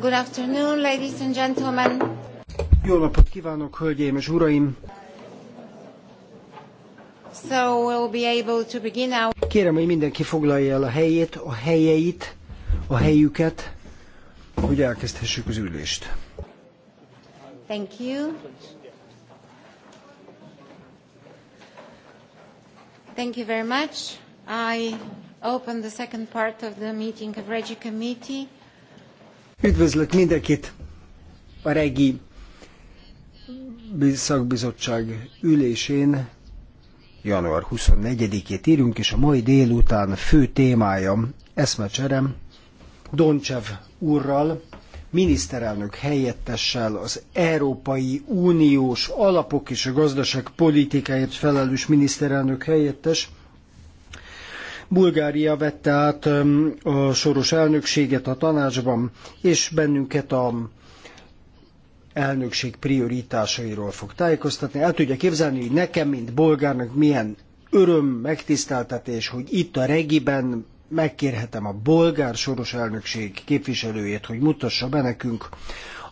Good afternoon, ladies and gentlemen. Jó napot kívánok, hölgyeim és uraim! So we'll be able to begin now. Kérem, hogy mindenki foglalja el a helyét, a helyeit, a helyüket, hogy elkezdhessük az ülést. Thank you. Thank you very much. I open the second part of the meeting of Regi Committee. Üdvözlök mindenkit a Regi Szakbizottság ülésén. Január 24-ét írunk, és a mai délután fő témája eszmecserem Doncsev úrral, miniszterelnök helyettessel, az Európai Uniós alapok és a gazdaság politikáért felelős miniszterelnök helyettes, Bulgária vette át a soros elnökséget a tanácsban, és bennünket a elnökség prioritásairól fog tájékoztatni. El tudja képzelni, hogy nekem, mint bolgárnak milyen öröm, megtiszteltetés, hogy itt a regiben megkérhetem a bolgár soros elnökség képviselőjét, hogy mutassa be nekünk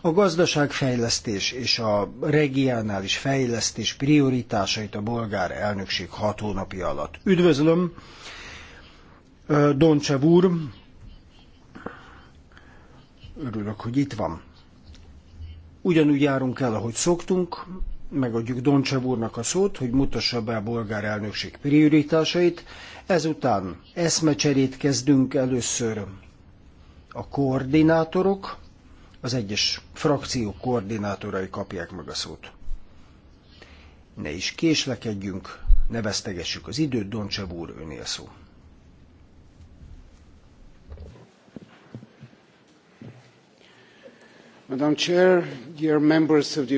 a gazdaságfejlesztés és a regionális fejlesztés prioritásait a bolgár elnökség hat hónapja alatt. Üdvözlöm Doncsev úr, örülök, hogy itt van. Ugyanúgy járunk el, ahogy szoktunk, megadjuk Doncsev úrnak a szót, hogy mutassa be a bolgár elnökség prioritásait, ezután eszmecserét kezdünk először a koordinátorok, az egyes frakciók koordinátorai kapják meg a szót. Ne is késlekedjünk, ne vesztegessük az időt, Doncsev úr, önél szó. Madam Chair, dear members of the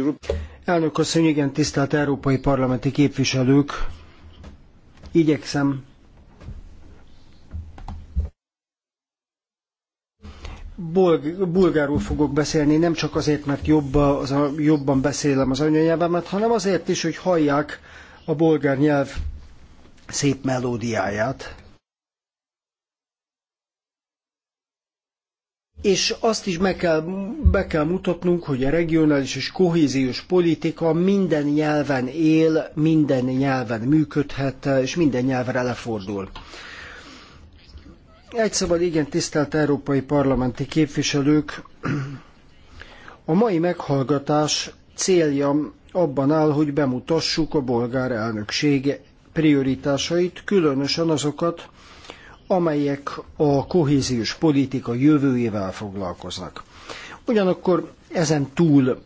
Elnök asszony, igen, tisztelt európai parlamenti képviselők, igyekszem Bulg bulgárul fogok beszélni, nem csak azért, mert jobb, az a, jobban beszélem az anyanyelvemet, hanem azért is, hogy hallják a bolgár nyelv szép melódiáját. és azt is meg kell, be kell mutatnunk, hogy a regionális és kohéziós politika minden nyelven él, minden nyelven működhet, és minden nyelvre lefordul. Egy szabad, szóval igen, tisztelt európai parlamenti képviselők, a mai meghallgatás célja abban áll, hogy bemutassuk a bolgár elnökség prioritásait, különösen azokat, amelyek a kohéziós politika jövőjével foglalkoznak. Ugyanakkor ezen túl,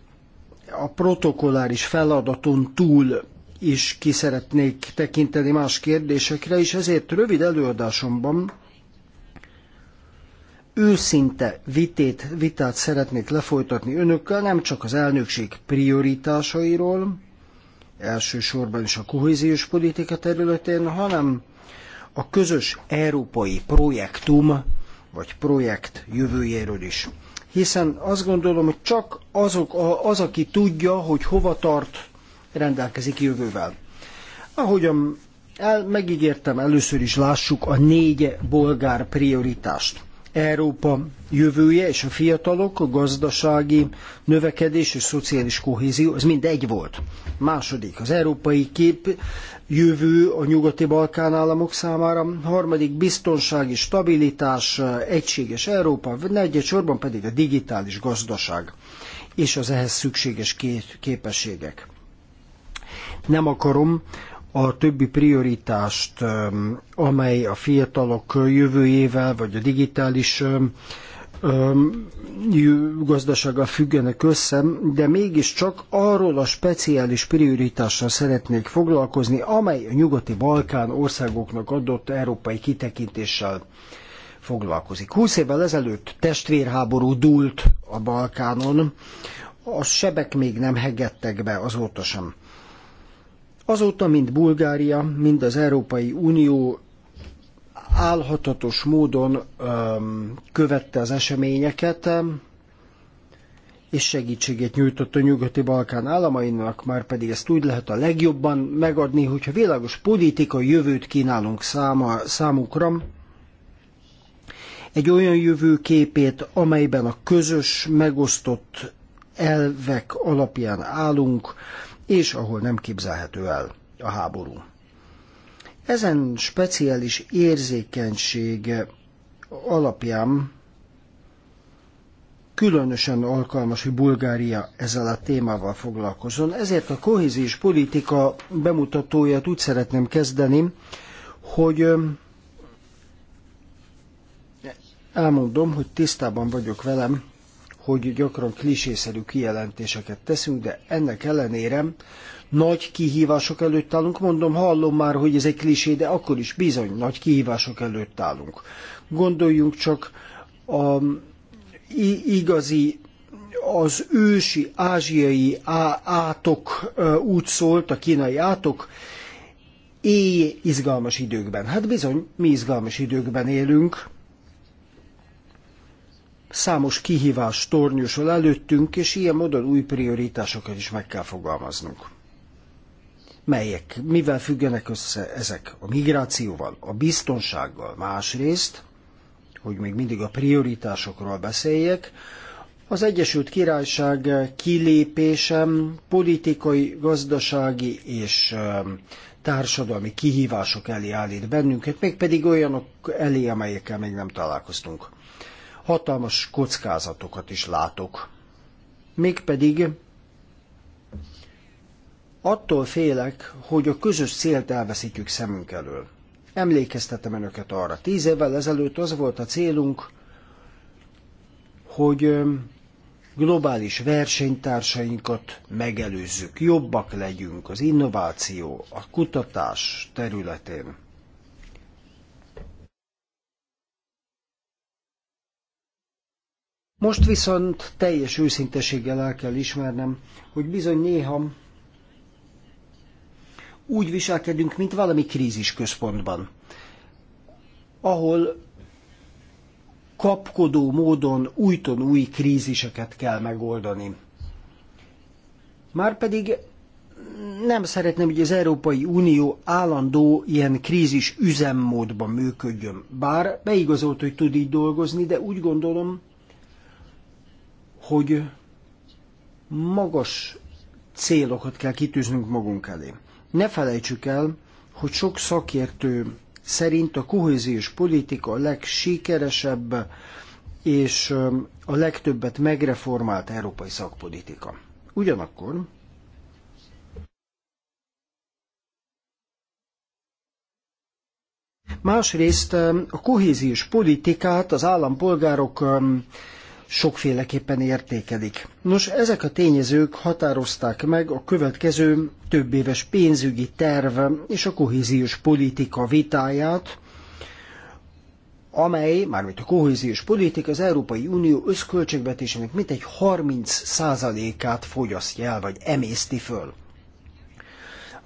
a protokolláris feladaton túl is ki szeretnék tekinteni más kérdésekre, és ezért rövid előadásomban őszinte vitét, vitát szeretnék lefolytatni önökkel, nem csak az elnökség prioritásairól, elsősorban is a kohéziós politika területén, hanem a közös európai projektum, vagy projekt jövőjéről is. Hiszen azt gondolom, hogy csak azok, az, aki tudja, hogy hova tart, rendelkezik jövővel. Ahogyan el, megígértem, először is lássuk a négy bolgár prioritást. Európa jövője és a fiatalok, a gazdasági növekedés és szociális kohézió, ez mind egy volt. Második, az európai kép, jövő a nyugati Balkán államok számára, harmadik biztonsági stabilitás, egységes Európa, negyedsorban pedig a digitális gazdaság és az ehhez szükséges képességek. Nem akarom a többi prioritást, amely a fiatalok jövőjével vagy a digitális gazdasággal függenek össze, de mégiscsak arról a speciális prioritással szeretnék foglalkozni, amely a nyugati Balkán országoknak adott európai kitekintéssel foglalkozik. Húsz évvel ezelőtt testvérháború dúlt a Balkánon, a sebek még nem hegettek be azóta sem. Azóta mind Bulgária, mind az Európai Unió álhatatos módon követte az eseményeket, és segítségét nyújtott a nyugati Balkán államainak, már pedig ezt úgy lehet a legjobban megadni, hogyha világos politikai jövőt kínálunk száma, számukra, egy olyan jövőképét, amelyben a közös, megosztott elvek alapján állunk, és ahol nem képzelhető el a háború. Ezen speciális érzékenység alapján különösen alkalmas, hogy Bulgária ezzel a témával foglalkozzon. Ezért a kohéziós politika bemutatóját úgy szeretném kezdeni, hogy elmondom, hogy tisztában vagyok velem, hogy gyakran klisészerű kijelentéseket teszünk, de ennek ellenére nagy kihívások előtt állunk, mondom, hallom már, hogy ez egy klisé, de akkor is bizony nagy kihívások előtt állunk. Gondoljunk csak a igazi az ősi ázsiai átok úgy szólt, a kínai átok, éj izgalmas időkben. Hát bizony, mi izgalmas időkben élünk. Számos kihívás tornyosul előttünk, és ilyen módon új prioritásokat is meg kell fogalmaznunk melyek, mivel függenek össze ezek? A migrációval, a biztonsággal másrészt, hogy még mindig a prioritásokról beszéljek, az Egyesült Királyság kilépésem politikai, gazdasági és um, társadalmi kihívások elé állít bennünket, mégpedig olyanok elé, amelyekkel még nem találkoztunk. Hatalmas kockázatokat is látok. Mégpedig Attól félek, hogy a közös célt elveszítjük szemünk elől. Emlékeztetem önöket arra. Tíz évvel ezelőtt az volt a célunk, hogy globális versenytársainkat megelőzzük, jobbak legyünk az innováció, a kutatás területén. Most viszont teljes őszinteséggel el kell ismernem, hogy bizony néha úgy viselkedünk, mint valami krízis központban, ahol kapkodó módon újton új kríziseket kell megoldani. Márpedig nem szeretném, hogy az Európai Unió állandó ilyen krízis üzemmódban működjön. Bár beigazolt, hogy tud így dolgozni, de úgy gondolom, hogy magas célokat kell kitűznünk magunk elé. Ne felejtsük el, hogy sok szakértő szerint a kohéziós politika a legsikeresebb és a legtöbbet megreformált európai szakpolitika. Ugyanakkor Másrészt a kohéziós politikát az állampolgárok sokféleképpen értékelik. Nos, ezek a tényezők határozták meg a következő több éves pénzügyi terv és a kohéziós politika vitáját, amely, mármint a kohéziós politika, az Európai Unió összköltségvetésének mintegy 30%-át fogyasztja el, vagy emészti föl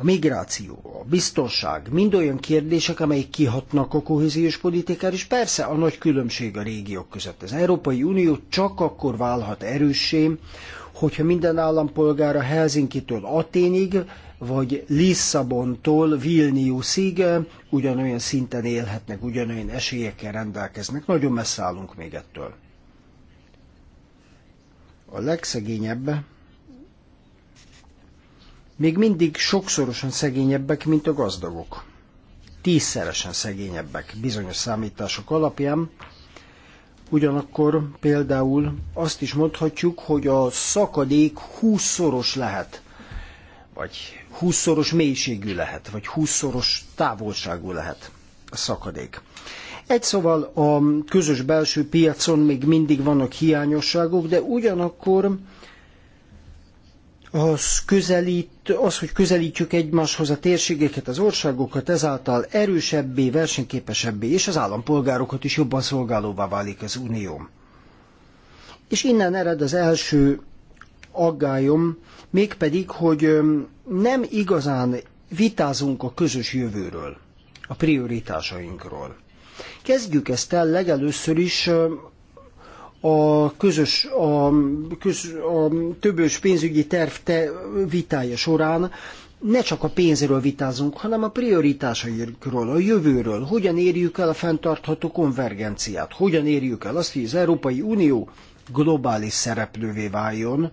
a migráció, a biztonság, mind olyan kérdések, amelyek kihatnak a kohéziós politikára, és persze a nagy különbség a régiók között. Az Európai Unió csak akkor válhat erőssé, hogyha minden állampolgára Helsinki-től Aténig, vagy Lisszabontól Vilniusig ugyanolyan szinten élhetnek, ugyanolyan esélyekkel rendelkeznek. Nagyon messze állunk még ettől. A legszegényebb még mindig sokszorosan szegényebbek, mint a gazdagok. Tízszeresen szegényebbek bizonyos számítások alapján, Ugyanakkor például azt is mondhatjuk, hogy a szakadék 20-szoros lehet, vagy 20-szoros mélységű lehet, vagy 20-szoros távolságú lehet a szakadék. Egy szóval a közös belső piacon még mindig vannak hiányosságok, de ugyanakkor az, közelít, az, hogy közelítjük egymáshoz a térségeket, az országokat, ezáltal erősebbé, versenyképesebbé, és az állampolgárokat is jobban szolgálóvá válik az Unió. És innen ered az első aggályom, mégpedig, hogy nem igazán vitázunk a közös jövőről, a prioritásainkról. Kezdjük ezt el legelőször is a közös, a, köz, a többös pénzügyi terv te vitája során ne csak a pénzről vitázunk, hanem a prioritásairól, a jövőről, hogyan érjük el a fenntartható konvergenciát, hogyan érjük el azt, hogy az Európai Unió globális szereplővé váljon.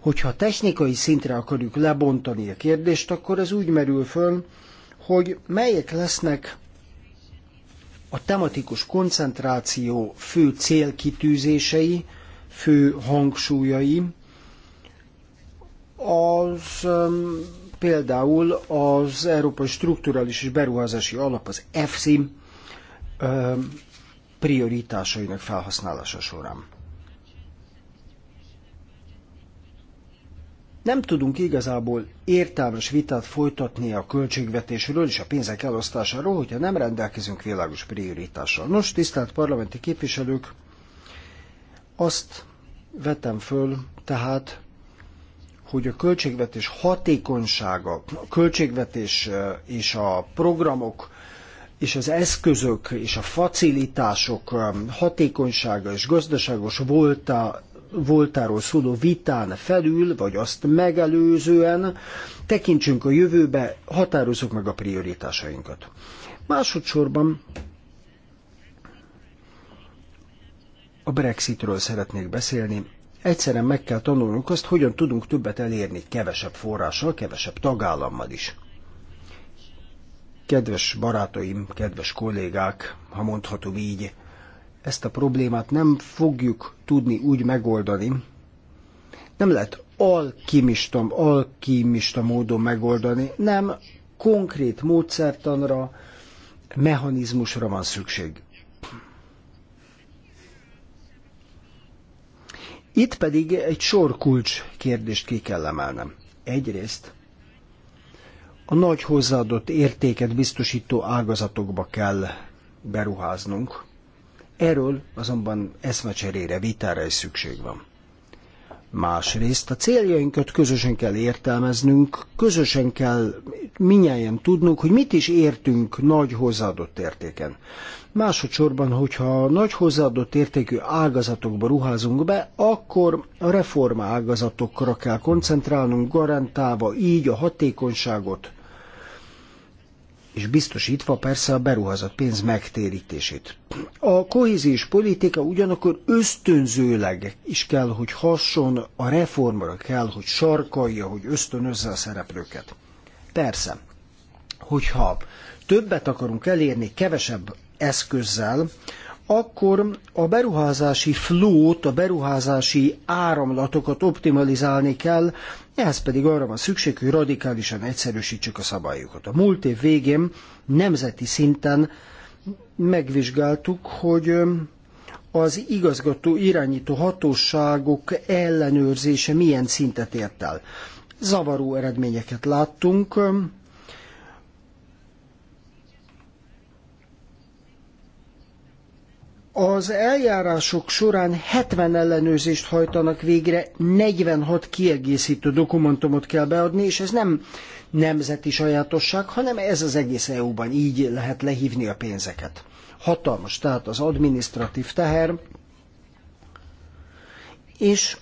Hogyha technikai szintre akarjuk lebontani a kérdést, akkor ez úgy merül föl, hogy melyek lesznek a tematikus koncentráció fő célkitűzései, fő hangsúlyai, az um, például az Európai Strukturális és Beruházási Alap, az EFSI um, prioritásainak felhasználása során. nem tudunk igazából értelmes vitát folytatni a költségvetésről és a pénzek elosztásáról, hogyha nem rendelkezünk világos prioritással. Nos, tisztelt parlamenti képviselők, azt vetem föl, tehát, hogy a költségvetés hatékonysága, a költségvetés e, és a programok és az eszközök és a facilitások e, hatékonysága és gazdaságos volta voltáról szóló vitán felül, vagy azt megelőzően tekintsünk a jövőbe, határozzuk meg a prioritásainkat. Másodszorban a Brexitről szeretnék beszélni. Egyszerűen meg kell tanulnunk azt, hogyan tudunk többet elérni kevesebb forrással, kevesebb tagállammal is. Kedves barátaim, kedves kollégák, ha mondhatom így, ezt a problémát nem fogjuk tudni úgy megoldani, nem lehet alkimista, alkimista módon megoldani, nem konkrét módszertanra, mechanizmusra van szükség. Itt pedig egy sor kulcs kérdést ki kell emelnem. Egyrészt a nagy hozzáadott értéket biztosító ágazatokba kell beruháznunk, Erről azonban eszmecserére, vitára is szükség van. Másrészt a céljainkat közösen kell értelmeznünk, közösen kell minnyáján tudnunk, hogy mit is értünk nagy hozzáadott értéken. Másodszorban, hogyha nagy hozzáadott értékű ágazatokba ruházunk be, akkor a reforma ágazatokra kell koncentrálnunk, garantálva így a hatékonyságot és biztosítva persze a beruházott pénz megtérítését. A kohéziós politika ugyanakkor ösztönzőleg is kell, hogy hasson a reformra, kell, hogy sarkalja, hogy ösztönözze a szereplőket. Persze, hogyha többet akarunk elérni kevesebb eszközzel, akkor a beruházási flót, a beruházási áramlatokat optimalizálni kell, ehhez pedig arra van szükség, hogy radikálisan egyszerűsítsük a szabályokat. A múlt év végén nemzeti szinten megvizsgáltuk, hogy az igazgató irányító hatóságok ellenőrzése milyen szintet ért el. Zavaró eredményeket láttunk, Az eljárások során 70 ellenőrzést hajtanak végre, 46 kiegészítő dokumentumot kell beadni, és ez nem nemzeti sajátosság, hanem ez az egész EU-ban így lehet lehívni a pénzeket. Hatalmas, tehát az administratív teher, és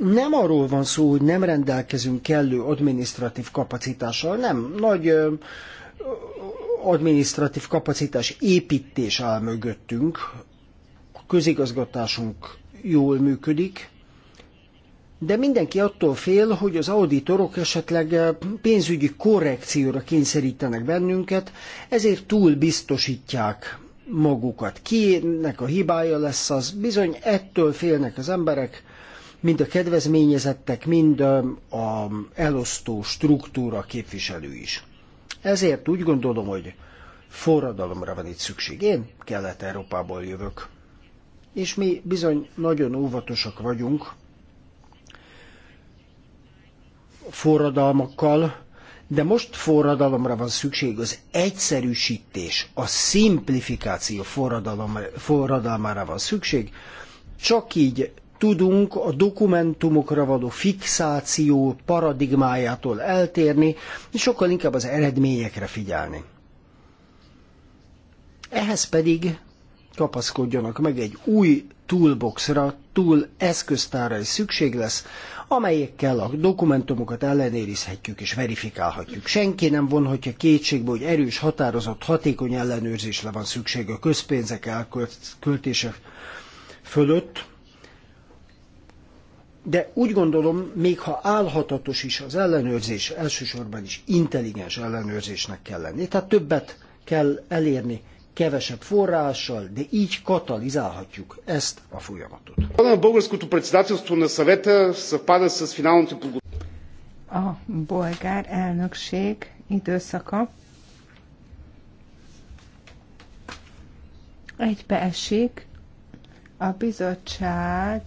nem arról van szó, hogy nem rendelkezünk kellő administratív kapacitással, nem. Nagy ö, ö, administratív kapacitás építés áll mögöttünk, a közigazgatásunk jól működik, de mindenki attól fél, hogy az auditorok esetleg eh, pénzügyi korrekcióra kényszerítenek bennünket, ezért túl biztosítják magukat. Kinek a hibája lesz az? Bizony ettől félnek az emberek, mind a kedvezményezettek, mind eh, a elosztó struktúra képviselő is. Ezért úgy gondolom, hogy forradalomra van itt szükség. Én Kelet-Európából jövök. És mi bizony nagyon óvatosak vagyunk forradalmakkal, de most forradalomra van szükség, az egyszerűsítés, a szimplifikáció forradalmára van szükség, csak így tudunk a dokumentumokra való fixáció paradigmájától eltérni, és sokkal inkább az eredményekre figyelni. Ehhez pedig kapaszkodjanak meg egy új toolboxra, tool eszköztára is szükség lesz, amelyekkel a dokumentumokat ellenőrizhetjük és verifikálhatjuk. Senki nem vonhatja kétségbe, hogy erős, határozott, hatékony ellenőrzésre van szükség a közpénzek elköltése fölött, de úgy gondolom, még ha álhatatos is az ellenőrzés, elsősorban is intelligens ellenőrzésnek kell lenni. Tehát többet kell elérni kevesebb forrással, de így katalizálhatjuk ezt a folyamatot. A A bolgár elnökség időszaka egybeesik a bizottság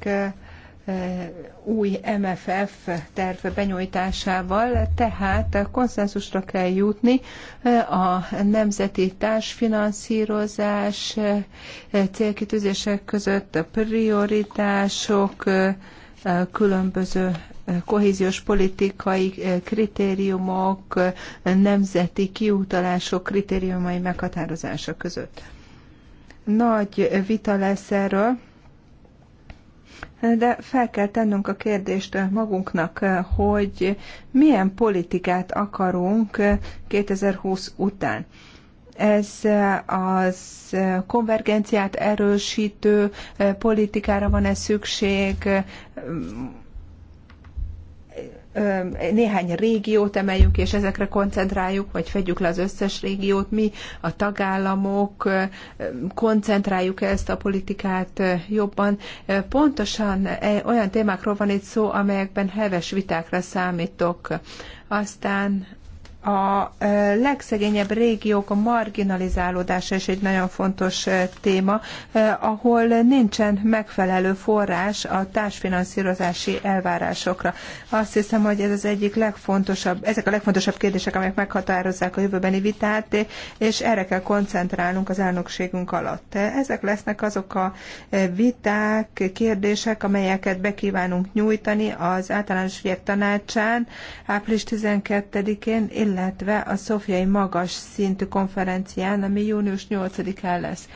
új MFF terv benyújtásával, tehát konszenzusra kell jutni a nemzeti társfinanszírozás célkitűzések között, a prioritások, különböző kohéziós politikai kritériumok, nemzeti kiutalások kritériumai meghatározása között. Nagy vita lesz erről, de fel kell tennünk a kérdést magunknak, hogy milyen politikát akarunk 2020 után. Ez az konvergenciát erősítő politikára van-e szükség, néhány régiót emeljünk, és ezekre koncentráljuk, vagy fedjük le az összes régiót, mi a tagállamok, koncentráljuk -e ezt a politikát jobban. Pontosan olyan témákról van itt szó, amelyekben heves vitákra számítok. Aztán a legszegényebb régiók a marginalizálódása is egy nagyon fontos téma, ahol nincsen megfelelő forrás a társfinanszírozási elvárásokra. Azt hiszem, hogy ez az egyik legfontosabb, ezek a legfontosabb kérdések, amelyek meghatározzák a jövőbeni vitát, és erre kell koncentrálnunk az elnökségünk alatt. Ezek lesznek azok a viták, kérdések, amelyeket bekívánunk nyújtani az általános ügyek tanácsán április 12-én, illetve a szofiai magas szintű konferencián, ami június 8-án lesz.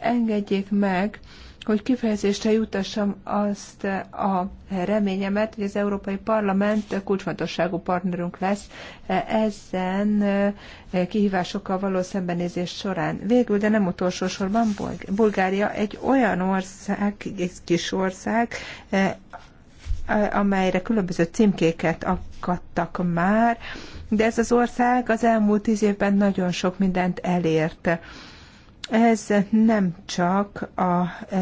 Engedjék meg, hogy kifejezésre jutassam azt a reményemet, hogy az Európai Parlament kulcsfontosságú partnerünk lesz ezen kihívásokkal való szembenézés során. Végül, de nem utolsó sorban, Bulgária egy olyan ország, egy kis ország, amelyre különböző címkéket akadtak már, de ez az ország az elmúlt tíz évben nagyon sok mindent elért. Ez nem csak a e,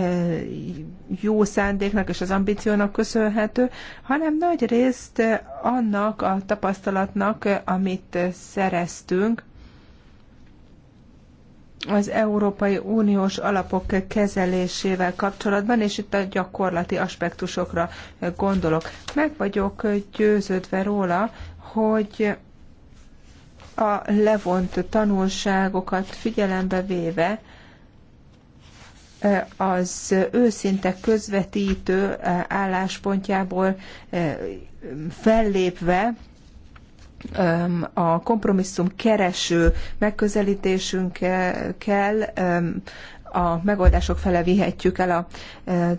jó szándéknak és az ambíciónak köszönhető, hanem nagy részt annak a tapasztalatnak, amit szereztünk, az Európai Uniós alapok kezelésével kapcsolatban, és itt a gyakorlati aspektusokra gondolok. Meg vagyok győződve róla, hogy a levont tanulságokat figyelembe véve az őszinte közvetítő álláspontjából fellépve a kompromisszum kereső megközelítésünkkel a megoldások fele vihetjük el a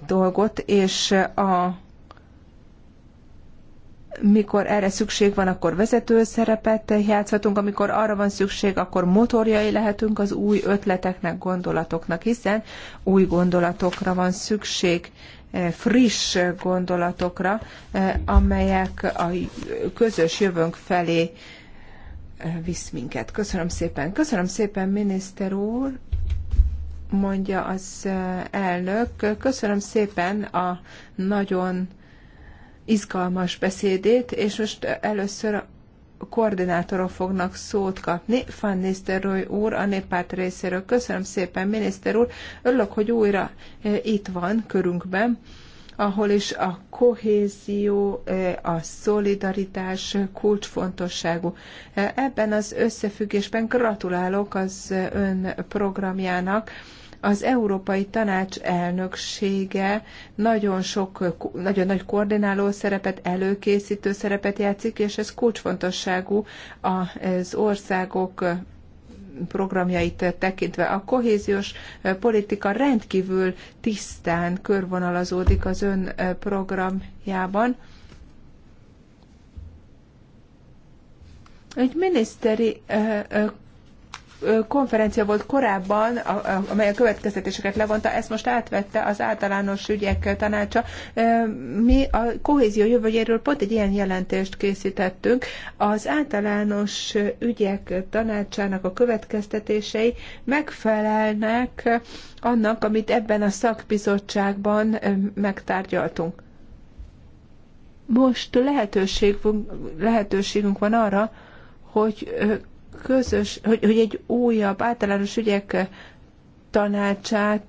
dolgot, és a mikor erre szükség van, akkor vezető szerepet játszhatunk, amikor arra van szükség, akkor motorjai lehetünk az új ötleteknek, gondolatoknak, hiszen új gondolatokra van szükség Eh, friss gondolatokra, eh, amelyek a közös jövőnk felé eh, visz minket. Köszönöm szépen. Köszönöm szépen, miniszter úr, mondja az elnök. Köszönöm szépen a nagyon izgalmas beszédét, és most először koordinátorok fognak szót kapni. Van Nisztelrooy úr a néppárt részéről. Köszönöm szépen, miniszter úr. Örülök, hogy újra e, itt van körünkben ahol is a kohézió, e, a szolidaritás kulcsfontosságú. E, ebben az összefüggésben gratulálok az ön programjának az Európai Tanács elnöksége nagyon sok, nagyon nagy koordináló szerepet, előkészítő szerepet játszik, és ez kulcsfontosságú az országok programjait tekintve. A kohéziós politika rendkívül tisztán körvonalazódik az ön programjában. Egy miniszteri konferencia volt korábban, amely a következtetéseket levonta, ezt most átvette az általános ügyek tanácsa. Mi a kohézió jövőjéről pont egy ilyen jelentést készítettünk. Az általános ügyek tanácsának a következtetései megfelelnek annak, amit ebben a szakbizottságban megtárgyaltunk. Most lehetőség, lehetőségünk van arra, hogy közös, hogy, hogy egy újabb általános ügyek tanácsát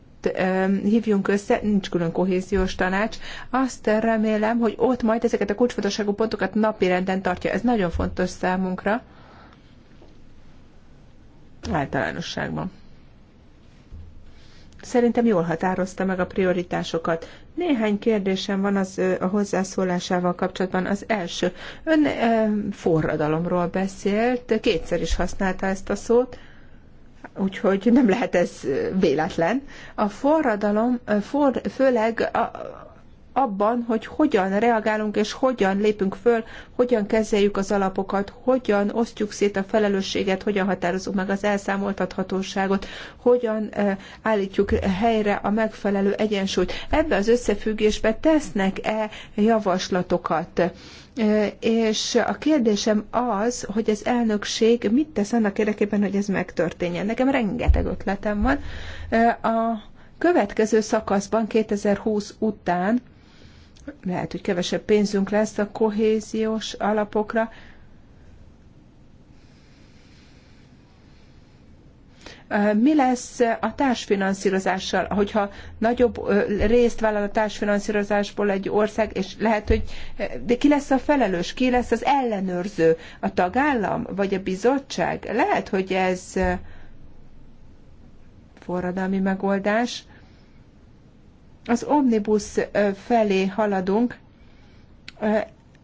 hívjunk össze, nincs külön kohéziós tanács. Azt remélem, hogy ott majd ezeket a kulcsfontosságú pontokat napi renden tartja. Ez nagyon fontos számunkra általánosságban szerintem jól határozta meg a prioritásokat. Néhány kérdésem van az, a hozzászólásával kapcsolatban. Az első, ön e, forradalomról beszélt, kétszer is használta ezt a szót, úgyhogy nem lehet ez véletlen. A forradalom for, főleg a, abban, hogy hogyan reagálunk és hogyan lépünk föl, hogyan kezeljük az alapokat, hogyan osztjuk szét a felelősséget, hogyan határozunk meg az elszámoltathatóságot, hogyan eh, állítjuk helyre a megfelelő egyensúlyt. Ebbe az összefüggésbe tesznek-e javaslatokat? Eh, és a kérdésem az, hogy az elnökség mit tesz annak érdekében, hogy ez megtörténjen. Nekem rengeteg ötletem van. Eh, a következő szakaszban, 2020 után lehet, hogy kevesebb pénzünk lesz a kohéziós alapokra, mi lesz a társfinanszírozással, hogyha nagyobb részt vállal a társfinanszírozásból egy ország, és lehet, hogy de ki lesz a felelős, ki lesz az ellenőrző, a tagállam vagy a bizottság? Lehet, hogy ez forradalmi megoldás, az omnibus felé haladunk,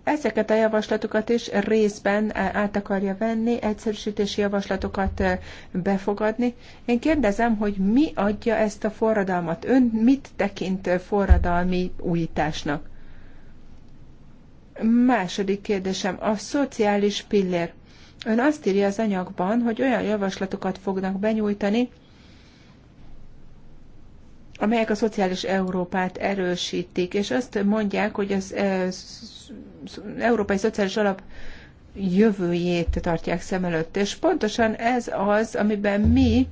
ezeket a javaslatokat is részben át akarja venni, egyszerűsítési javaslatokat befogadni. Én kérdezem, hogy mi adja ezt a forradalmat? Ön mit tekint forradalmi újításnak? Második kérdésem, a szociális pillér. Ön azt írja az anyagban, hogy olyan javaslatokat fognak benyújtani, amelyek a szociális Európát erősítik, és azt mondják, hogy az, eh, Európai Szociális Alap jövőjét tartják szem előtt. És pontosan ez az, amiben mi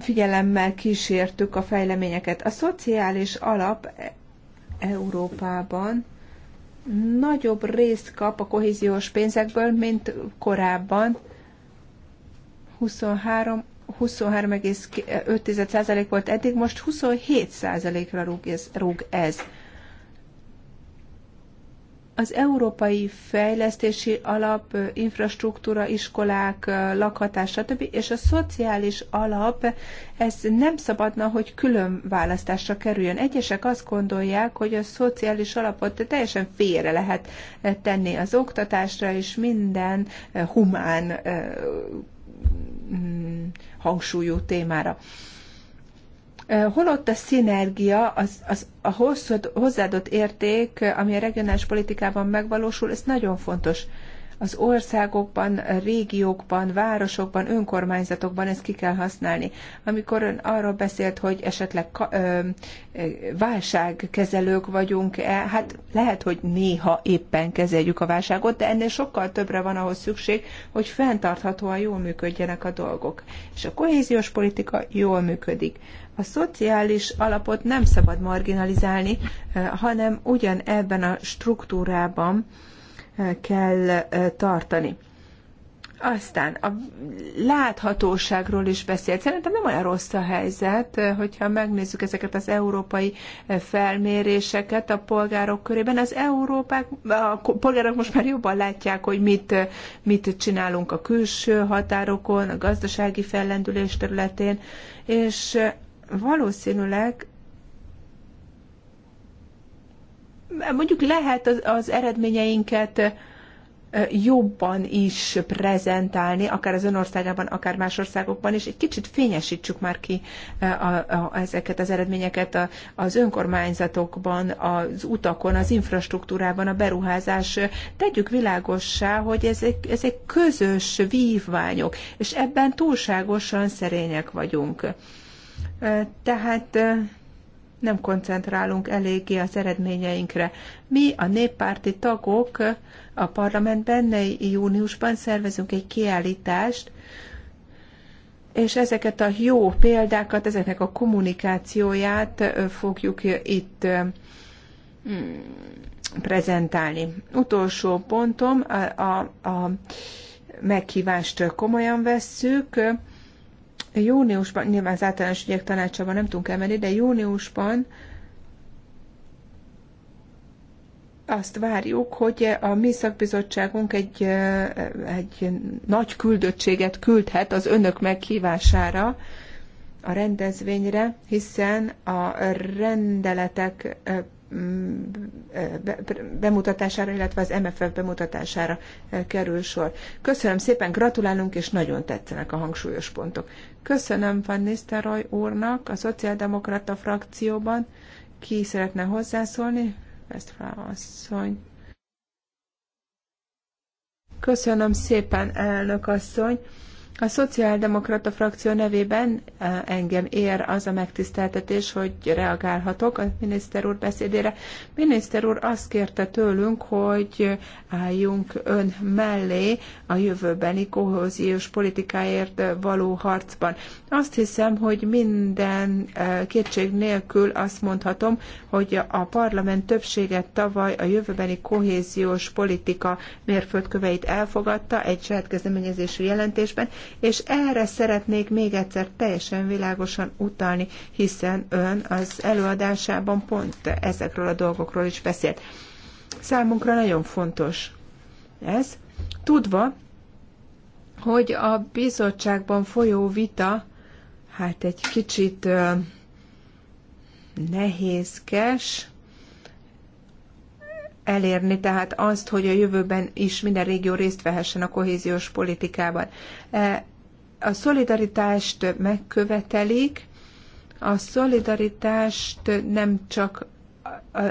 figyelemmel kísértük a fejleményeket. A szociális alap Európában nagyobb részt kap a kohéziós pénzekből, mint korábban. 23 23,5% volt eddig, most 27%-ra rúg ez. Rúg ez. Az Európai Fejlesztési Alap, infrastruktúra, iskolák, lakhatás, stb. és a szociális alap, ez nem szabadna, hogy külön választásra kerüljön. Egyesek azt gondolják, hogy a szociális alapot teljesen félre lehet tenni az oktatásra, és minden eh, humán eh, mm, hangsúlyú témára. Holott a szinergia, az, az, a hozzáadott érték, ami a regionális politikában megvalósul, ez nagyon fontos az országokban, régiókban, városokban, önkormányzatokban ezt ki kell használni. Amikor ön arról beszélt, hogy esetleg válságkezelők vagyunk-e, hát lehet, hogy néha éppen kezeljük a válságot, de ennél sokkal többre van ahhoz szükség, hogy fenntarthatóan jól működjenek a dolgok. És a kohéziós politika jól működik. A szociális alapot nem szabad marginalizálni, hanem ugyan ebben a struktúrában, kell tartani. Aztán a láthatóságról is beszélt. Szerintem nem olyan rossz a helyzet, hogyha megnézzük ezeket az európai felméréseket a polgárok körében. Az Európák, a polgárok most már jobban látják, hogy mit, mit csinálunk a külső határokon, a gazdasági fellendülés területén, és valószínűleg mondjuk lehet az, az eredményeinket jobban is prezentálni, akár az önországában, akár más országokban, és egy kicsit fényesítsük már ki a, a, ezeket az eredményeket a, az önkormányzatokban, az utakon, az infrastruktúrában, a beruházás. Tegyük világossá, hogy ezek, ezek közös vívványok, és ebben túlságosan szerények vagyunk. Tehát nem koncentrálunk eléggé az eredményeinkre. Mi, a néppárti tagok a parlamentben júniusban szervezünk egy kiállítást, és ezeket a jó példákat, ezeknek a kommunikációját fogjuk itt mm, prezentálni. Utolsó pontom, a, a, a meghívást komolyan vesszük júniusban, nyilván az általános ügyek tanácsában nem tudunk elmenni, de júniusban azt várjuk, hogy a mi szakbizottságunk egy, egy nagy küldöttséget küldhet az önök meghívására a rendezvényre, hiszen a rendeletek bemutatására, illetve az MFF bemutatására eh, kerül sor. Köszönöm szépen, gratulálunk, és nagyon tetszenek a hangsúlyos pontok. Köszönöm Van Nisztelrooy úrnak a Szociáldemokrata frakcióban. Ki szeretne hozzászólni? Westfál asszony. Köszönöm szépen, elnök asszony. A szociáldemokrata frakció nevében eh, engem ér az a megtiszteltetés, hogy reagálhatok a miniszter úr beszédére. Miniszter úr azt kérte tőlünk, hogy álljunk ön mellé a jövőbeni kohóziós politikáért való harcban. Azt hiszem, hogy minden eh, kétség nélkül azt mondhatom, hogy a parlament többséget tavaly a jövőbeni kohéziós politika mérföldköveit elfogadta egy saját kezdeményezésű jelentésben, és erre szeretnék még egyszer teljesen világosan utalni, hiszen ön az előadásában pont ezekről a dolgokról is beszélt. Számunkra nagyon fontos ez, tudva, hogy a bizottságban folyó vita, hát egy kicsit nehézkes, elérni, tehát azt, hogy a jövőben is minden régió részt vehessen a kohéziós politikában. E, a szolidaritást megkövetelik, a szolidaritást nem csak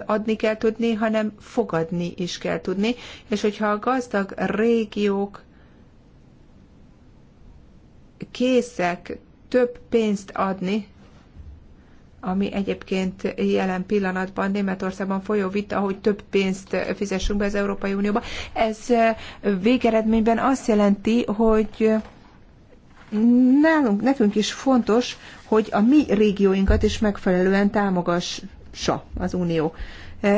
adni kell tudni, hanem fogadni is kell tudni, és hogyha a gazdag régiók készek több pénzt adni, ami egyébként jelen pillanatban Németországban folyó vita, hogy több pénzt fizessünk be az Európai Unióba. Ez végeredményben azt jelenti, hogy nálunk, nekünk is fontos, hogy a mi régióinkat is megfelelően támogassa az Unió.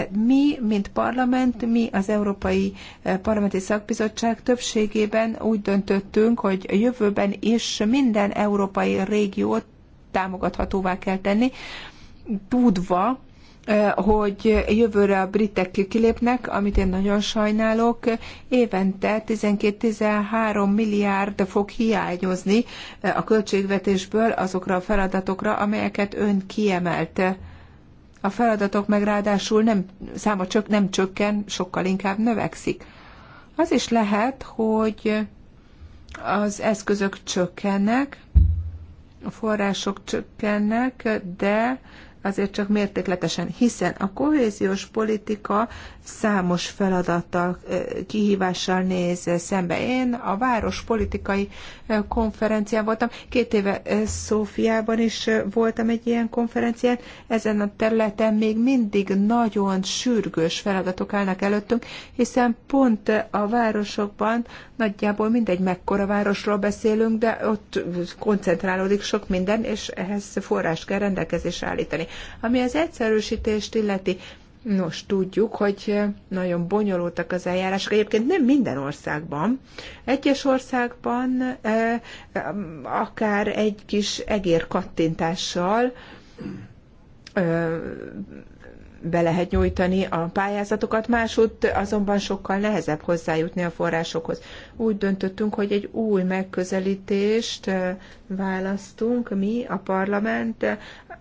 Mi, mint parlament, mi az Európai Parlamenti Szakbizottság többségében úgy döntöttünk, hogy a jövőben is minden európai régiót támogathatóvá kell tenni, tudva, hogy jövőre a britek kilépnek, amit én nagyon sajnálok, évente 12-13 milliárd fog hiányozni a költségvetésből azokra a feladatokra, amelyeket ön kiemelt. A feladatok meg ráadásul nem, száma csök, nem csökken, sokkal inkább növekszik. Az is lehet, hogy az eszközök csökkennek, a források csökkennek, de azért csak mértékletesen, hiszen a kohéziós politika számos feladattal, kihívással néz szembe. Én a város politikai konferencián voltam, két éve Szófiában is voltam egy ilyen konferencián. Ezen a területen még mindig nagyon sürgős feladatok állnak előttünk, hiszen pont a városokban nagyjából mindegy mekkora városról beszélünk, de ott koncentrálódik sok minden, és ehhez forrás kell rendelkezésre állítani. Ami az egyszerűsítést illeti, Nos, tudjuk, hogy nagyon bonyolultak az eljárások. Egyébként nem minden országban. Egyes országban akár egy kis egér kattintással be lehet nyújtani a pályázatokat, másút azonban sokkal nehezebb hozzájutni a forrásokhoz. Úgy döntöttünk, hogy egy új megközelítést választunk mi, a parlament,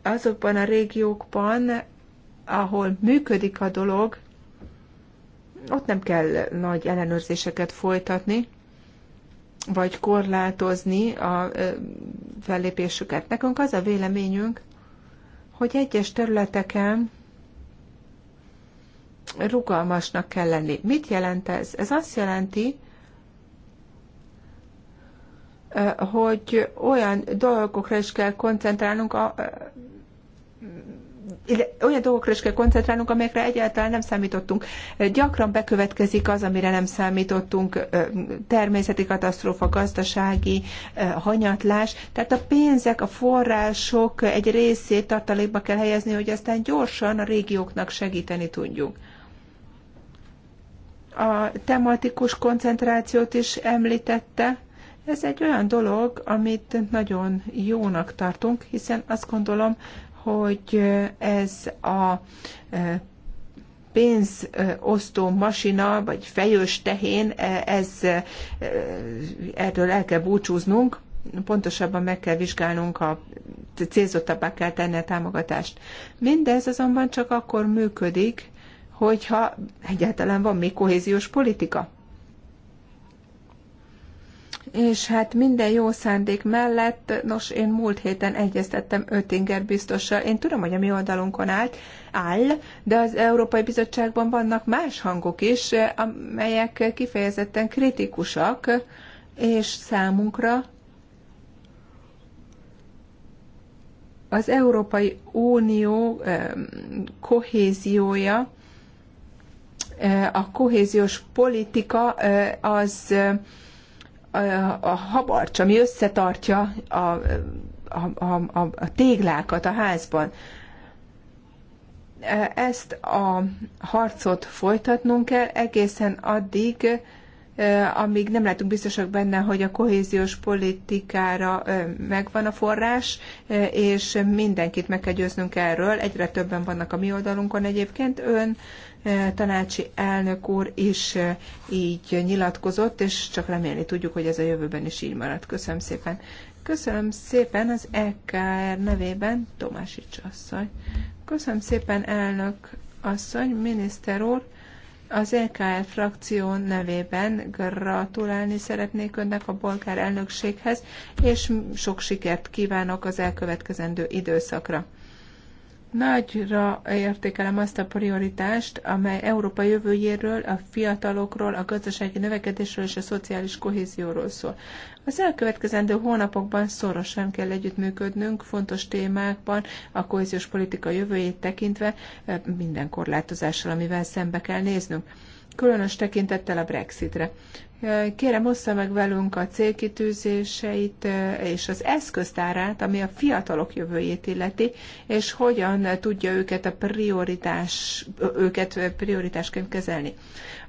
azokban a régiókban, ahol működik a dolog, ott nem kell nagy ellenőrzéseket folytatni, vagy korlátozni a fellépésüket. Nekünk az a véleményünk, hogy egyes területeken rugalmasnak kell lenni. Mit jelent ez? Ez azt jelenti, hogy olyan dolgokra is kell koncentrálnunk, olyan dolgokra is kell koncentrálnunk, amelyekre egyáltalán nem számítottunk. Gyakran bekövetkezik az, amire nem számítottunk, természeti katasztrófa, gazdasági hanyatlás. Tehát a pénzek, a források egy részét tartalékba kell helyezni, hogy aztán gyorsan a régióknak segíteni tudjunk. A tematikus koncentrációt is említette. Ez egy olyan dolog, amit nagyon jónak tartunk, hiszen azt gondolom, hogy ez a e, pénzosztó masina, vagy fejős tehén, e, ez, e, erről el kell búcsúznunk, pontosabban meg kell vizsgálnunk, a, célzottabbá kell tenni a támogatást. Mindez azonban csak akkor működik, hogyha egyáltalán van még kohéziós politika és hát minden jó szándék mellett, nos, én múlt héten egyeztettem Ötinger biztossal. Én tudom, hogy a mi oldalunkon állt, áll, de az Európai Bizottságban vannak más hangok is, amelyek kifejezetten kritikusak, és számunkra az Európai Unió kohéziója, a kohéziós politika az a habarcs, ami összetartja a, a, a, a téglákat a házban. Ezt a harcot folytatnunk kell egészen addig, amíg nem látunk biztosak benne, hogy a kohéziós politikára megvan a forrás, és mindenkit meg kell győznünk erről. Egyre többen vannak a mi oldalunkon egyébként. Ön E, tanácsi elnök úr is e, így nyilatkozott, és csak remélni tudjuk, hogy ez a jövőben is így marad. Köszönöm szépen. Köszönöm szépen az EKR nevében, Tomásics asszony. Köszönöm szépen elnök asszony, miniszter úr. Az EKR frakció nevében gratulálni szeretnék önnek a bolgár elnökséghez, és sok sikert kívánok az elkövetkezendő időszakra. Nagyra értékelem azt a prioritást, amely Európa jövőjéről, a fiatalokról, a gazdasági növekedésről és a szociális kohézióról szól. Az elkövetkezendő hónapokban szorosan kell együttműködnünk fontos témákban, a kohéziós politika jövőjét tekintve eh, minden korlátozással, amivel szembe kell néznünk különös tekintettel a Brexitre. Kérem, ossza meg velünk a célkitűzéseit és az eszköztárát, ami a fiatalok jövőjét illeti, és hogyan tudja őket a prioritás, őket prioritásként kezelni.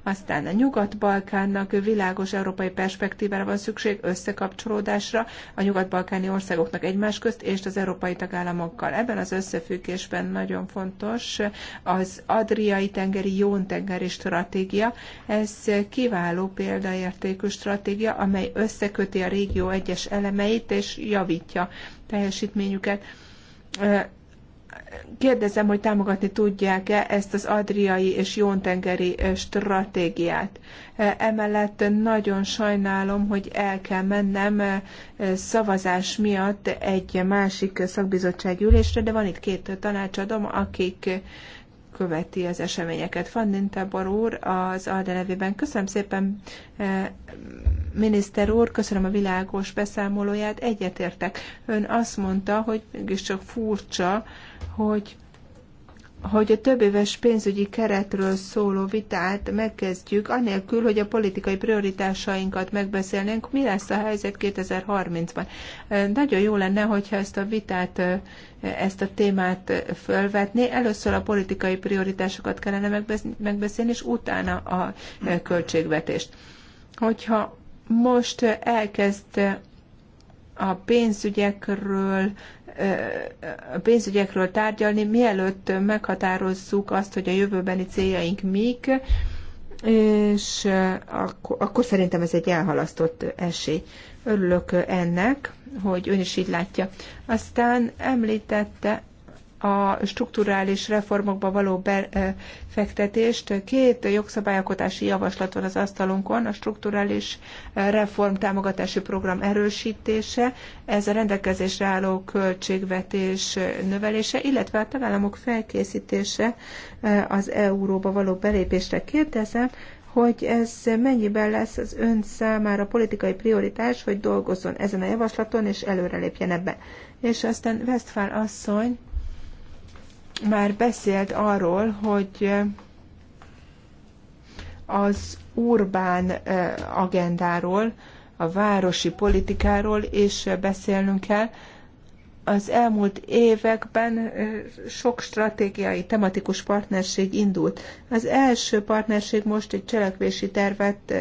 Aztán a Nyugat-Balkánnak világos európai perspektívára van szükség, összekapcsolódásra a nyugat-balkáni országoknak egymás közt és az európai tagállamokkal. Ebben az összefüggésben nagyon fontos az Adriai tengeri Jón-tengeri stratégia. Ez kiváló példaértékű stratégia, amely összeköti a régió egyes elemeit és javítja teljesítményüket Kérdezem, hogy támogatni tudják-e ezt az adriai és jóntengeri stratégiát. Emellett nagyon sajnálom, hogy el kell mennem szavazás miatt egy másik szakbizottsági ülésre, de van itt két tanácsadom, akik követi az eseményeket. Van Tabor úr az ALDE nevében. Köszönöm szépen, miniszter úr, köszönöm a világos beszámolóját, egyetértek. Ön azt mondta, hogy mégiscsak furcsa, hogy hogy a több éves pénzügyi keretről szóló vitát megkezdjük, anélkül, hogy a politikai prioritásainkat megbeszélnénk, mi lesz a helyzet 2030-ban. Nagyon jó lenne, hogyha ezt a vitát, ezt a témát fölvetné. Először a politikai prioritásokat kellene megbeszélni, és utána a költségvetést. Hogyha most elkezd a pénzügyekről a pénzügyekről tárgyalni, mielőtt meghatározzuk azt, hogy a jövőbeni céljaink mik, és akkor, akkor szerintem ez egy elhalasztott esély. Örülök ennek, hogy ön is így látja. Aztán említette a strukturális reformokba való befektetést. Két jogszabályalkotási javaslat van az asztalunkon, a strukturális eh, reform támogatási program erősítése, ez a rendelkezésre álló költségvetés eh, növelése, illetve a tagállamok felkészítése eh, az euróba való belépésre. Kérdezem, hogy ez mennyiben lesz az ön számára politikai prioritás, hogy dolgozzon ezen a javaslaton, és előrelépjen ebbe. És aztán Westphal asszony, már beszélt arról, hogy eh, az urbán eh, agendáról, a városi politikáról is eh, beszélnünk kell, az elmúlt években sok stratégiai, tematikus partnerség indult. Az első partnerség most egy cselekvési tervet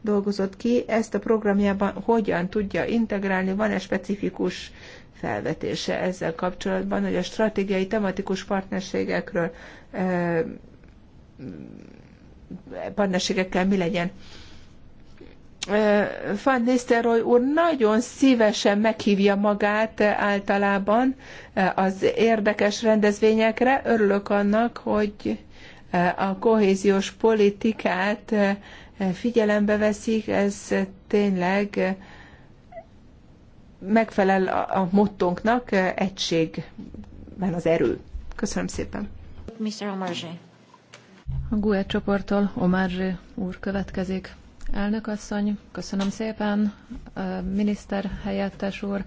dolgozott ki, ezt a programjában hogyan tudja integrálni, van-e specifikus felvetése ezzel kapcsolatban, hogy a stratégiai, tematikus partnerségekről partnerségekkel mi legyen van Nisztelrooy úr nagyon szívesen meghívja magát általában az érdekes rendezvényekre. Örülök annak, hogy a kohéziós politikát figyelembe veszik, ez tényleg megfelel a mottónknak, egységben az erő. Köszönöm szépen. Mr. A GUE csoporttól Omarzsé úr következik. Elnök asszony, köszönöm szépen, miniszter helyettes úr.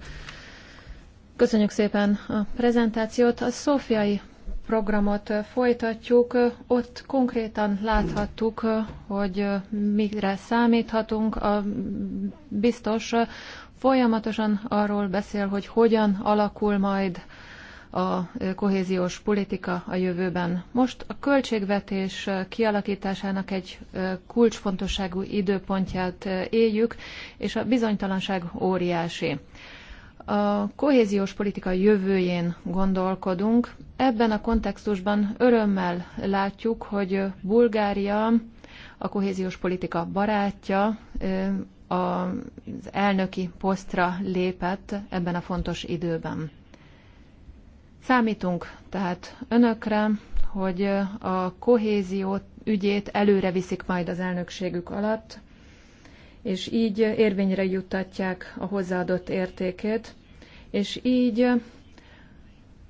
Köszönjük szépen a prezentációt. A szófiai programot folytatjuk. Ott konkrétan láthattuk, hogy mire számíthatunk. A biztos folyamatosan arról beszél, hogy hogyan alakul majd a kohéziós politika a jövőben. Most a költségvetés kialakításának egy kulcsfontosságú időpontját éljük, és a bizonytalanság óriási. A kohéziós politika jövőjén gondolkodunk. Ebben a kontextusban örömmel látjuk, hogy Bulgária a kohéziós politika barátja, az elnöki posztra lépett ebben a fontos időben. Számítunk tehát önökre, hogy a kohézió ügyét előre viszik majd az elnökségük alatt, és így érvényre juttatják a hozzáadott értékét, és így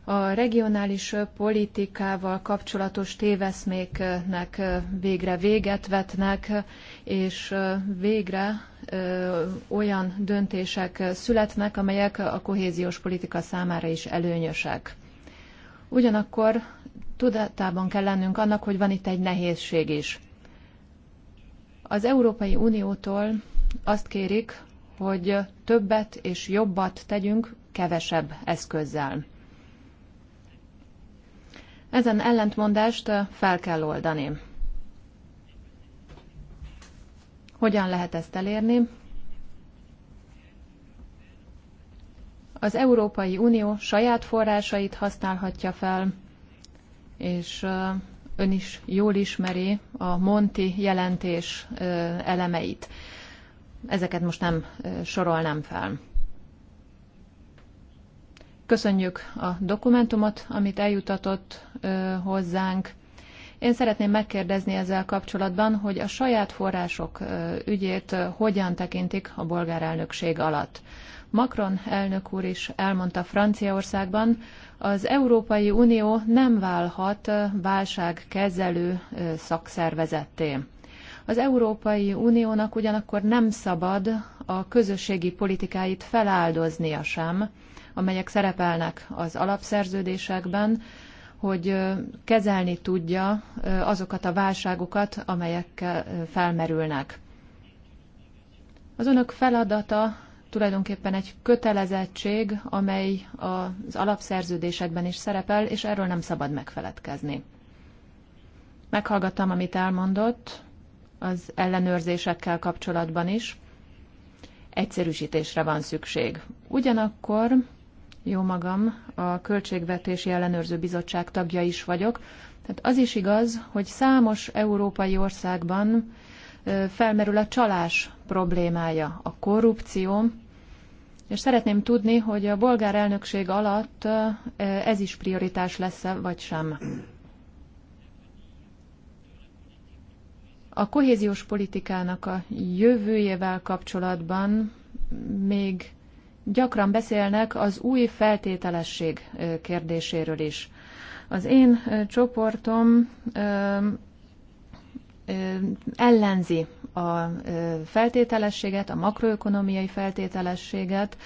a regionális politikával kapcsolatos téveszméknek végre véget vetnek, és végre olyan döntések születnek, amelyek a kohéziós politika számára is előnyösek. Ugyanakkor tudatában kell lennünk annak, hogy van itt egy nehézség is. Az Európai Uniótól azt kérik, hogy többet és jobbat tegyünk kevesebb eszközzel. Ezen ellentmondást fel kell oldani. Hogyan lehet ezt elérni? az Európai Unió saját forrásait használhatja fel, és ön is jól ismeri a Monti jelentés elemeit. Ezeket most nem sorolnám fel. Köszönjük a dokumentumot, amit eljutatott hozzánk. Én szeretném megkérdezni ezzel kapcsolatban, hogy a saját források ügyét hogyan tekintik a bolgár elnökség alatt. Macron elnök úr is elmondta Franciaországban, az Európai Unió nem válhat válságkezelő szakszervezetté. Az Európai Uniónak ugyanakkor nem szabad a közösségi politikáit feláldoznia sem, amelyek szerepelnek az alapszerződésekben, hogy kezelni tudja azokat a válságokat, amelyek felmerülnek. Az önök feladata tulajdonképpen egy kötelezettség, amely az alapszerződésekben is szerepel, és erről nem szabad megfeledkezni. Meghallgattam, amit elmondott az ellenőrzésekkel kapcsolatban is. Egyszerűsítésre van szükség. Ugyanakkor jó magam, a Költségvetési Ellenőrző Bizottság tagja is vagyok, tehát az is igaz, hogy számos európai országban felmerül a csalás problémája, a korrupció, és szeretném tudni, hogy a bolgár elnökség alatt ez is prioritás lesz-e, vagy sem. A kohéziós politikának a jövőjével kapcsolatban még gyakran beszélnek az új feltételesség kérdéséről is. Az én csoportom ellenzi a feltételességet, a makroökonomiai feltételességet,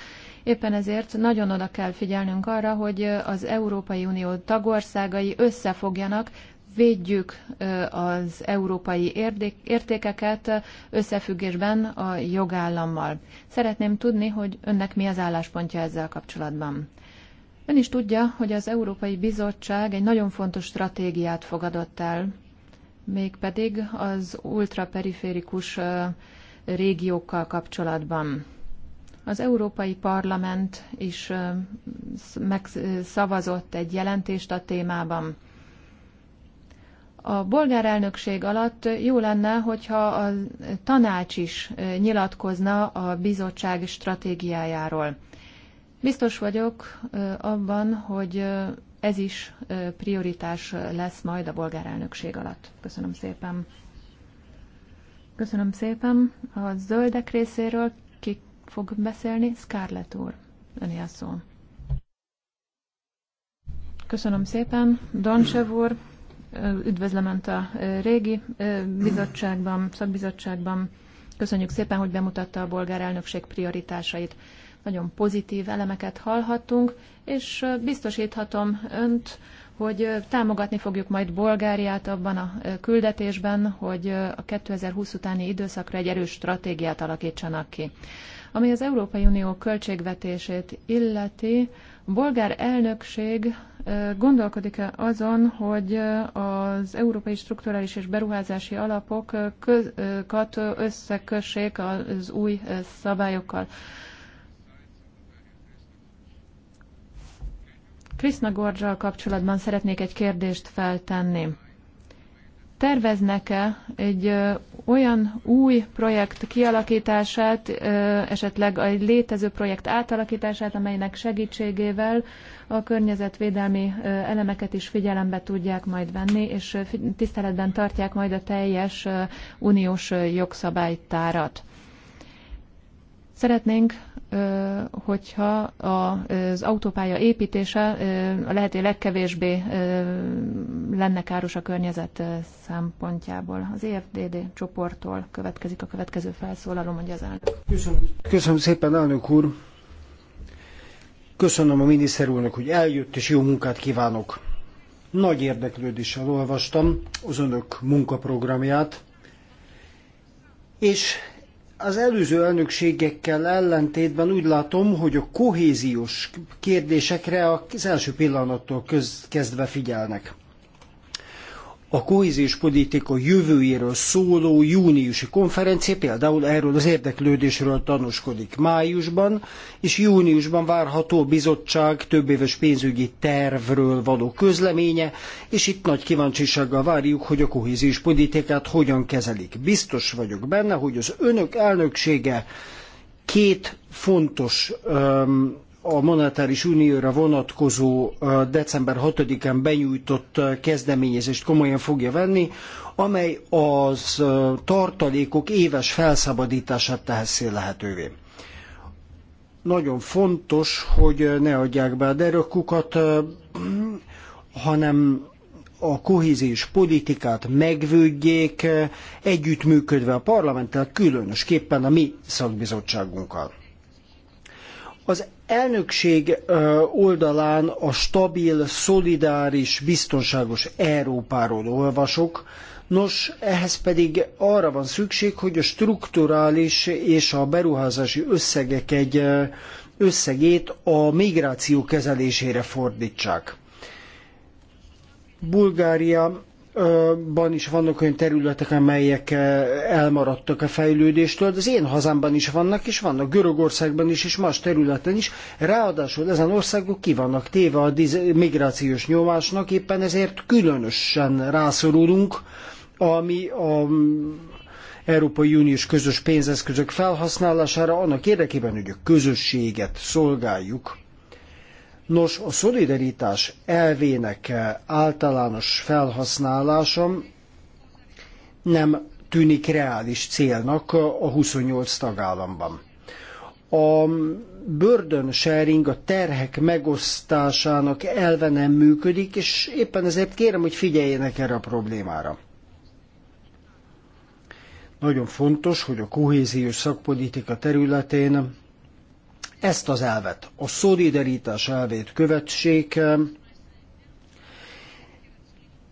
Éppen ezért nagyon oda kell figyelnünk arra, hogy az Európai Unió tagországai összefogjanak, védjük az európai értékeket összefüggésben a jogállammal. Szeretném tudni, hogy önnek mi az álláspontja ezzel kapcsolatban. Ön is tudja, hogy az Európai Bizottság egy nagyon fontos stratégiát fogadott el mégpedig az ultraperiférikus régiókkal kapcsolatban. Az Európai Parlament is megszavazott egy jelentést a témában. A bolgár elnökség alatt jó lenne, hogyha a tanács is nyilatkozna a bizottság stratégiájáról. Biztos vagyok abban, hogy ez is prioritás lesz majd a bolgár elnökség alatt. Köszönöm szépen. Köszönöm szépen. A zöldek részéről ki fog beszélni? Scarlett úr. Öné a szó. Köszönöm szépen. Donchev úr, üdvözlöm Önt a régi bizottságban, szakbizottságban. Köszönjük szépen, hogy bemutatta a bolgár elnökség prioritásait nagyon pozitív elemeket hallhattunk, és biztosíthatom önt, hogy támogatni fogjuk majd Bulgáriát abban a küldetésben, hogy a 2020 utáni időszakra egy erős stratégiát alakítsanak ki. Ami az Európai Unió költségvetését illeti, a bolgár elnökség gondolkodik-e azon, hogy az európai strukturális és beruházási alapokat összekössék az új szabályokkal? Krisznagordzsal kapcsolatban szeretnék egy kérdést feltenni. Terveznek-e egy olyan új projekt kialakítását, esetleg egy létező projekt átalakítását, amelynek segítségével a környezetvédelmi elemeket is figyelembe tudják majd venni, és tiszteletben tartják majd a teljes uniós jogszabálytárat. Szeretnénk, hogyha az autópálya építése a lehető legkevésbé lenne káros a környezet szempontjából. Az EFDD csoporttól következik a következő felszólaló, mondja az elnök. Köszönöm, Köszönöm szépen, elnök úr! Köszönöm a miniszter úrnak, hogy eljött, és jó munkát kívánok! Nagy érdeklődéssel olvastam az önök munkaprogramját, és az előző elnökségekkel ellentétben úgy látom, hogy a kohéziós kérdésekre az első pillanattól köz, kezdve figyelnek a kohéziós politika jövőjéről szóló júniusi konferencia például erről az érdeklődésről tanúskodik májusban, és júniusban várható a bizottság többéves pénzügyi tervről való közleménye, és itt nagy kíváncsisággal várjuk, hogy a kohéziós politikát hogyan kezelik. Biztos vagyok benne, hogy az önök elnöksége két fontos a monetáris unióra vonatkozó december 6-án benyújtott kezdeményezést komolyan fogja venni, amely az tartalékok éves felszabadítását teheszi lehetővé. Nagyon fontos, hogy ne adják be a derökukat, hanem a kohéziós politikát megvődjék, együttműködve a parlamenttel, különösképpen a mi szakbizottságunkkal. Az elnökség oldalán a stabil, szolidáris, biztonságos Európáról olvasok, Nos, ehhez pedig arra van szükség, hogy a strukturális és a beruházási összegek egy összegét a migráció kezelésére fordítsák. Bulgária ban is vannak olyan területek, amelyek eh, elmaradtak a fejlődéstől, de az én hazámban is vannak, és vannak Görögországban is, és más területen is. Ráadásul ezen országok ki vannak téve a migrációs nyomásnak, éppen ezért különösen rászorulunk, ami a mm, Európai Uniós közös pénzeszközök felhasználására annak érdekében, hogy a közösséget szolgáljuk Nos, a szolidaritás elvének általános felhasználása nem tűnik reális célnak a 28 tagállamban. A burden sharing, a terhek megosztásának elve nem működik, és éppen ezért kérem, hogy figyeljenek erre a problémára. Nagyon fontos, hogy a kohéziós szakpolitika területén ezt az elvet, a szolidaritás elvét követsék,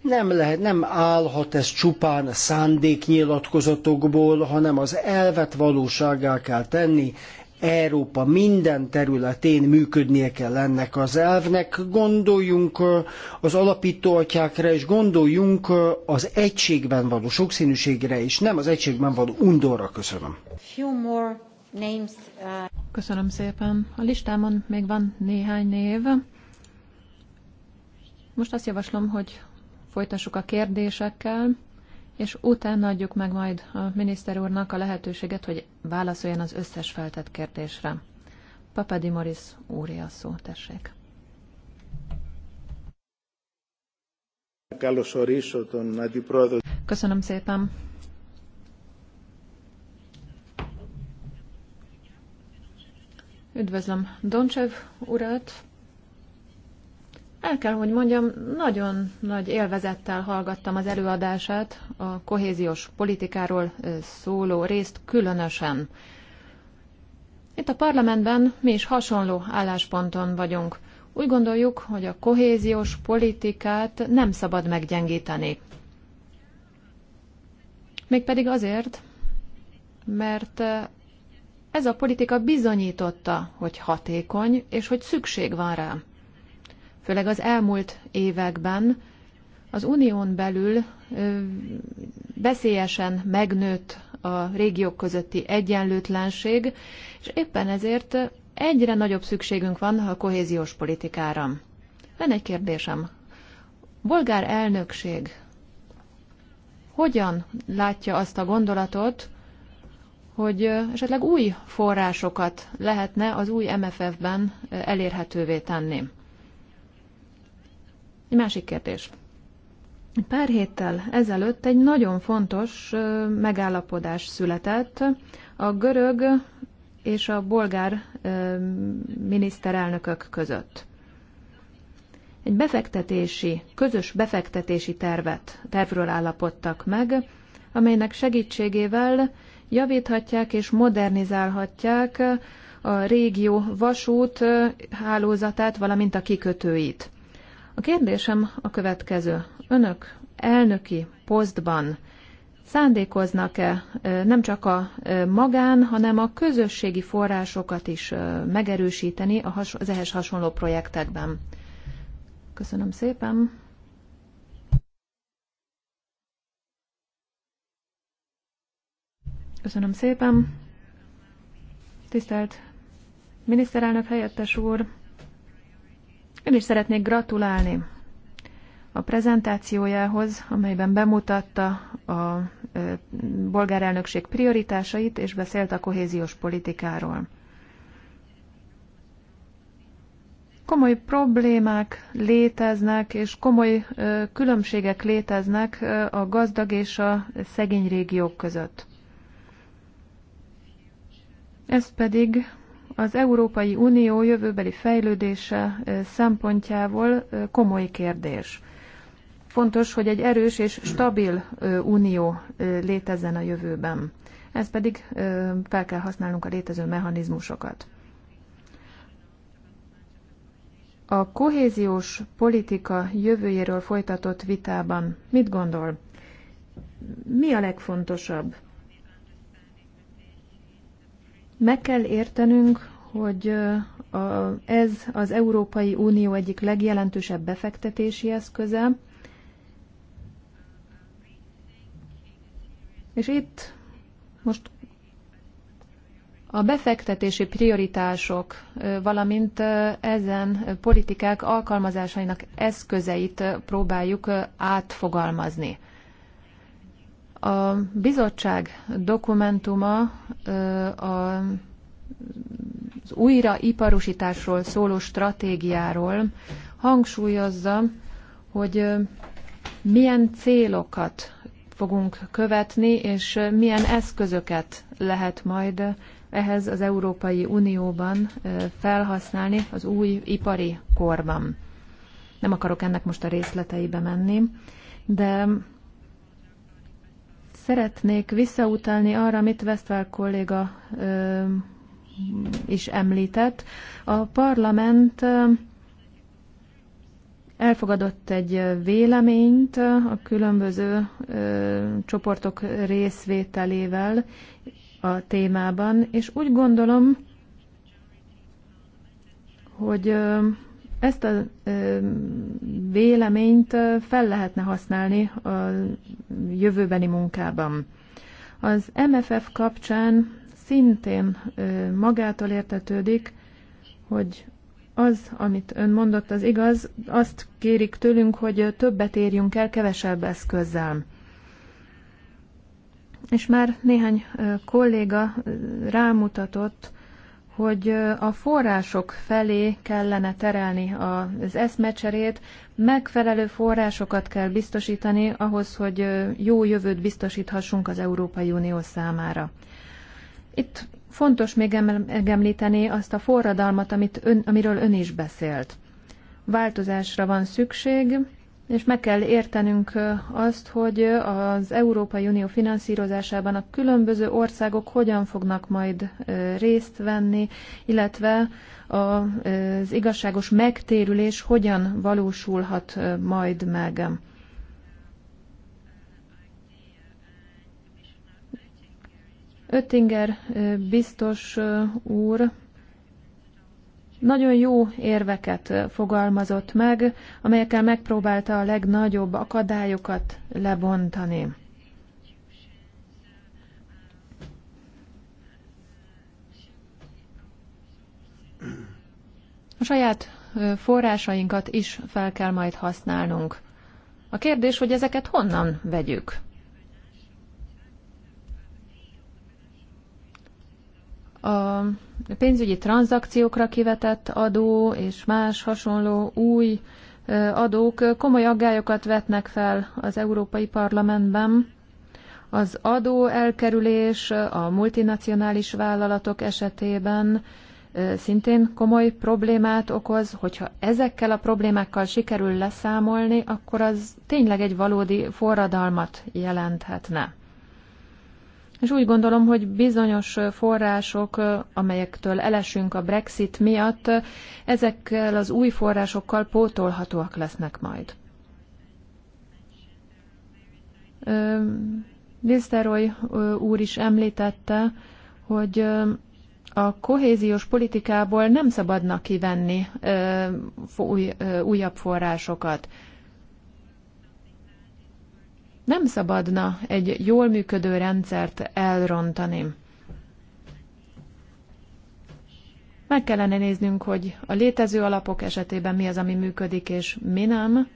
nem, lehet, nem állhat ez csupán szándéknyilatkozatokból, hanem az elvet valóságá kell tenni, Európa minden területén működnie kell ennek az elvnek. Gondoljunk az alapítóatyákra, és gondoljunk az egységben való sokszínűségre, és nem az egységben való undorra. Köszönöm. Uh, Köszönöm szépen. A listámon még van néhány név. Most azt javaslom, hogy folytassuk a kérdésekkel, és utána adjuk meg majd a miniszter úrnak a lehetőséget, hogy válaszoljon az összes feltett kérdésre. Papadimoris úri a szó, tessék. Köszönöm szépen. Üdvözlöm Doncsev urat. El kell, hogy mondjam, nagyon nagy élvezettel hallgattam az előadását a kohéziós politikáról szóló részt különösen. Itt a parlamentben mi is hasonló állásponton vagyunk. Úgy gondoljuk, hogy a kohéziós politikát nem szabad meggyengíteni. Mégpedig azért, mert ez a politika bizonyította, hogy hatékony, és hogy szükség van rá. Főleg az elmúlt években az unión belül veszélyesen megnőtt a régiók közötti egyenlőtlenség, és éppen ezért egyre nagyobb szükségünk van a kohéziós politikára. Van egy kérdésem. Bolgár elnökség hogyan látja azt a gondolatot, hogy esetleg új forrásokat lehetne az új MFF-ben elérhetővé tenni. Egy másik kérdés. Pár héttel ezelőtt egy nagyon fontos megállapodás született a görög és a bolgár miniszterelnökök között. Egy befektetési, közös befektetési tervet, tervről állapodtak meg, amelynek segítségével javíthatják és modernizálhatják a régió vasút hálózatát, valamint a kikötőit. A kérdésem a következő. Önök elnöki posztban szándékoznak-e nem csak a magán, hanem a közösségi forrásokat is megerősíteni az ehhez hasonló projektekben? Köszönöm szépen. Köszönöm szépen. Tisztelt miniszterelnök helyettes úr, én is szeretnék gratulálni a prezentációjához, amelyben bemutatta a bolgár elnökség prioritásait és beszélt a kohéziós politikáról. komoly problémák léteznek, és komoly különbségek léteznek a gazdag és a szegény régiók között. Ez pedig az Európai Unió jövőbeli fejlődése szempontjából komoly kérdés. Fontos, hogy egy erős és stabil unió létezzen a jövőben. Ez pedig fel kell használnunk a létező mechanizmusokat. A kohéziós politika jövőjéről folytatott vitában mit gondol? Mi a legfontosabb? Meg kell értenünk, hogy ez az Európai Unió egyik legjelentősebb befektetési eszköze, és itt most a befektetési prioritások, valamint ezen politikák alkalmazásainak eszközeit próbáljuk átfogalmazni. A bizottság dokumentuma az újraiparosításról szóló stratégiáról hangsúlyozza, hogy milyen célokat fogunk követni, és milyen eszközöket lehet majd ehhez az Európai Unióban felhasználni az új ipari korban. Nem akarok ennek most a részleteibe menni, de Szeretnék visszautalni arra, amit Westphal kolléga ö, is említett. A parlament elfogadott egy véleményt a különböző ö, csoportok részvételével a témában, és úgy gondolom, hogy ö, ezt a véleményt fel lehetne használni a jövőbeni munkában. Az MFF kapcsán szintén magától értetődik, hogy az, amit ön mondott, az igaz, azt kérik tőlünk, hogy többet érjünk el kevesebb eszközzel. És már néhány kolléga rámutatott hogy a források felé kellene terelni az eszmecserét, megfelelő forrásokat kell biztosítani ahhoz, hogy jó jövőt biztosíthassunk az Európai Unió számára. Itt fontos még megemlíteni azt a forradalmat, amit ön, amiről ön is beszélt. Változásra van szükség, és meg kell értenünk azt, hogy az Európai Unió finanszírozásában a különböző országok hogyan fognak majd részt venni, illetve az igazságos megtérülés hogyan valósulhat majd meg. Öttinger biztos úr nagyon jó érveket fogalmazott meg, amelyekkel megpróbálta a legnagyobb akadályokat lebontani. A saját forrásainkat is fel kell majd használnunk. A kérdés, hogy ezeket honnan vegyük. a pénzügyi tranzakciókra kivetett adó és más hasonló új adók komoly aggályokat vetnek fel az Európai Parlamentben. Az adó elkerülés a multinacionális vállalatok esetében szintén komoly problémát okoz, hogyha ezekkel a problémákkal sikerül leszámolni, akkor az tényleg egy valódi forradalmat jelenthetne és úgy gondolom, hogy bizonyos források, amelyektől elesünk a Brexit miatt, ezekkel az új forrásokkal pótolhatóak lesznek majd. Liszteroy úr is említette, hogy a kohéziós politikából nem szabadna kivenni újabb forrásokat. Nem szabadna egy jól működő rendszert elrontani. Meg kellene néznünk, hogy a létező alapok esetében mi az, ami működik, és mi nem.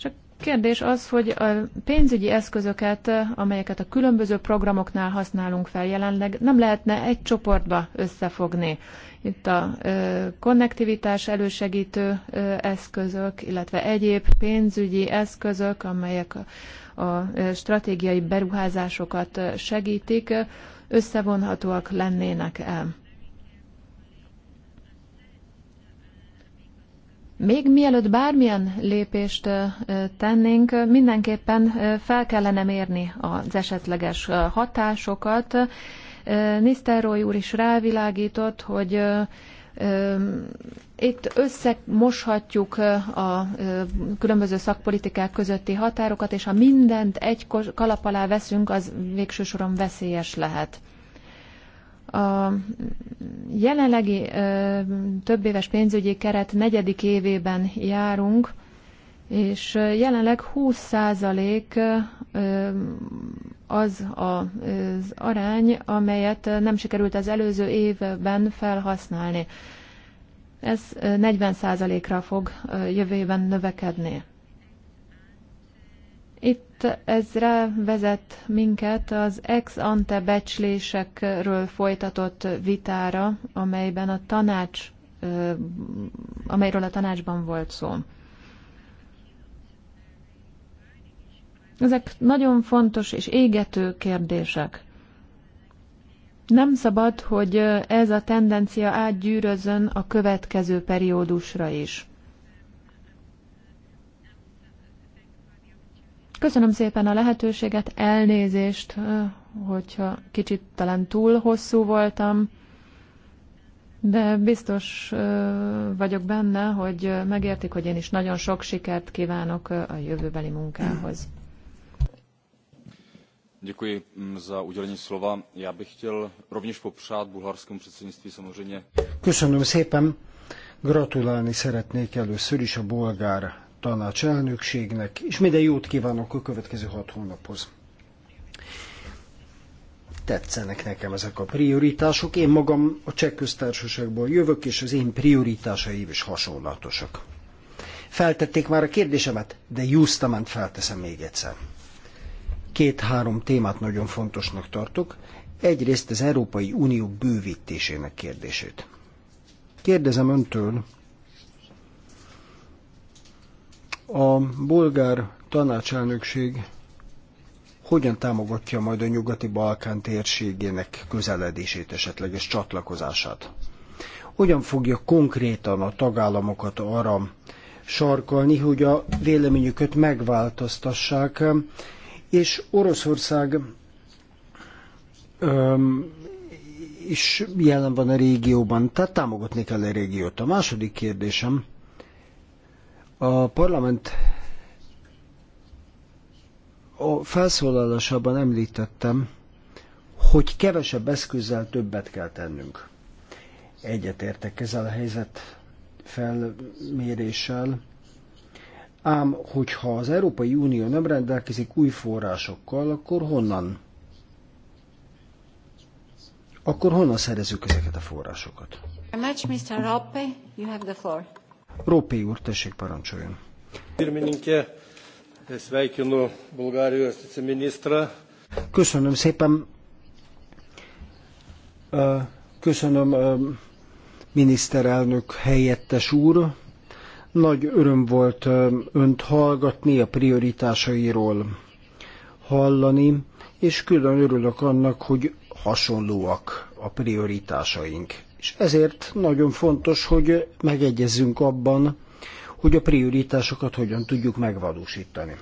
Csak kérdés az, hogy a pénzügyi eszközöket, amelyeket a különböző programoknál használunk fel jelenleg, nem lehetne egy csoportba összefogni. Itt a ö, konnektivitás elősegítő ö, eszközök, illetve egyéb pénzügyi eszközök, amelyek a stratégiai beruházásokat segítik, összevonhatóak lennének el. Még mielőtt bármilyen lépést tennénk, mindenképpen fel kellene mérni az esetleges hatásokat. Nisztelrói úr is rávilágított, hogy itt összemoshatjuk a különböző szakpolitikák közötti határokat, és ha mindent egy kalap alá veszünk, az végső soron veszélyes lehet. A jelenlegi többéves pénzügyi keret negyedik évében járunk, és jelenleg 20% az az arány, amelyet nem sikerült az előző évben felhasználni. Ez 40%-ra fog jövőben növekedni. Itt ezre vezet minket az ex-ante becslésekről folytatott vitára, amelyben a tanács, amelyről a tanácsban volt szó. Ezek nagyon fontos és égető kérdések. Nem szabad, hogy ez a tendencia átgyűrözön a következő periódusra is. Köszönöm szépen a lehetőséget, elnézést, hogyha kicsit talán túl hosszú voltam, de biztos vagyok benne, hogy megértik, hogy én is nagyon sok sikert kívánok a jövőbeli munkához. Mm, Já bych chtěl rovněž popřát bulharskému předsednictví samozřejmě. Köszönöm szépen. Gratulálni szeretnék először is a bolgár tanács elnökségnek, és minden jót kívánok a következő hat hónaphoz. Tetszenek nekem ezek a prioritások. Én magam a cseh köztársaságból jövök, és az én prioritásaim is hasonlatosak. Feltették már a kérdésemet, de Justamant felteszem még egyszer két-három témát nagyon fontosnak tartok. Egyrészt az Európai Unió bővítésének kérdését. Kérdezem öntől, a bolgár tanácselnökség hogyan támogatja majd a nyugati Balkán térségének közeledését, esetleges csatlakozását? Hogyan fogja konkrétan a tagállamokat arra sarkalni, hogy a véleményüket megváltoztassák, és Oroszország öm, is jelen van a régióban, tehát támogatni kell a régiót. A második kérdésem, a parlament a felszólalásában említettem, hogy kevesebb eszközzel többet kell tennünk. Egyetértek ezzel a helyzet felméréssel, Ám, hogyha az Európai Unió nem rendelkezik új forrásokkal, akkor honnan? Akkor honnan szerezzük ezeket a forrásokat? Ropé úr, tessék parancsoljon. Köszönöm szépen. Köszönöm miniszterelnök helyettes úr, nagy öröm volt önt hallgatni, a prioritásairól hallani, és külön örülök annak, hogy hasonlóak a prioritásaink. És ezért nagyon fontos, hogy megegyezzünk abban, hogy a prioritásokat hogyan tudjuk megvalósítani.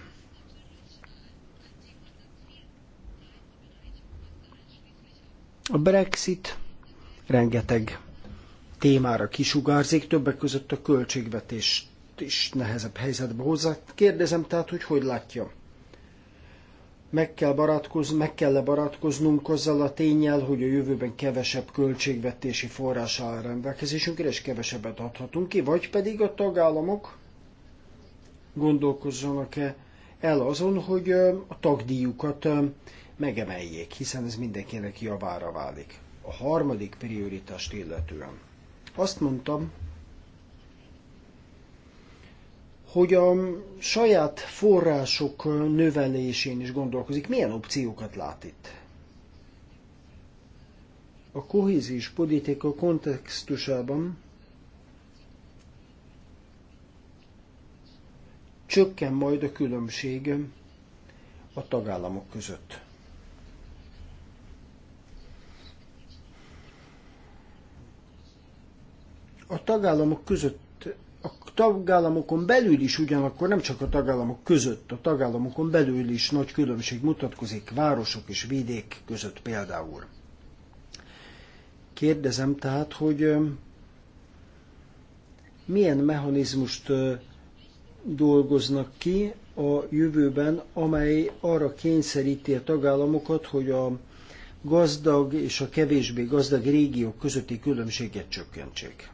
A Brexit rengeteg témára kisugárzik, többek között a költségvetést is nehezebb helyzetbe hozzá. Kérdezem tehát, hogy hogy látja? Meg kell, barátkozni, meg kell barátkoznunk azzal a tényel, hogy a jövőben kevesebb költségvetési forrás áll rendelkezésünkre, és kevesebbet adhatunk ki, vagy pedig a tagállamok gondolkozzanak-e el azon, hogy a tagdíjukat megemeljék, hiszen ez mindenkinek javára válik. A harmadik prioritást illetően azt mondtam, hogy a saját források növelésén is gondolkozik. Milyen opciókat lát itt? A kohézis politika kontextusában csökken majd a különbség a tagállamok között. a tagállamok között, a tagállamokon belül is ugyanakkor, nem csak a tagállamok között, a tagállamokon belül is nagy különbség mutatkozik városok és vidék között például. Kérdezem tehát, hogy milyen mechanizmust dolgoznak ki a jövőben, amely arra kényszeríti a tagállamokat, hogy a gazdag és a kevésbé gazdag régiók közötti különbséget csökkentsék.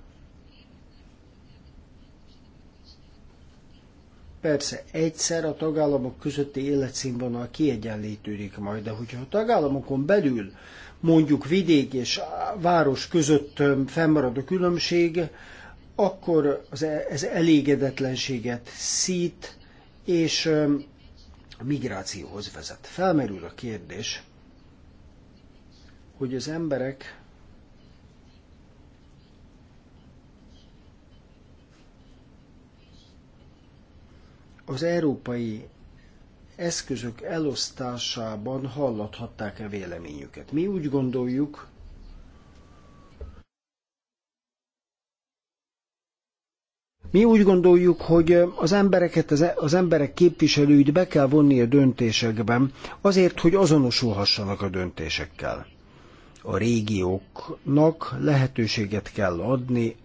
Persze, egyszer a tagállamok közötti életszínvonal kiegyenlítődik majd, de hogyha a tagállamokon belül mondjuk vidék és város között fennmarad a különbség, akkor e, ez elégedetlenséget szít, és a migrációhoz vezet. Felmerül a kérdés, hogy az emberek az európai eszközök elosztásában hallathatták a -e véleményüket. Mi úgy gondoljuk, Mi úgy gondoljuk, hogy az embereket, az emberek képviselőit be kell vonni a döntésekben, azért, hogy azonosulhassanak a döntésekkel. A régióknak lehetőséget kell adni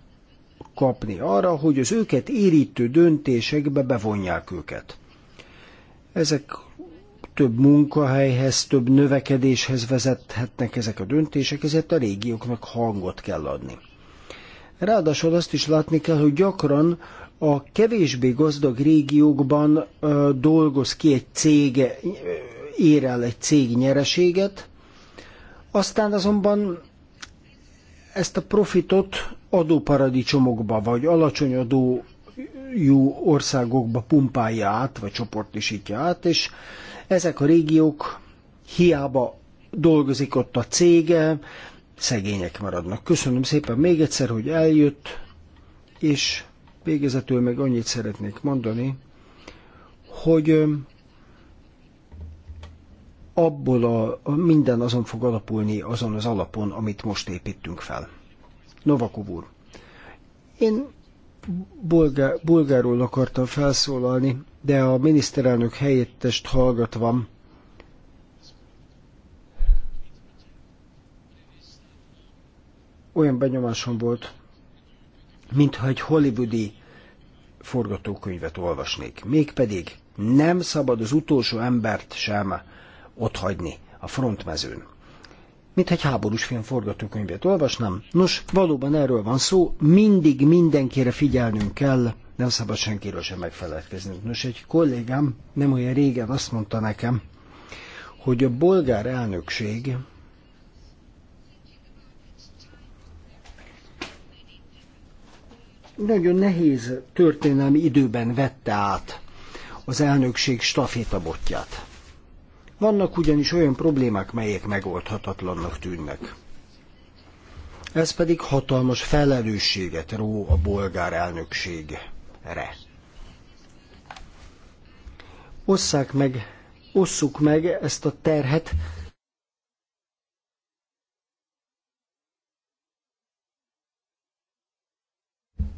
kapni arra, hogy az őket érítő döntésekbe bevonják őket. Ezek több munkahelyhez, több növekedéshez vezethetnek ezek a döntések, ezért a régióknak hangot kell adni. Ráadásul azt is látni kell, hogy gyakran a kevésbé gazdag régiókban ö, dolgoz ki egy cég, ér el egy cég nyereséget, aztán azonban ezt a profitot adóparadicsomokba vagy alacsony adó jó országokba pumpálja át, vagy csoportosítja át, és ezek a régiók hiába dolgozik ott a cége, szegények maradnak. Köszönöm szépen még egyszer, hogy eljött, és végezetül meg annyit szeretnék mondani, hogy abból a, minden azon fog alapulni, azon az alapon, amit most építünk fel. Novakov úr. Én bulgáról akartam felszólalni, de a miniszterelnök helyettest hallgatva, olyan benyomásom volt, mintha egy hollywoodi forgatókönyvet olvasnék. Mégpedig nem szabad az utolsó embert sem otthagyni a frontmezőn mint egy háborús film forgatókönyvét olvasnám. Nos, valóban erről van szó, mindig mindenkire figyelnünk kell, nem szabad senkiről sem megfelelkezni. Nos, egy kollégám nem olyan régen azt mondta nekem, hogy a bolgár elnökség nagyon nehéz történelmi időben vette át az elnökség stafétabotját. Vannak ugyanis olyan problémák, melyek megoldhatatlannak tűnnek. Ez pedig hatalmas felelősséget ró a bolgár elnökségre. Osszák meg, osszuk meg ezt a terhet,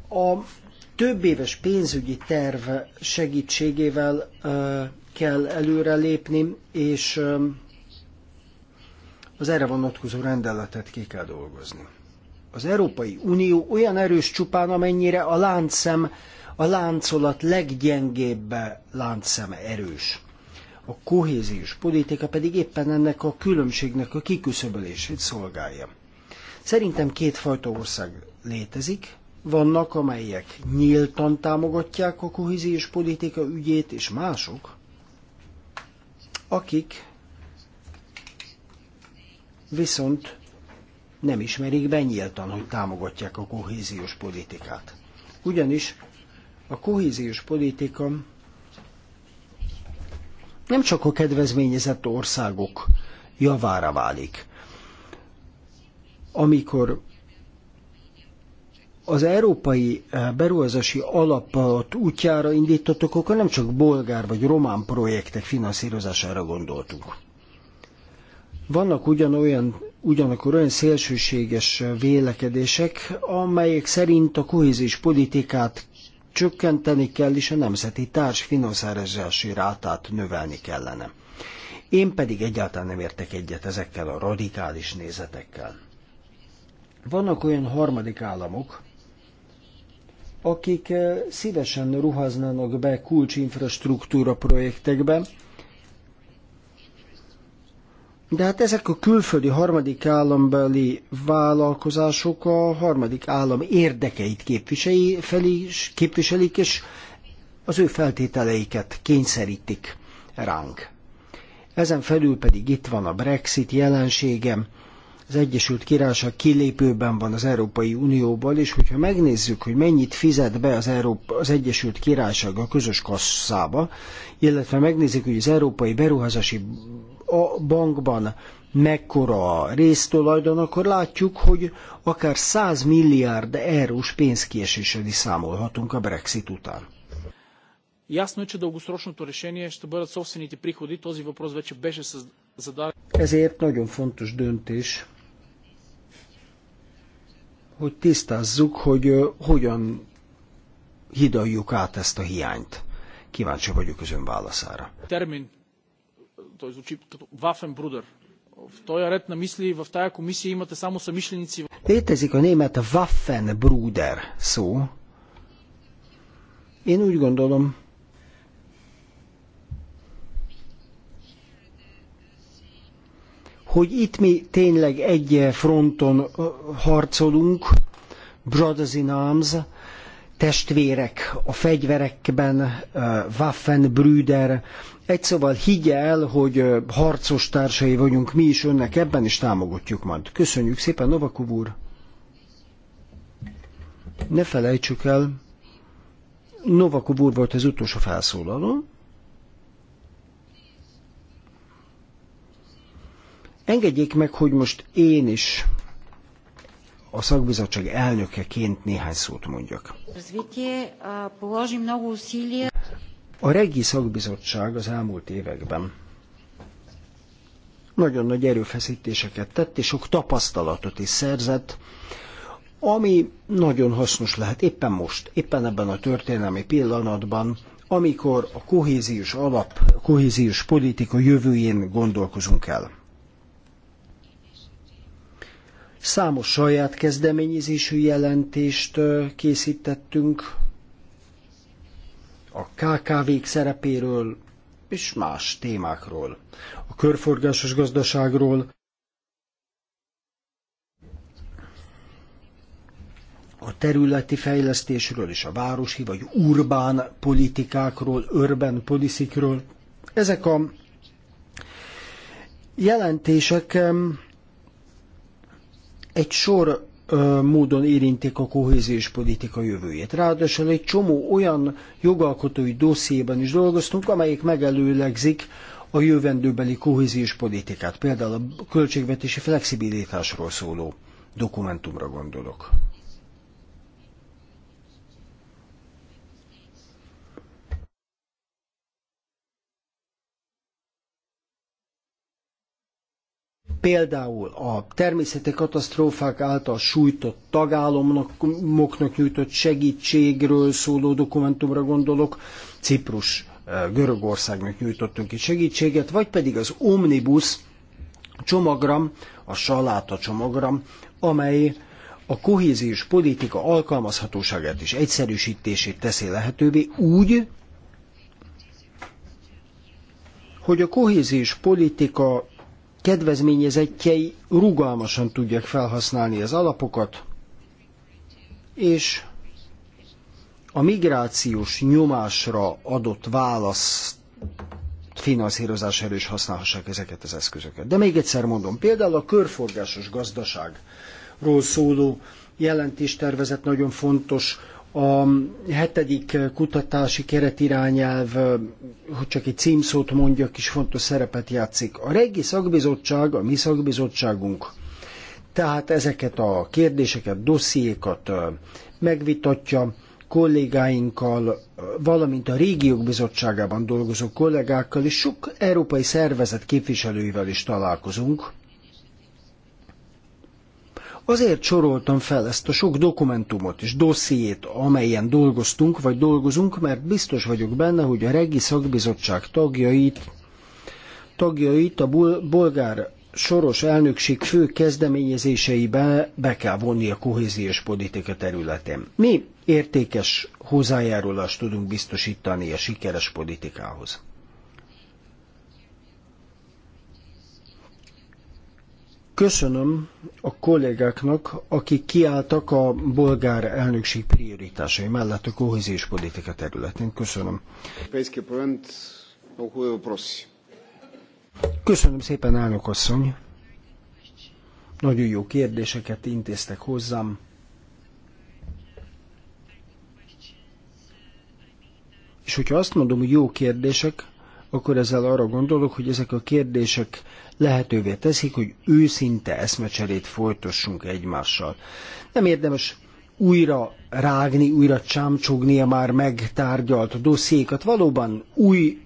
a több éves pénzügyi terv segítségével kell előrelépni, és az erre vonatkozó rendeletet ki kell dolgozni. Az Európai Unió olyan erős csupán, amennyire a láncszem, a láncolat leggyengébb láncszeme erős. A kohéziós politika pedig éppen ennek a különbségnek a kiküszöbölését szolgálja. Szerintem kétfajta ország létezik, vannak, amelyek nyíltan támogatják a kohéziós politika ügyét, és mások, akik viszont nem ismerik benyíltan, hogy támogatják a kohéziós politikát. Ugyanis a kohéziós politika nem csak a kedvezményezett országok javára válik. Amikor az európai eh, beruházási alapot útjára indítottuk, akkor nem csak bolgár vagy román projektek finanszírozására gondoltunk. Vannak ugyanolyan, ugyanakkor olyan szélsőséges vélekedések, amelyek szerint a kohézis politikát csökkenteni kell, és a nemzeti társfinanszírozási rátát növelni kellene. Én pedig egyáltalán nem értek egyet ezekkel a radikális nézetekkel. Vannak olyan harmadik államok, akik szívesen ruháznának be kulcsinfrastruktúra projektekbe, de hát ezek a külföldi harmadik állambeli vállalkozások a harmadik állam érdekeit képviseli, felé, képviselik, és az ő feltételeiket kényszerítik ránk. Ezen felül pedig itt van a Brexit jelensége, az Egyesült Királyság kilépőben van az Európai Unióból, és hogyha megnézzük, hogy mennyit fizet be az, Európa, az Egyesült Királyság a közös kasszába, illetve megnézzük, hogy az Európai Beruházási Bankban mekkora a résztulajdon, akkor látjuk, hogy akár 100 milliárd eurós pénzkieséssel is számolhatunk a Brexit után. Ясно е, че дългосрочното решение ще бъдат собствените приходи. Този въпрос вече беше зададен. Ezért nagyon fontos döntés hogy tisztázzuk, hogy hogyan hidaljuk át ezt a hiányt. Kíváncsi vagyok az ön válaszára. Termin, той звучи като Waffen Bruder. В този ред на мисли в тая комисия имате само съмишленици. Létezik a német Waffenbruder szó. Én úgy gondolom, hogy itt mi tényleg egy fronton harcolunk, brothers in arms, testvérek a fegyverekben, Waffenbrüder, egy szóval higgye el, hogy harcos társai vagyunk mi is önnek ebben, és támogatjuk majd. Köszönjük szépen, Novakov úr! Ne felejtsük el, Novakov úr volt az utolsó felszólaló, Engedjék meg, hogy most én is a szakbizottság elnökeként néhány szót mondjak. A regi szakbizottság az elmúlt években nagyon nagy erőfeszítéseket tett, és sok tapasztalatot is szerzett, ami nagyon hasznos lehet éppen most, éppen ebben a történelmi pillanatban, amikor a kohéziós alap, kohéziós politika jövőjén gondolkozunk el. Számos saját kezdeményezésű jelentést készítettünk a KKV-k szerepéről és más témákról, a körforgásos gazdaságról, a területi fejlesztésről és a városi vagy urbán politikákról, urban policykről. Ezek a jelentések egy sor módon érintik a kohéziós politika jövőjét. Ráadásul egy csomó olyan jogalkotói dossziéban is dolgoztunk, amelyek megelőlegzik a jövendőbeli kohéziós politikát, például a költségvetési flexibilitásról szóló dokumentumra gondolok. például a természeti katasztrófák által sújtott tagállamoknak nyújtott segítségről szóló dokumentumra gondolok, Ciprus eh, Görögországnak nyújtottunk itt segítséget, vagy pedig az Omnibus csomagram, a saláta csomagram, amely a kohéziós politika alkalmazhatóságát és egyszerűsítését teszi lehetővé úgy, hogy a kohéziós politika kedvezményezettjei rugalmasan tudják felhasználni az alapokat, és a migrációs nyomásra adott válasz finanszírozására is használhassák ezeket az eszközöket. De még egyszer mondom, például a körforgásos gazdaságról szóló jelentéstervezet nagyon fontos, a hetedik eh, kutatási keretirányelv, eh, hogy csak egy címszót mondjak, is fontos szerepet játszik. A régi szakbizottság, a mi szakbizottságunk, tehát ezeket a kérdéseket, dossziékat eh, megvitatja, kollégáinkkal, valamint a régiók bizottságában dolgozó kollégákkal és sok európai szervezet képviselőivel is találkozunk. Azért soroltam fel ezt a sok dokumentumot és dossziét, amelyen dolgoztunk vagy dolgozunk, mert biztos vagyok benne, hogy a Regi Szakbizottság tagjait, tagjait a bolgár soros elnökség fő kezdeményezéseibe be kell vonni a kohéziós politika területén. Mi értékes hozzájárulást tudunk biztosítani a sikeres politikához. Köszönöm a kollégáknak, akik kiálltak a bolgár elnökség prioritásai mellett a kohéziós politika területén. Köszönöm. Köszönöm szépen, elnök asszony. Nagyon jó kérdéseket intéztek hozzám. És hogyha azt mondom, hogy jó kérdések, akkor ezzel arra gondolok, hogy ezek a kérdések lehetővé teszik, hogy őszinte eszmecserét folytassunk egymással. Nem érdemes újra rágni, újra csámcsogni a már megtárgyalt dossziékat. Valóban új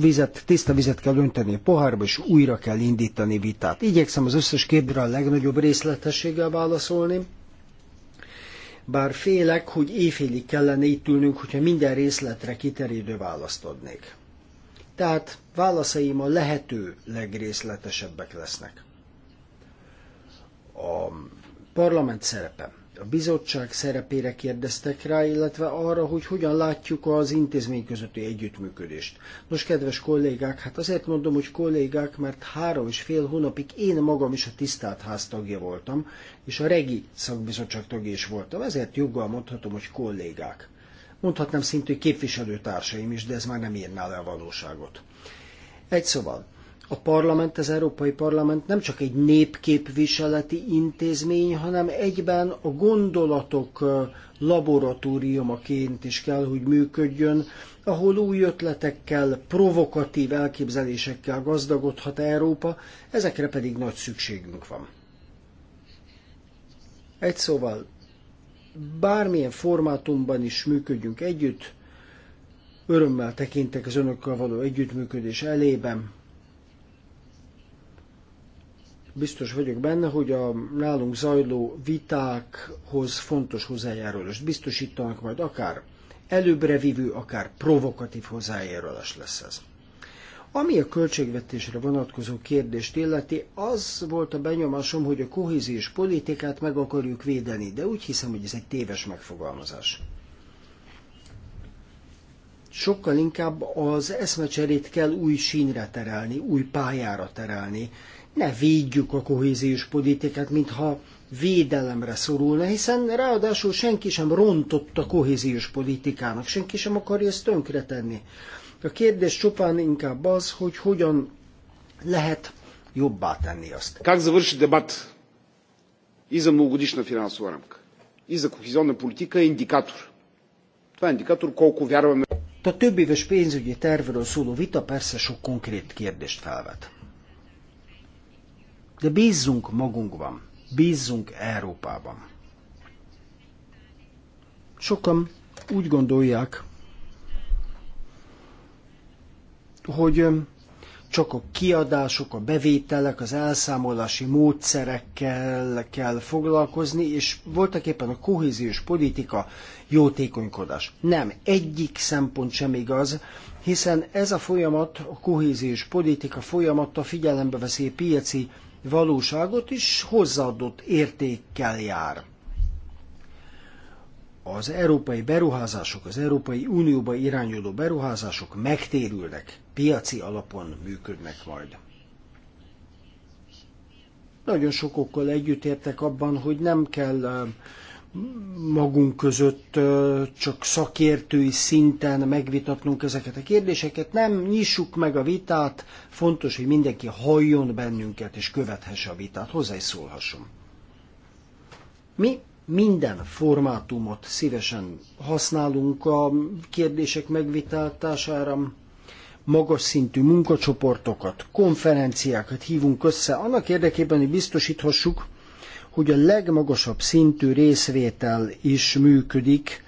vizet, tiszta vizet kell önteni a pohárba, és újra kell indítani vitát. Igyekszem az összes kérdre a legnagyobb részletességgel válaszolni, bár félek, hogy éjfélig kellene itt ülnünk, hogyha minden részletre kiterjedő választ adnék. Tehát válaszaim a lehető legrészletesebbek lesznek. A parlament szerepe. A bizottság szerepére kérdeztek rá, illetve arra, hogy hogyan látjuk az intézmény közötti együttműködést. Nos, kedves kollégák, hát azért mondom, hogy kollégák, mert három és fél hónapig én magam is a tisztát ház tagja voltam, és a regi szakbizottság tagja is voltam, ezért joggal mondhatom, hogy kollégák mondhatnám szintű képviselőtársaim is, de ez már nem írná le a valóságot. Egy szóval, a parlament, az Európai Parlament nem csak egy népképviseleti intézmény, hanem egyben a gondolatok laboratóriumaként is kell, hogy működjön, ahol új ötletekkel, provokatív elképzelésekkel gazdagodhat Európa, ezekre pedig nagy szükségünk van. Egy szóval bármilyen formátumban is működjünk együtt, örömmel tekintek az önökkel való együttműködés elében. Biztos vagyok benne, hogy a nálunk zajló vitákhoz fontos hozzájárulást biztosítanak majd akár előbbre vívő, akár provokatív hozzájárulás lesz ez. Ami a költségvetésre vonatkozó kérdést illeti, az volt a benyomásom, hogy a kohéziós politikát meg akarjuk védeni, de úgy hiszem, hogy ez egy téves megfogalmazás. Sokkal inkább az eszmecserét kell új sínre terelni, új pályára terelni. Ne védjük a kohéziós politikát, mintha védelemre szorulna, hiszen ráadásul senki sem rontott a kohéziós politikának, senki sem akarja ezt tönkretenni. tenni a kérdés csupán inkább az, hogy hogyan lehet jobbá tenni azt. Как завершить дебат и за многогодишна финансова рамка, и за кохезионна политика индикатор. Това е индикатор колко вярваме. A több éves pénzügyi tervről szóló vita persze sok konkrét kérdést felvet. De bízzunk magunkban, bízzunk Európában. Sokan úgy gondolják, hogy csak a kiadások, a bevételek, az elszámolási módszerekkel kell foglalkozni, és voltak éppen a kohéziós politika jótékonykodás. Nem, egyik szempont sem igaz, hiszen ez a folyamat, a kohéziós politika folyamata figyelembe veszi a piaci valóságot, és hozzáadott értékkel jár az európai beruházások, az Európai Unióba irányuló beruházások megtérülnek, piaci alapon működnek majd. Nagyon sokokkal együttértek abban, hogy nem kell magunk között csak szakértői szinten megvitatnunk ezeket a kérdéseket, nem nyissuk meg a vitát, fontos, hogy mindenki halljon bennünket és követhesse a vitát, hozzá is szólhasson. Mi minden formátumot szívesen használunk a kérdések megvitáltására, magas szintű munkacsoportokat, konferenciákat hívunk össze, annak érdekében, hogy biztosíthassuk, hogy a legmagasabb szintű részvétel is működik,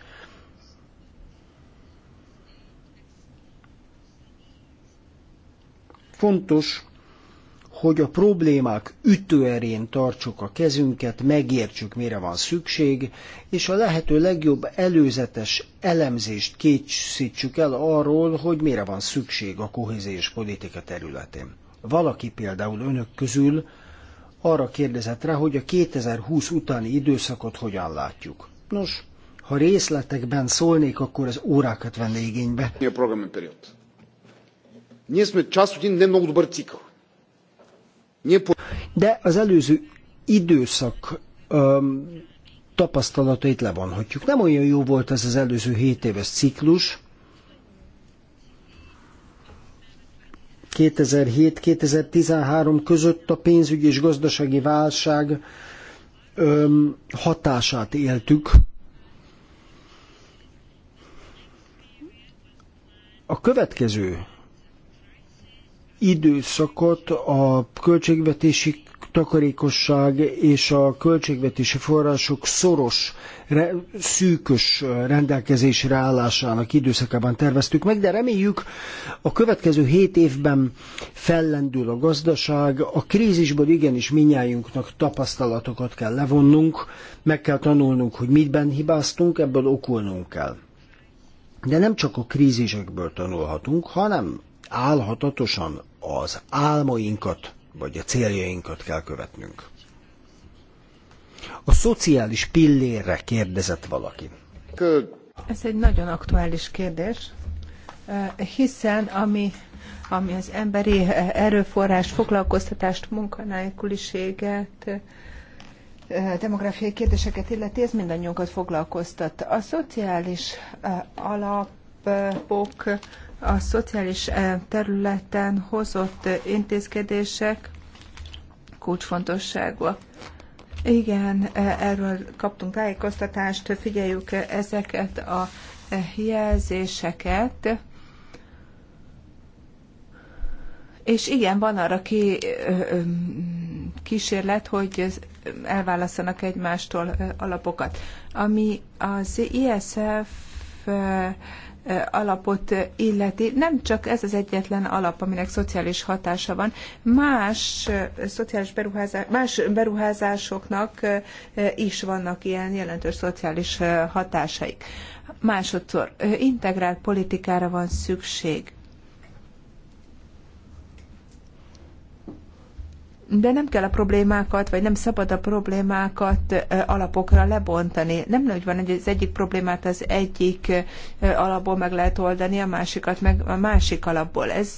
fontos, hogy a problémák ütőerén tartsuk a kezünket, megértsük, mire van szükség, és a lehető legjobb előzetes elemzést készítsük el arról, hogy mire van szükség a kohéziós politika területén. Valaki például önök közül arra kérdezett rá, hogy a 2020 utáni időszakot hogyan látjuk. Nos, ha részletekben szólnék, akkor az órákat venné igénybe. A programen periód. Ние сме част от един не много добър de az előző időszak um, tapasztalatait levonhatjuk. Nem olyan jó volt ez az előző 7 éves ciklus. 2007-2013 között a pénzügyi és gazdasági válság öm, hatását éltük. A következő időszakot a költségvetési takarékosság és a költségvetési források szoros, re, szűkös rendelkezésre állásának időszakában terveztük meg, de reméljük a következő hét évben fellendül a gazdaság, a krízisből igenis minnyájunknak tapasztalatokat kell levonnunk, meg kell tanulnunk, hogy mitben hibáztunk, ebből okulnunk kell. De nem csak a krízisekből tanulhatunk, hanem álhatatosan az álmainkat vagy a céljainkat kell követnünk. A szociális pillérre kérdezett valaki. Ez egy nagyon aktuális kérdés, hiszen ami, ami az emberi erőforrás, foglalkoztatást, munkanélküliséget, demográfiai kérdéseket illeti, ez mindannyiunkat foglalkoztat. A szociális alapok a szociális eh, területen hozott intézkedések kulcsfontosságúak. Igen, eh, erről kaptunk tájékoztatást, figyeljük eh, ezeket a jelzéseket. És igen, van arra ki, kísérlet, hogy elválasszanak egymástól alapokat. Ami az ISF alapot illeti, nem csak ez az egyetlen alap, aminek szociális hatása van, más szociális beruházás, más beruházásoknak is vannak ilyen jelentős szociális hatásaik. Másodszor, integrált politikára van szükség de nem kell a problémákat, vagy nem szabad a problémákat alapokra lebontani. Nem úgy van, hogy az egyik problémát az egyik alapból meg lehet oldani, a másikat meg a másik alapból. Ez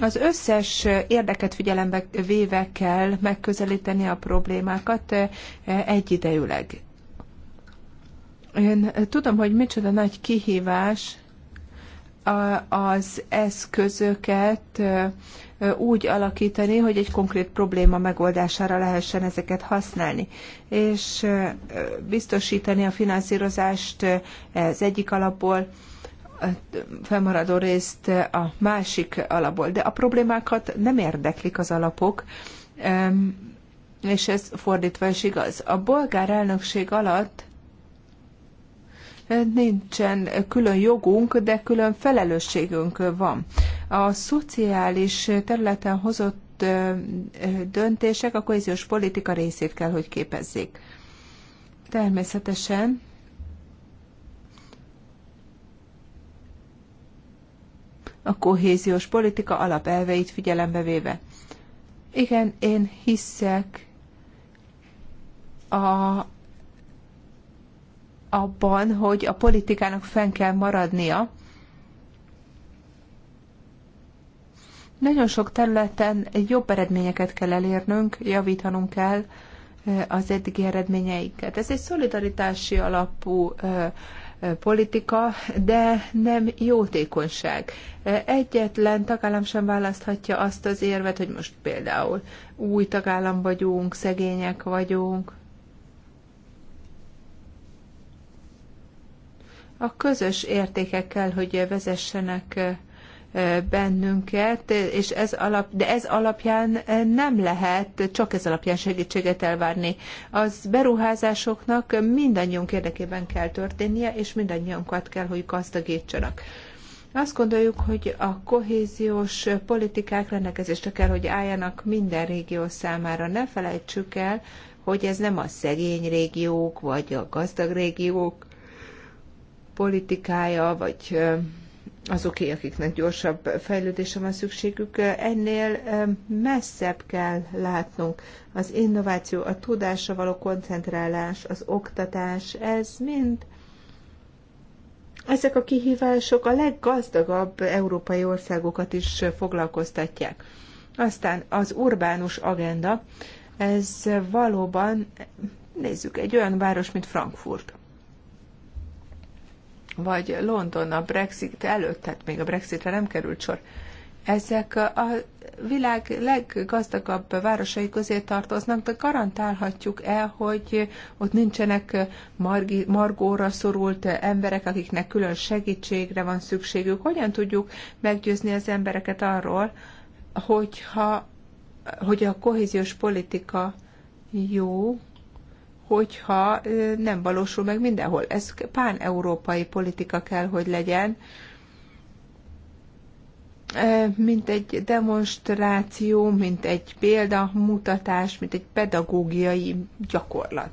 az összes érdeket figyelembe véve kell megközelíteni a problémákat egyidejűleg. Én tudom, hogy micsoda nagy kihívás az eszközöket, úgy alakítani, hogy egy konkrét probléma megoldására lehessen ezeket használni. És biztosítani a finanszírozást az egyik alapból, felmaradó részt a másik alapból. De a problémákat nem érdeklik az alapok, és ez fordítva is igaz. A bolgár elnökség alatt nincsen külön jogunk, de külön felelősségünk van. A szociális területen hozott döntések a kohéziós politika részét kell, hogy képezzék. Természetesen a kohéziós politika alapelveit figyelembe véve. Igen, én hiszek a abban, hogy a politikának fenn kell maradnia. Nagyon sok területen jobb eredményeket kell elérnünk, javítanunk kell az eddigi eredményeiket. Ez egy szolidaritási alapú politika, de nem jótékonyság. Egyetlen tagállam sem választhatja azt az érvet, hogy most például új tagállam vagyunk, szegények vagyunk, a közös értékekkel, hogy vezessenek bennünket, és ez alap, de ez alapján nem lehet csak ez alapján segítséget elvárni. Az beruházásoknak mindannyiunk érdekében kell történnie, és mindannyiunkat kell, hogy gazdagítsanak. Azt gondoljuk, hogy a kohéziós politikák rendelkezésre kell, hogy álljanak minden régió számára. Ne felejtsük el, hogy ez nem a szegény régiók, vagy a gazdag régiók, politikája, vagy azoké, akiknek gyorsabb fejlődése van szükségük, ennél messzebb kell látnunk. Az innováció, a tudásra való koncentrálás, az oktatás, ez mind ezek a kihívások a leggazdagabb európai országokat is foglalkoztatják. Aztán az urbánus agenda, ez valóban, nézzük, egy olyan város, mint Frankfurt vagy London a Brexit előtt, tehát még a Brexitre nem került sor. Ezek a világ leggazdagabb városai közé tartoznak, de garantálhatjuk el, hogy ott nincsenek margi, margóra szorult emberek, akiknek külön segítségre van szükségük. Hogyan tudjuk meggyőzni az embereket arról, hogyha, hogy a kohéziós politika jó, hogyha nem valósul meg mindenhol. Ez pán-európai politika kell, hogy legyen, mint egy demonstráció, mint egy példamutatás, mint egy pedagógiai gyakorlat.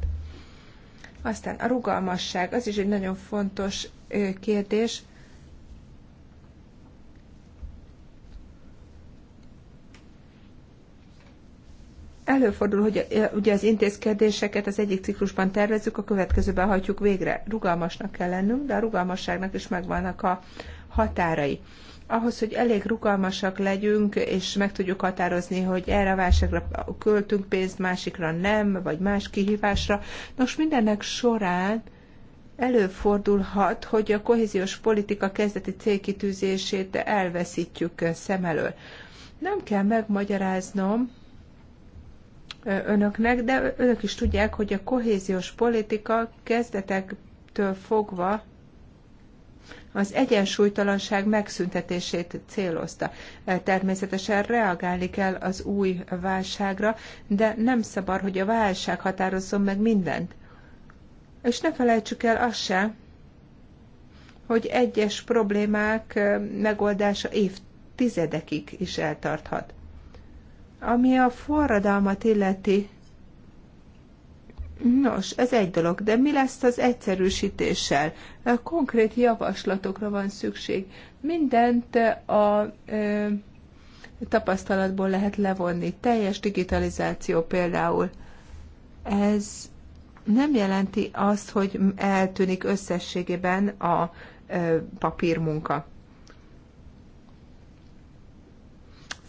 Aztán a rugalmasság, az is egy nagyon fontos kérdés. Előfordul, hogy eh, ugye az intézkedéseket az egyik ciklusban tervezzük, a következőben hajtjuk végre. Rugalmasnak kell lennünk, de a rugalmasságnak is megvannak a határai. Ahhoz, hogy elég rugalmasak legyünk, és meg tudjuk határozni, hogy erre a válságra költünk pénzt, másikra nem, vagy más kihívásra. Nos, mindennek során előfordulhat, hogy a kohéziós politika kezdeti célkitűzését elveszítjük szem elől. Nem kell megmagyaráznom, önöknek, de önök is tudják, hogy a kohéziós politika kezdetektől fogva az egyensúlytalanság megszüntetését célozta. Természetesen reagálni kell az új válságra, de nem szabad, hogy a válság határozzon meg mindent. És ne felejtsük el azt se, hogy egyes problémák megoldása évtizedekig is eltarthat. Ami a forradalmat illeti, Nos, ez egy dolog, de mi lesz az egyszerűsítéssel? Konkrét javaslatokra van szükség. Mindent a ö, tapasztalatból lehet levonni. Teljes digitalizáció például. Ez nem jelenti azt, hogy eltűnik összességében a ö, papírmunka.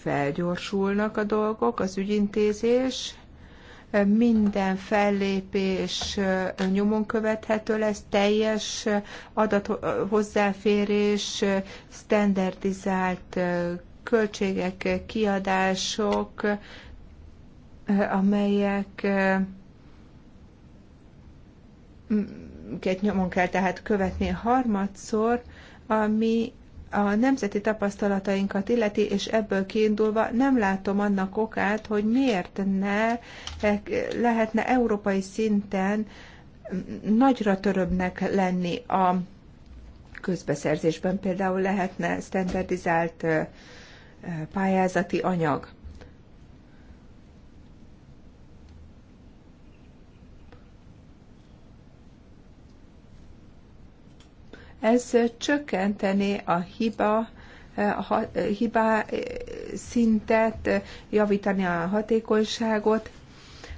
felgyorsulnak a dolgok, az ügyintézés, minden fellépés nyomon követhető lesz, teljes adat hozzáférés, standardizált költségek, kiadások, amelyek nyomon kell tehát követni harmadszor, ami a nemzeti tapasztalatainkat illeti, és ebből kiindulva nem látom annak okát, hogy miért ne e, lehetne európai szinten nagyra törőbbnek lenni a közbeszerzésben például lehetne standardizált e, pályázati anyag. Ez csökkenteni a hiba a hiba szintet, javítani a hatékonyságot.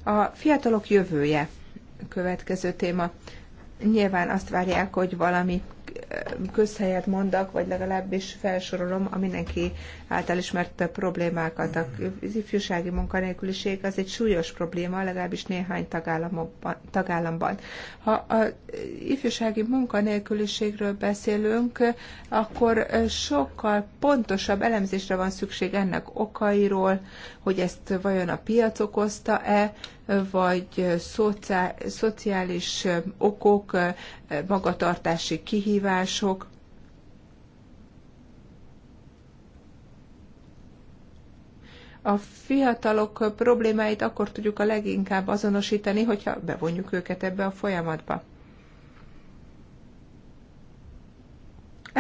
A fiatalok jövője következő téma. Nyilván azt várják, hogy valami közhelyet mondok, vagy legalábbis felsorolom a mindenki által ismert problémákat. Az ifjúsági munkanélküliség az egy súlyos probléma, legalábbis néhány tagállamban. Ha a ifjúsági munkanélküliségről beszélünk, akkor sokkal pontosabb elemzésre van szükség ennek okairól, hogy ezt vajon a piac okozta-e, vagy szociális okok, magatartási kihívások. A fiatalok problémáit akkor tudjuk a leginkább azonosítani, hogyha bevonjuk őket ebbe a folyamatba.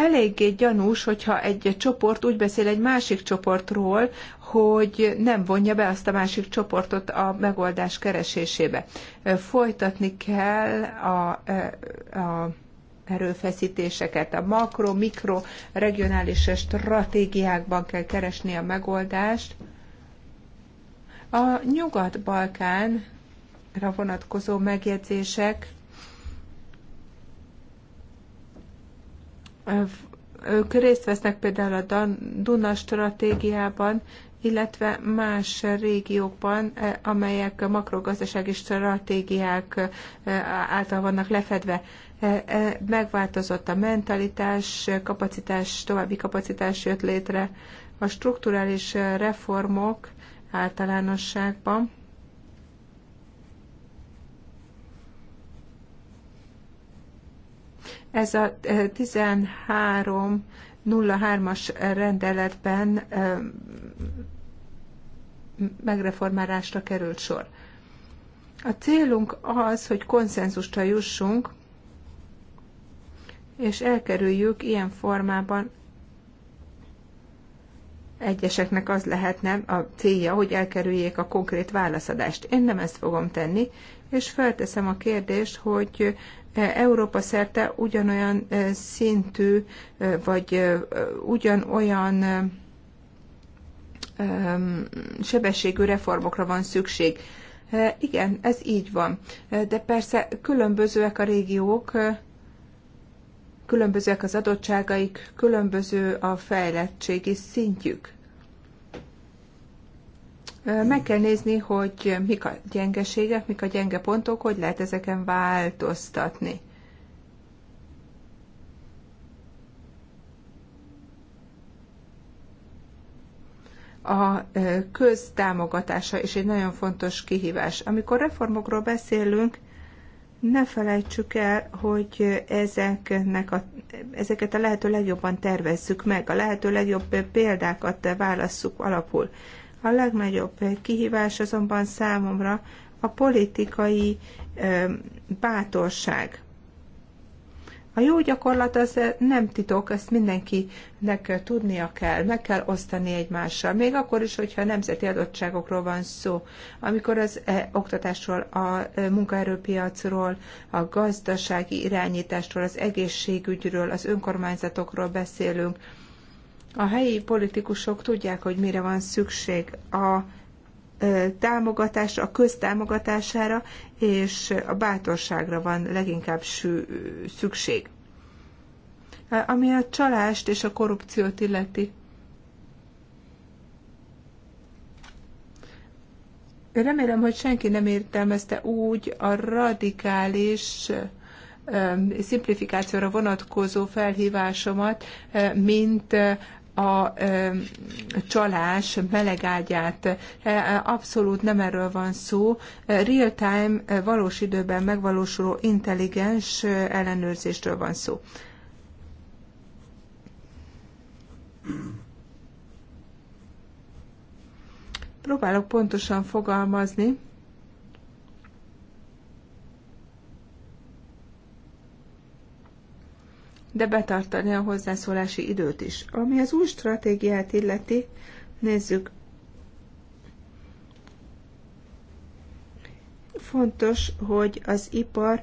eléggé gyanús, hogyha egy csoport úgy beszél egy másik csoportról, hogy nem vonja be azt a másik csoportot a megoldás keresésébe. Folytatni kell a, a erőfeszítéseket. A makro, mikro, regionális stratégiákban kell keresni a megoldást. A Nyugat-Balkánra vonatkozó megjegyzések Ők részt vesznek például a Duna stratégiában, illetve más régiókban, e, amelyek makrogazdasági stratégiák e, által vannak lefedve. E, megváltozott a mentalitás, kapacitás, további kapacitás jött létre, a strukturális reformok általánosságban Ez a 1303-as rendeletben megreformálásra került sor. A célunk az, hogy konszenzusra jussunk, és elkerüljük ilyen formában egyeseknek az lehetne a célja, hogy elkerüljék a konkrét válaszadást. Én nem ezt fogom tenni, és felteszem a kérdést, hogy E, Európa szerte ugyanolyan e, szintű, e, vagy ugyanolyan sebességű reformokra van szükség. Igen, ez így van. De persze különbözőek a régiók, különbözőek az adottságaik, különböző a fejlettségi szintjük. Meg kell nézni, hogy mik a gyengeségek, mik a gyenge pontok, hogy lehet ezeken változtatni. a köztámogatása is egy nagyon fontos kihívás. Amikor reformokról beszélünk, ne felejtsük el, hogy ezeknek a, ezeket a lehető legjobban tervezzük meg, a lehető legjobb példákat válasszuk alapul. A legnagyobb kihívás azonban számomra a politikai bátorság. A jó gyakorlat az nem titok, ezt mindenkinek tudnia kell, meg kell osztani egymással, még akkor is, hogyha nemzeti adottságokról van szó, amikor az oktatásról, a munkaerőpiacról, a gazdasági irányításról, az egészségügyről, az önkormányzatokról beszélünk, a helyi politikusok tudják, hogy mire van szükség a támogatásra, a köztámogatására és a bátorságra van leginkább szükség. Ami a csalást és a korrupciót illeti, Remélem, hogy senki nem értelmezte úgy a radikális szimplifikációra vonatkozó felhívásomat, mint a csalás belegágyát. Abszolút nem erről van szó. Real-time, valós időben megvalósuló intelligens ellenőrzésről van szó. Próbálok pontosan fogalmazni. de betartani a hozzászólási időt is. Ami az új stratégiát illeti, nézzük. Fontos, hogy az ipar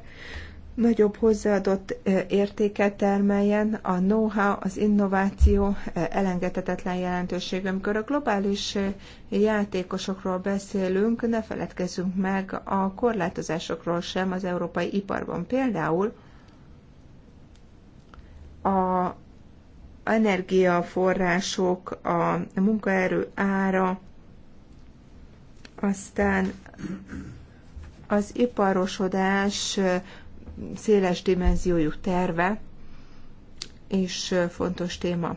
nagyobb hozzáadott e, értéket termeljen, a know-how, az innováció e, elengedhetetlen jelentőségű. Amikor a globális e, játékosokról beszélünk, ne feledkezzünk meg a korlátozásokról sem az európai iparban. Például a energiaforrások, a munkaerő ára, aztán az iparosodás széles dimenziójú terve és fontos téma.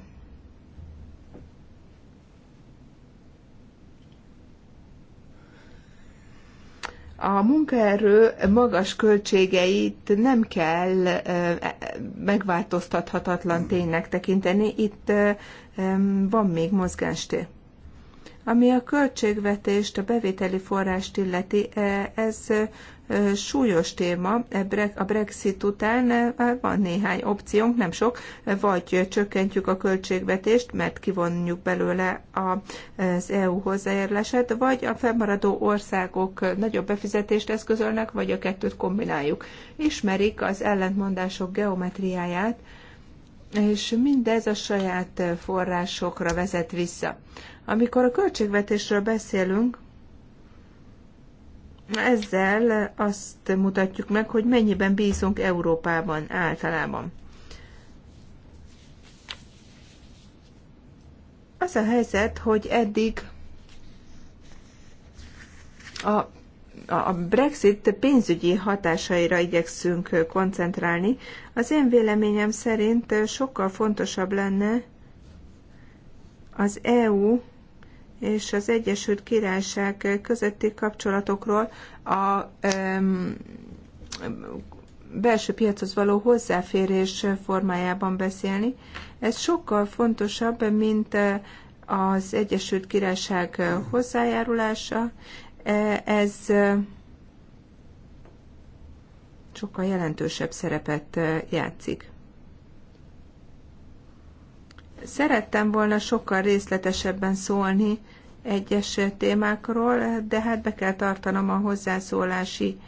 a munkaerő magas költségeit nem kell e, megváltoztathatatlan ténynek tekinteni, itt van még mozgástér. Ami a költségvetést, a bevételi forrást illeti, ez súlyos téma e a Brexit után. Van néhány opciónk, nem sok, vagy csökkentjük a költségvetést, mert kivonjuk belőle az EU hozzájárulását, vagy a fennmaradó országok nagyobb befizetést eszközölnek, vagy a kettőt kombináljuk. Ismerik az ellentmondások geometriáját, és mindez a saját forrásokra vezet vissza. Amikor a költségvetésről beszélünk, ezzel azt mutatjuk meg, hogy mennyiben bízunk Európában általában. Az a helyzet, hogy eddig a, a Brexit pénzügyi hatásaira igyekszünk koncentrálni. Az én véleményem szerint sokkal fontosabb lenne az EU és az Egyesült Királyság közötti kapcsolatokról a um, belső piachoz való hozzáférés formájában beszélni. Ez sokkal fontosabb, mint eh, az Egyesült Királyság hozzájárulása. E, ez eh, sokkal jelentősebb szerepet eh, játszik. Szerettem volna sokkal részletesebben szólni egyes témákról, de hát be kell tartanom a hozzászólási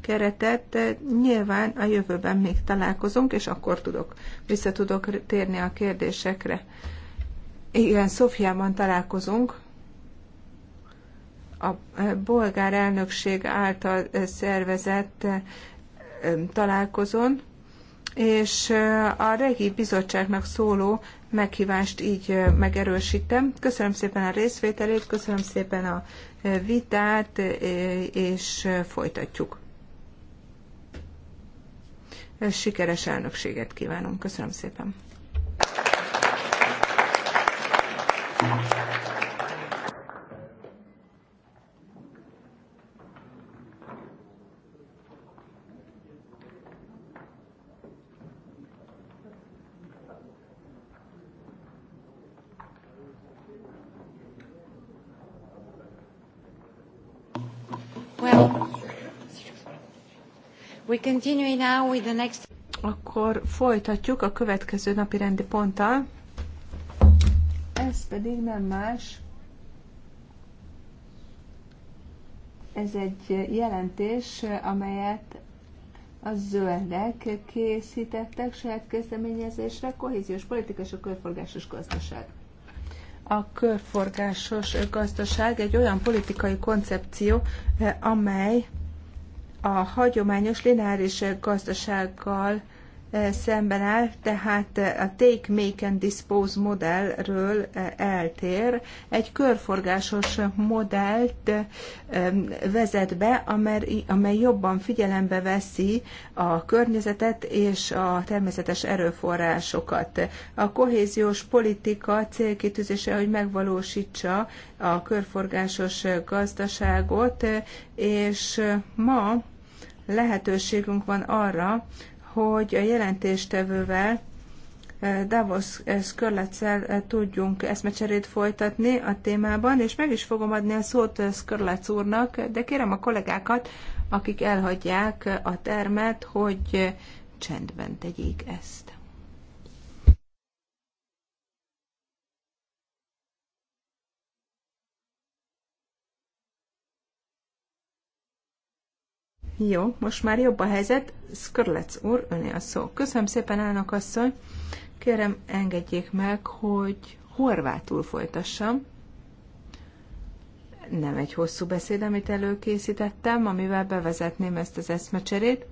keretet. Nyilván a jövőben még találkozunk, és akkor tudok, vissza tudok térni a kérdésekre. Igen, Szofiában találkozunk. A bolgár elnökség által szervezett találkozón, és a regi bizottságnak szóló meghívást így megerősítem. Köszönöm szépen a részvételét, köszönöm szépen a vitát, és folytatjuk. Sikeres elnökséget kívánom. Köszönöm szépen. We continue now with the next... Akkor folytatjuk a következő napi rendi ponttal. Ez pedig nem más. Ez egy jelentés, amelyet a zöldek készítettek saját kezdeményezésre, kohéziós politika és a körforgásos gazdaság. A körforgásos gazdaság egy olyan politikai koncepció, eh, amely a hagyományos lineáris gazdasággal eh, szemben áll, tehát eh, a take, make and dispose modellről eh, eltér. Egy körforgásos modellt vezet be, amely jobban figyelembe veszi a környezetet és a természetes erőforrásokat. A kohéziós politika célkitűzése, hogy megvalósítsa a körforgásos gazdaságot, és ma lehetőségünk van arra, hogy a jelentéstevővel eh, Davos Skörletszel eh, tudjunk eszmecserét folytatni a témában, és meg is fogom adni a szót eh, Skörletsz úrnak, de kérem a kollégákat, akik elhagyják a termet, hogy csendben tegyék ezt. Jó, most már jobb a helyzet. Skrlec úr, öné a szó. Köszönöm szépen, elnök asszony. Kérem, engedjék meg, hogy horvátul folytassam. Nem egy hosszú beszéd, amit előkészítettem, amivel bevezetném ezt az eszmecserét.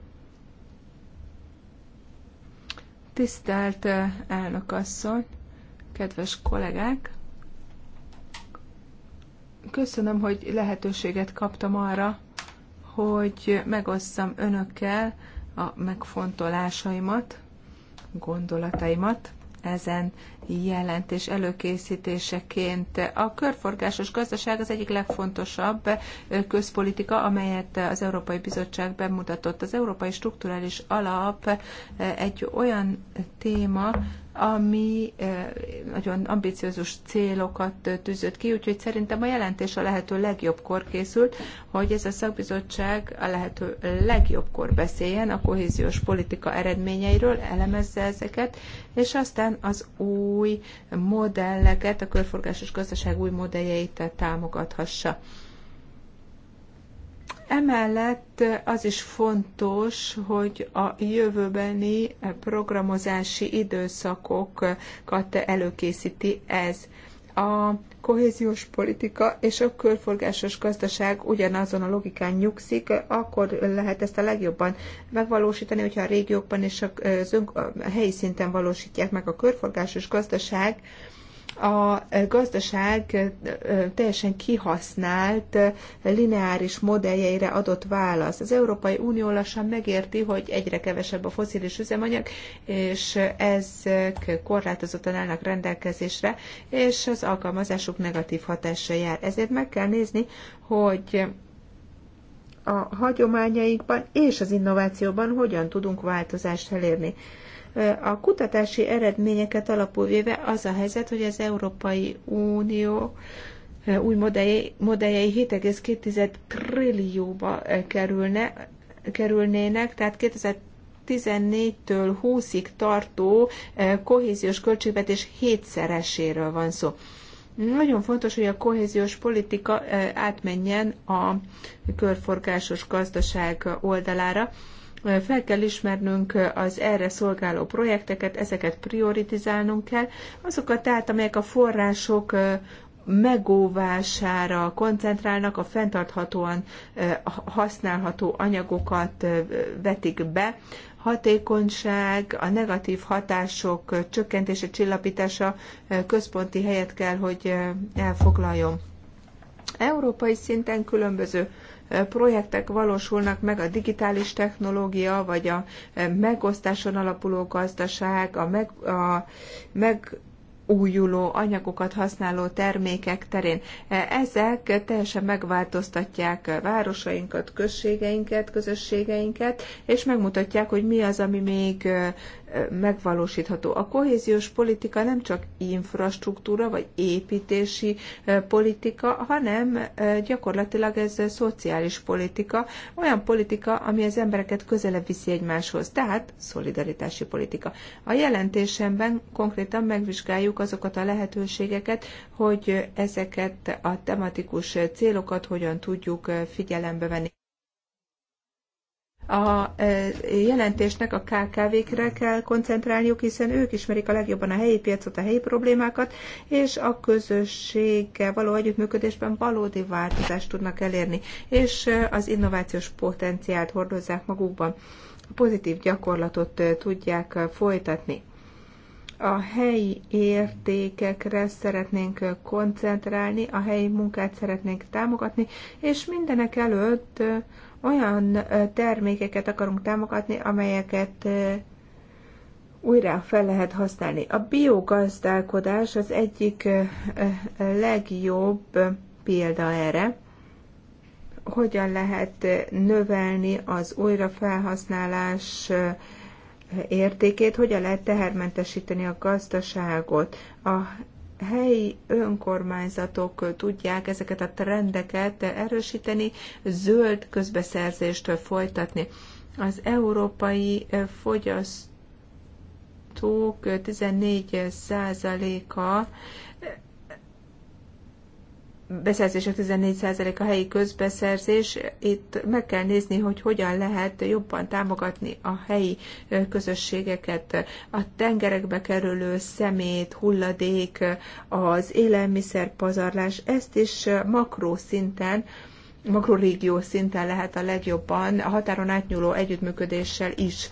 Tisztelt eh, elnök asszony, kedves kollégák! Köszönöm, hogy lehetőséget kaptam arra, hogy megosszam önökkel a megfontolásaimat, gondolataimat ezen jelentés előkészítéseként. A körforgásos gazdaság az egyik legfontosabb közpolitika, amelyet az Európai Bizottság bemutatott. Az Európai Strukturális Alap egy olyan téma, ami nagyon ambiciózus célokat tűzött ki, úgyhogy szerintem a jelentés a lehető legjobbkor készült, hogy ez a szakbizottság a lehető legjobbkor beszéljen a kohéziós politika eredményeiről, elemezze ezeket, és aztán az új új modelleket, a körforgásos gazdaság új modelljeit támogathassa. Emellett az is fontos, hogy a jövőbeni programozási időszakokat előkészíti ez. A kohéziós politika és a körforgásos gazdaság ugyanazon a logikán nyugszik, akkor lehet ezt a legjobban megvalósítani, hogyha a régiókban és a, a helyi szinten valósítják meg a körforgásos gazdaság, a gazdaság teljesen kihasznált lineáris modelljeire adott válasz. Az Európai Unió lassan megérti, hogy egyre kevesebb a foszilis üzemanyag, és ezek korlátozottan állnak rendelkezésre, és az alkalmazásuk negatív hatással jár. Ezért meg kell nézni, hogy a hagyományaikban és az innovációban hogyan tudunk változást elérni. A kutatási eredményeket alapul véve az a helyzet, hogy az Európai Unió új modelljei, modelljei 7,2 trillióba kerülne, kerülnének, tehát 2014-től 20-ig tartó kohéziós költségvetés hétszereséről van szó. Nagyon fontos, hogy a kohéziós politika átmenjen a körforgásos gazdaság oldalára, fel kell ismernünk az erre szolgáló projekteket, ezeket prioritizálnunk kell, azokat tehát, amelyek a források megóvására koncentrálnak, a fenntarthatóan használható anyagokat vetik be, hatékonyság, a negatív hatások csökkentése, csillapítása központi helyet kell, hogy elfoglaljon. Európai szinten különböző projektek valósulnak meg, a digitális technológia, vagy a e, megosztáson alapuló gazdaság, a, meg, a meg újuló anyagokat használó termékek terén. E, ezek teljesen megváltoztatják városainkat, községeinket, közösségeinket, és megmutatják, hogy mi az, ami még e, megvalósítható. A kohéziós politika nem csak infrastruktúra vagy építési politika, hanem gyakorlatilag ez szociális politika, olyan politika, ami az embereket közelebb viszi egymáshoz, tehát szolidaritási politika. A jelentésemben konkrétan megvizsgáljuk azokat a lehetőségeket, hogy ezeket a tematikus célokat hogyan tudjuk figyelembe venni. A e, jelentésnek a KKV-kre kell koncentrálniuk, hiszen ők ismerik a legjobban a helyi piacot, a helyi problémákat, és a közösséggel való együttműködésben valódi változást tudnak elérni, és e, az innovációs potenciált hordozzák magukban. A pozitív gyakorlatot e, tudják folytatni a helyi értékekre szeretnénk koncentrálni, a helyi munkát szeretnénk támogatni, és mindenek előtt olyan termékeket akarunk támogatni, amelyeket újra fel lehet használni. A biogazdálkodás az egyik legjobb példa erre, hogyan lehet növelni az újrafelhasználás értékét, hogyan lehet tehermentesíteni a gazdaságot. A helyi önkormányzatok tudják ezeket a trendeket erősíteni, zöld közbeszerzést folytatni. Az európai fogyasztók 14%-a beszerzések 14% a helyi közbeszerzés. Itt meg kell nézni, hogy hogyan lehet jobban támogatni a helyi közösségeket, a tengerekbe kerülő szemét, hulladék, az élelmiszer pazarlás, ezt is makró szinten makrorégió szinten lehet a legjobban a határon átnyúló együttműködéssel is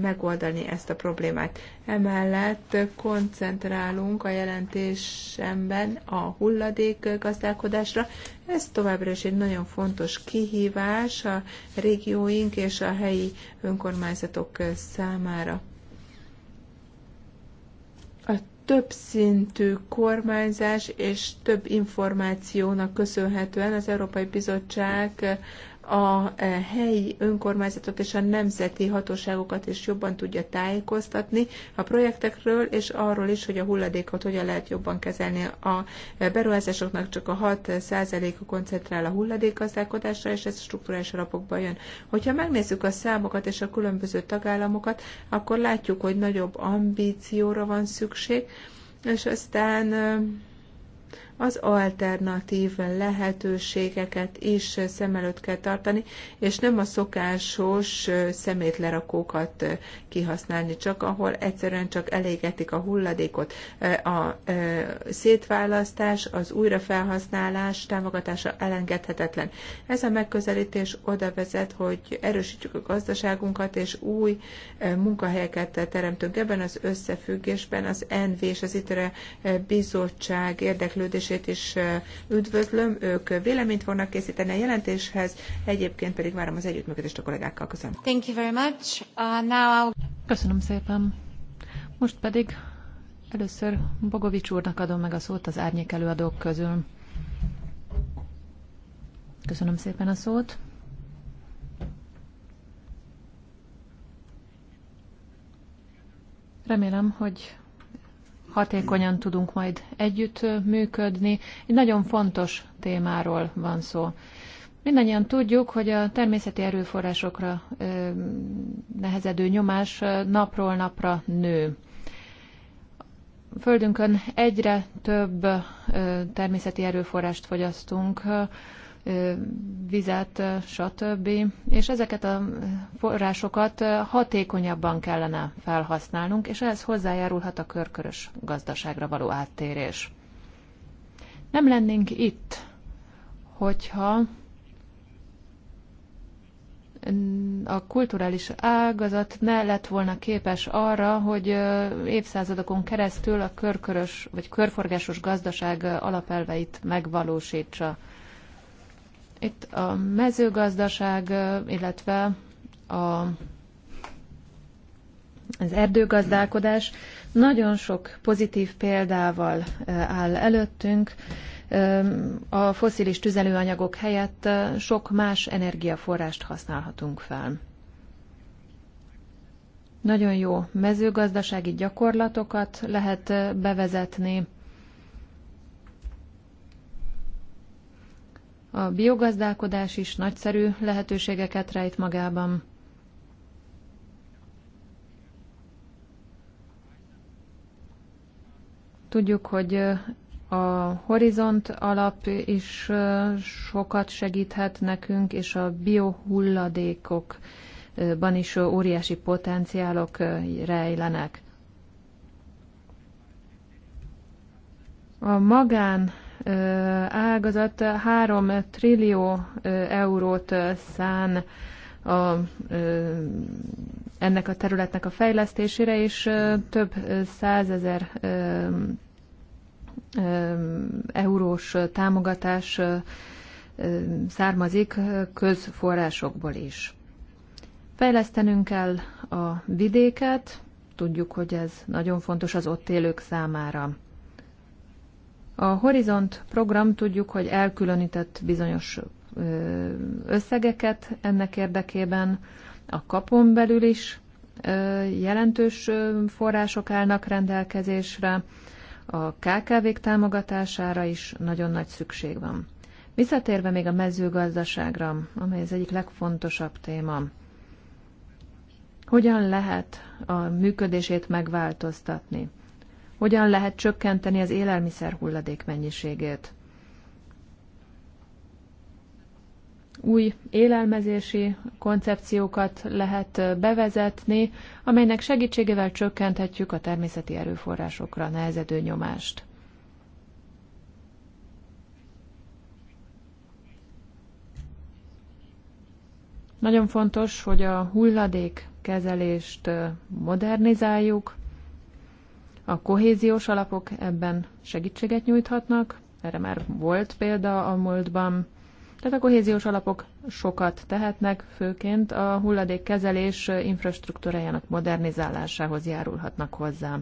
megoldani ezt a problémát. Emellett koncentrálunk a jelentésemben a hulladék gazdálkodásra. Ez továbbra is egy nagyon fontos kihívás a régióink és a helyi önkormányzatok számára többszintű kormányzás és több információnak köszönhetően az Európai Bizottság a eh, helyi önkormányzatot és a nemzeti hatóságokat is jobban tudja tájékoztatni a projektekről, és arról is, hogy a hulladékot hogyan lehet jobban kezelni. A eh, beruházásoknak csak a 6%-a koncentrál a hulladékgazdálkodásra, és ez strukturális alapokban. jön. Hogyha megnézzük a számokat és a különböző tagállamokat, akkor látjuk, hogy nagyobb ambícióra van szükség, és aztán eh, az alternatív lehetőségeket is szem előtt kell tartani, és nem a szokásos szemétlerakókat kihasználni, csak ahol egyszerűen csak elégetik a hulladékot. A szétválasztás, az újrafelhasználás támogatása elengedhetetlen. Ez a megközelítés oda vezet, hogy erősítjük a gazdaságunkat, és új munkahelyeket teremtünk. Ebben az összefüggésben az NV és az ITRE bizottság érdeklődés jelentését is üdvözlöm. Ők véleményt fognak készíteni a jelentéshez, egyébként pedig várom az együttműködést a kollégákkal. Köszönöm. Thank you very much. Uh, now I'll... Köszönöm szépen. Most pedig először Bogovics úrnak adom meg a szót az árnyék előadók közül. Köszönöm szépen a szót. Remélem, hogy hatékonyan tudunk majd együtt működni. Egy nagyon fontos témáról van szó. Mindannyian tudjuk, hogy a természeti erőforrásokra nehezedő nyomás napról napra nő. Földünkön egyre több természeti erőforrást fogyasztunk, vizet, stb. És ezeket a forrásokat hatékonyabban kellene felhasználnunk, és ehhez hozzájárulhat a körkörös gazdaságra való áttérés. Nem lennénk itt, hogyha a kulturális ágazat ne lett volna képes arra, hogy évszázadokon keresztül a körkörös vagy körforgásos gazdaság alapelveit megvalósítsa. Itt a mezőgazdaság, illetve a, az erdőgazdálkodás nagyon sok pozitív példával áll előttünk. A foszilis tüzelőanyagok helyett sok más energiaforrást használhatunk fel nagyon jó mezőgazdasági gyakorlatokat lehet bevezetni, A biogazdálkodás is nagyszerű lehetőségeket rejt magában. Tudjuk, hogy a horizont alap is sokat segíthet nekünk, és a biohulladékokban is óriási potenciálok rejlenek. A magán ágazat 3 trillió eurót szán a, ennek a területnek a fejlesztésére, és több százezer eurós támogatás származik közforrásokból is. Fejlesztenünk kell a vidéket, tudjuk, hogy ez nagyon fontos az ott élők számára. A Horizont program tudjuk, hogy elkülönített bizonyos összegeket ennek érdekében, a kapon belül is jelentős források állnak rendelkezésre, a KKV-k támogatására is nagyon nagy szükség van. Visszatérve még a mezőgazdaságra, amely az egyik legfontosabb téma. Hogyan lehet a működését megváltoztatni? hogyan lehet csökkenteni az élelmiszer hulladék mennyiségét. Új élelmezési koncepciókat lehet bevezetni, amelynek segítségével csökkenthetjük a természeti erőforrásokra nehezedő nyomást. Nagyon fontos, hogy a hulladék kezelést modernizáljuk, a kohéziós alapok ebben segítséget nyújthatnak, erre már volt példa a múltban. Tehát a kohéziós alapok sokat tehetnek, főként a hulladékkezelés infrastruktúrájának modernizálásához járulhatnak hozzá.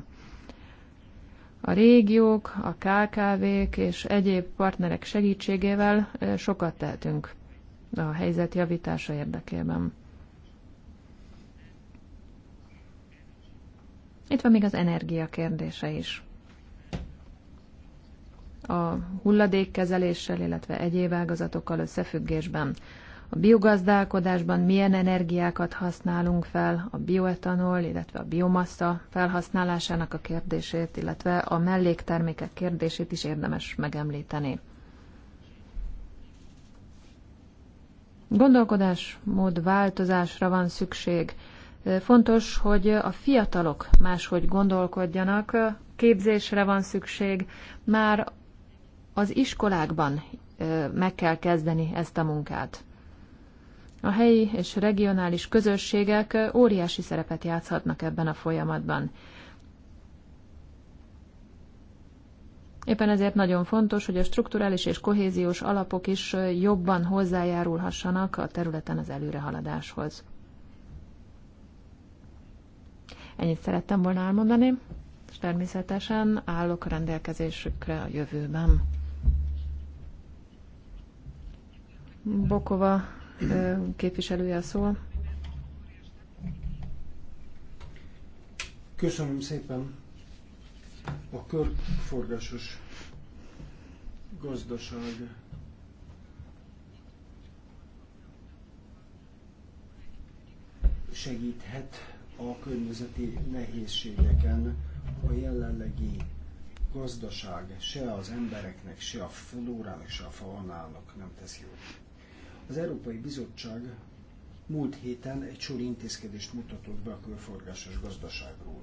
A régiók, a KKV-k és egyéb partnerek segítségével eh, sokat tehetünk a helyzet javítása érdekében. Itt van még az energia kérdése is. A hulladékkezeléssel, illetve egyéb ágazatokkal összefüggésben. A biogazdálkodásban milyen energiákat használunk fel, a bioetanol, illetve a biomassa felhasználásának a kérdését, illetve a melléktermékek kérdését is érdemes megemlíteni. Gondolkodásmód változásra van szükség, Fontos, hogy a fiatalok máshogy gondolkodjanak, képzésre van szükség, már az iskolákban meg kell kezdeni ezt a munkát. A helyi és regionális közösségek óriási szerepet játszhatnak ebben a folyamatban. Éppen ezért nagyon fontos, hogy a strukturális és kohéziós alapok is jobban hozzájárulhassanak a területen az előrehaladáshoz. Ennyit szerettem volna elmondani, és természetesen állok a rendelkezésükre a jövőben. Bokova képviselője szól. Köszönöm szépen. A körforgásos gazdaság segíthet a környezeti nehézségeken a jelenlegi gazdaság se az embereknek, se a flórának, se a faunának nem tesz jót. Az Európai Bizottság múlt héten egy sor intézkedést mutatott be a körforgásos gazdaságról.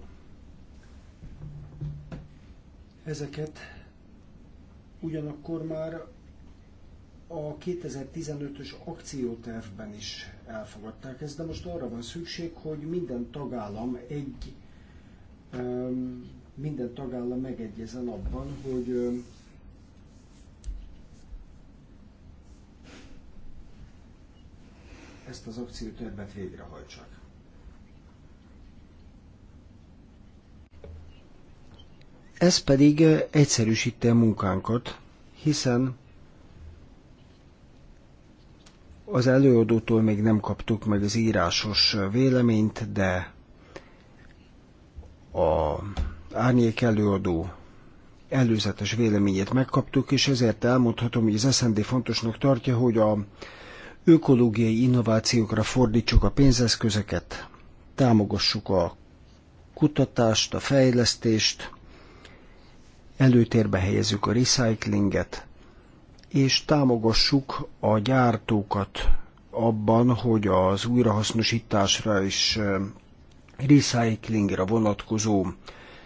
Ezeket ugyanakkor már a 2015-ös akciótervben is elfogadták ezt, de most arra van szükség, hogy minden tagállam egy minden tagállam megegyezen abban, hogy ezt az akciótervet végrehajtsák. Ez pedig egyszerűsíti a munkánkat, hiszen Az előadótól még nem kaptuk meg az írásos véleményt, de a árnyék előadó előzetes véleményét megkaptuk, és ezért elmondhatom, hogy az SZND fontosnak tartja, hogy a ökológiai innovációkra fordítsuk a pénzeszközöket, támogassuk a kutatást, a fejlesztést, előtérbe helyezzük a recyclinget, és támogassuk a gyártókat abban, hogy az újrahasznosításra és recyclingre vonatkozó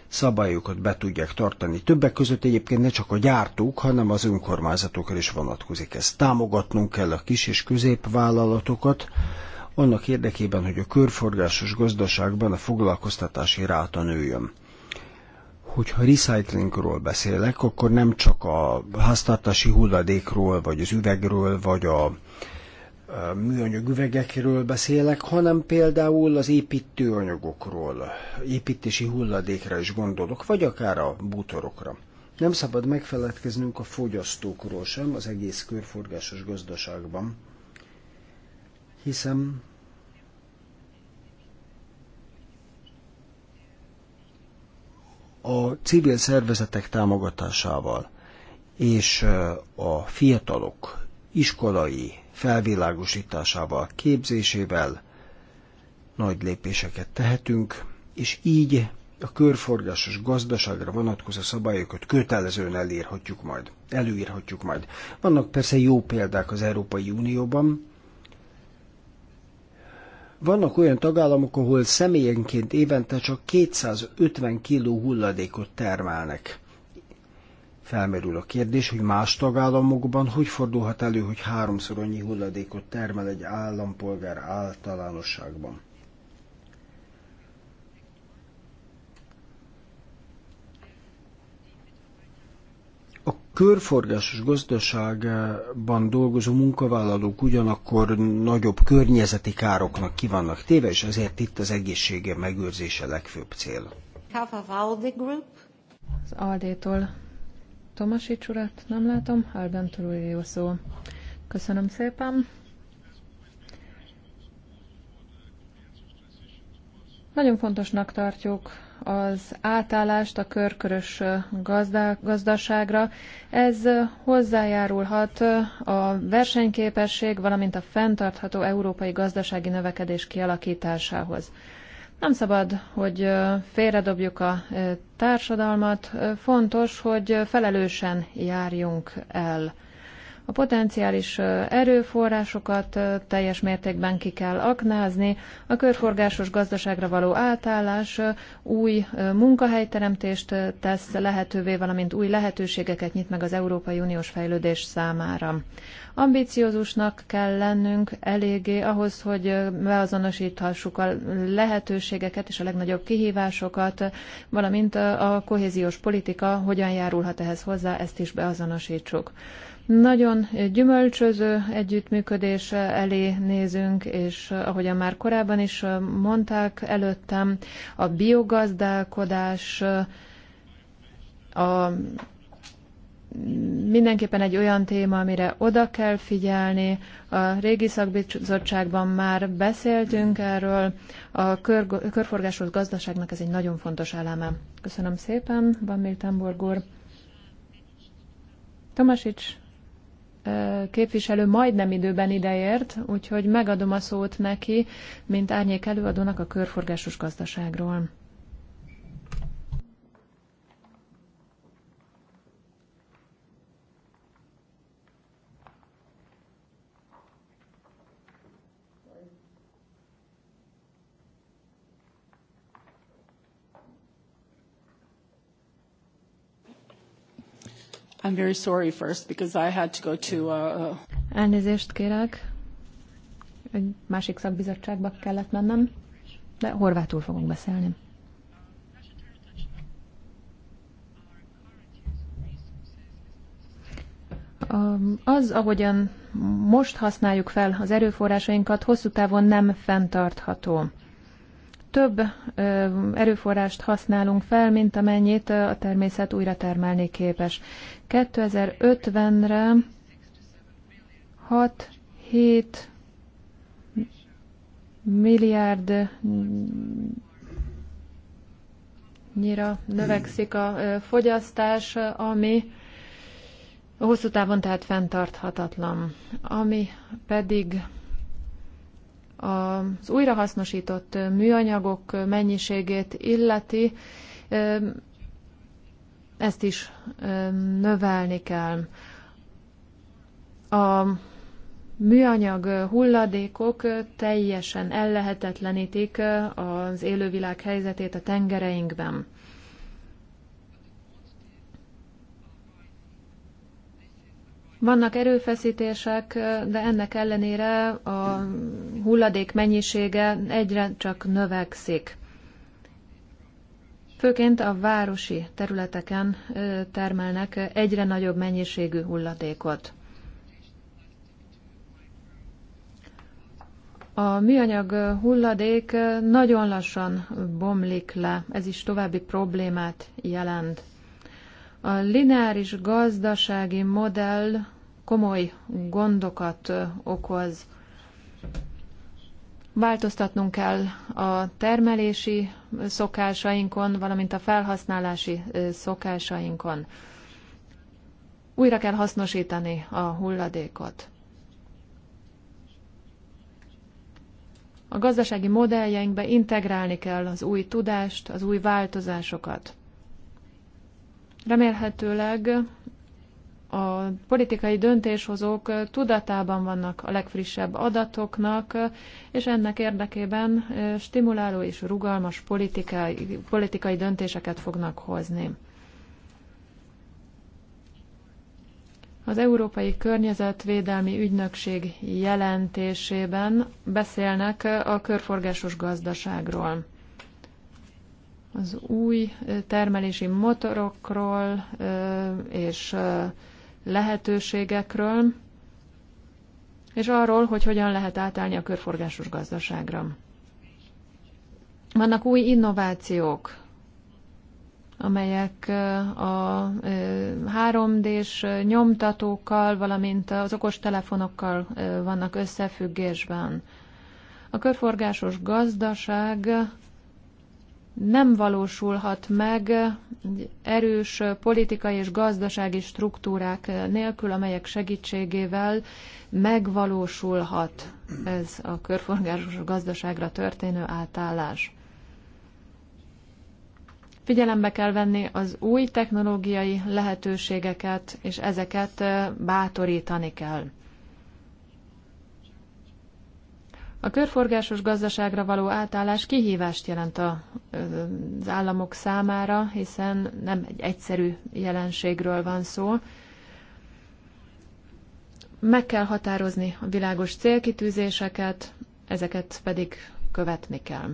szabályokat be tudják tartani. Többek között egyébként ne csak a gyártók, hanem az önkormányzatokra is vonatkozik ez. Támogatnunk kell a kis és középvállalatokat, annak érdekében, hogy a körforgásos gazdaságban a foglalkoztatási ráta nőjön hogyha recyclingról beszélek, akkor nem csak a háztartási hulladékról, vagy az üvegről, vagy a műanyag üvegekről beszélek, hanem például az építőanyagokról, építési hulladékra is gondolok, vagy akár a bútorokra. Nem szabad megfeledkeznünk a fogyasztókról sem az egész körforgásos gazdaságban, hiszen a civil szervezetek támogatásával és a fiatalok iskolai felvilágosításával, képzésével nagy lépéseket tehetünk, és így a körforgásos gazdaságra vonatkozó szabályokat kötelezően elírhatjuk majd, előírhatjuk majd. Vannak persze jó példák az Európai Unióban, vannak olyan tagállamok, ahol személyenként évente csak 250 kg hulladékot termelnek. Felmerül a kérdés, hogy más tagállamokban hogy fordulhat elő, hogy háromszor annyi hulladékot termel egy állampolgár általánosságban. körforgásos gazdaságban dolgozó munkavállalók ugyanakkor nagyobb környezeti károknak vannak téve, és ezért itt az egészsége megőrzése legfőbb cél. Az Aldétól Tomasics urat nem látom, Alben jó szó. Köszönöm szépen. Nagyon fontosnak tartjuk az átállást a körkörös gazdaságra. Ez hozzájárulhat a versenyképesség, valamint a fenntartható európai gazdasági növekedés kialakításához. Nem szabad, hogy félredobjuk a társadalmat, fontos, hogy felelősen járjunk el. A potenciális erőforrásokat teljes mértékben ki kell aknázni, a körforgásos gazdaságra való átállás új munkahelyteremtést tesz lehetővé, valamint új lehetőségeket nyit meg az Európai Uniós fejlődés számára. Ambiciózusnak kell lennünk eléggé ahhoz, hogy beazonosíthassuk a lehetőségeket és a legnagyobb kihívásokat, valamint a kohéziós politika hogyan járulhat ehhez hozzá, ezt is beazonosítsuk. Nagyon gyümölcsöző együttműködés elé nézünk, és ahogyan már korábban is mondták előttem, a biogazdálkodás a mindenképpen egy olyan téma, amire oda kell figyelni. A régi szakbizottságban már beszéltünk erről. A kör, körforgásos gazdaságnak ez egy nagyon fontos eleme. Köszönöm szépen, Van Miltenborg úr. Tomasics képviselő majdnem időben ideért, úgyhogy megadom a szót neki, mint árnyék előadónak a körforgásos gazdaságról. I'm very sorry first, because I had to go to a... Uh, uh, Elnézést kérek. Egy másik szakbizottságba kellett mennem, de horvátul fogunk beszélni. Um, az, ahogyan most használjuk fel az erőforrásainkat, hosszú távon nem fenntartható több erőforrást használunk fel, mint amennyit a természet újra termelni képes. 2050-re 6-7 milliárd nyira növekszik a fogyasztás, ami hosszú távon tehát fenntarthatatlan. Ami pedig az újrahasznosított műanyagok mennyiségét illeti, ezt is növelni kell. A műanyag hulladékok teljesen ellehetetlenítik az élővilág helyzetét a tengereinkben. Vannak erőfeszítések, de ennek ellenére a hulladék mennyisége egyre csak növekszik. Főként a városi területeken termelnek egyre nagyobb mennyiségű hulladékot. A műanyag hulladék nagyon lassan bomlik le, ez is további problémát jelent. A lineáris gazdasági modell komoly gondokat okoz. Változtatnunk kell a termelési szokásainkon, valamint a felhasználási szokásainkon. Újra kell hasznosítani a hulladékot. A gazdasági modelljeinkbe integrálni kell az új tudást, az új változásokat. Remélhetőleg a politikai döntéshozók tudatában vannak a legfrissebb adatoknak, és ennek érdekében stimuláló és rugalmas politikai, politikai döntéseket fognak hozni. Az Európai Környezetvédelmi Ügynökség jelentésében beszélnek a körforgásos gazdaságról az új termelési motorokról és lehetőségekről, és arról, hogy hogyan lehet átállni a körforgásos gazdaságra. Vannak új innovációk, amelyek a 3D-s nyomtatókkal, valamint az okostelefonokkal vannak összefüggésben. A körforgásos gazdaság nem valósulhat meg erős politikai és gazdasági struktúrák nélkül, amelyek segítségével megvalósulhat ez a körforgásos gazdaságra történő átállás. Figyelembe kell venni az új technológiai lehetőségeket, és ezeket bátorítani kell. A körforgásos gazdaságra való átállás kihívást jelent az államok számára, hiszen nem egy egyszerű jelenségről van szó. Meg kell határozni a világos célkitűzéseket, ezeket pedig követni kell.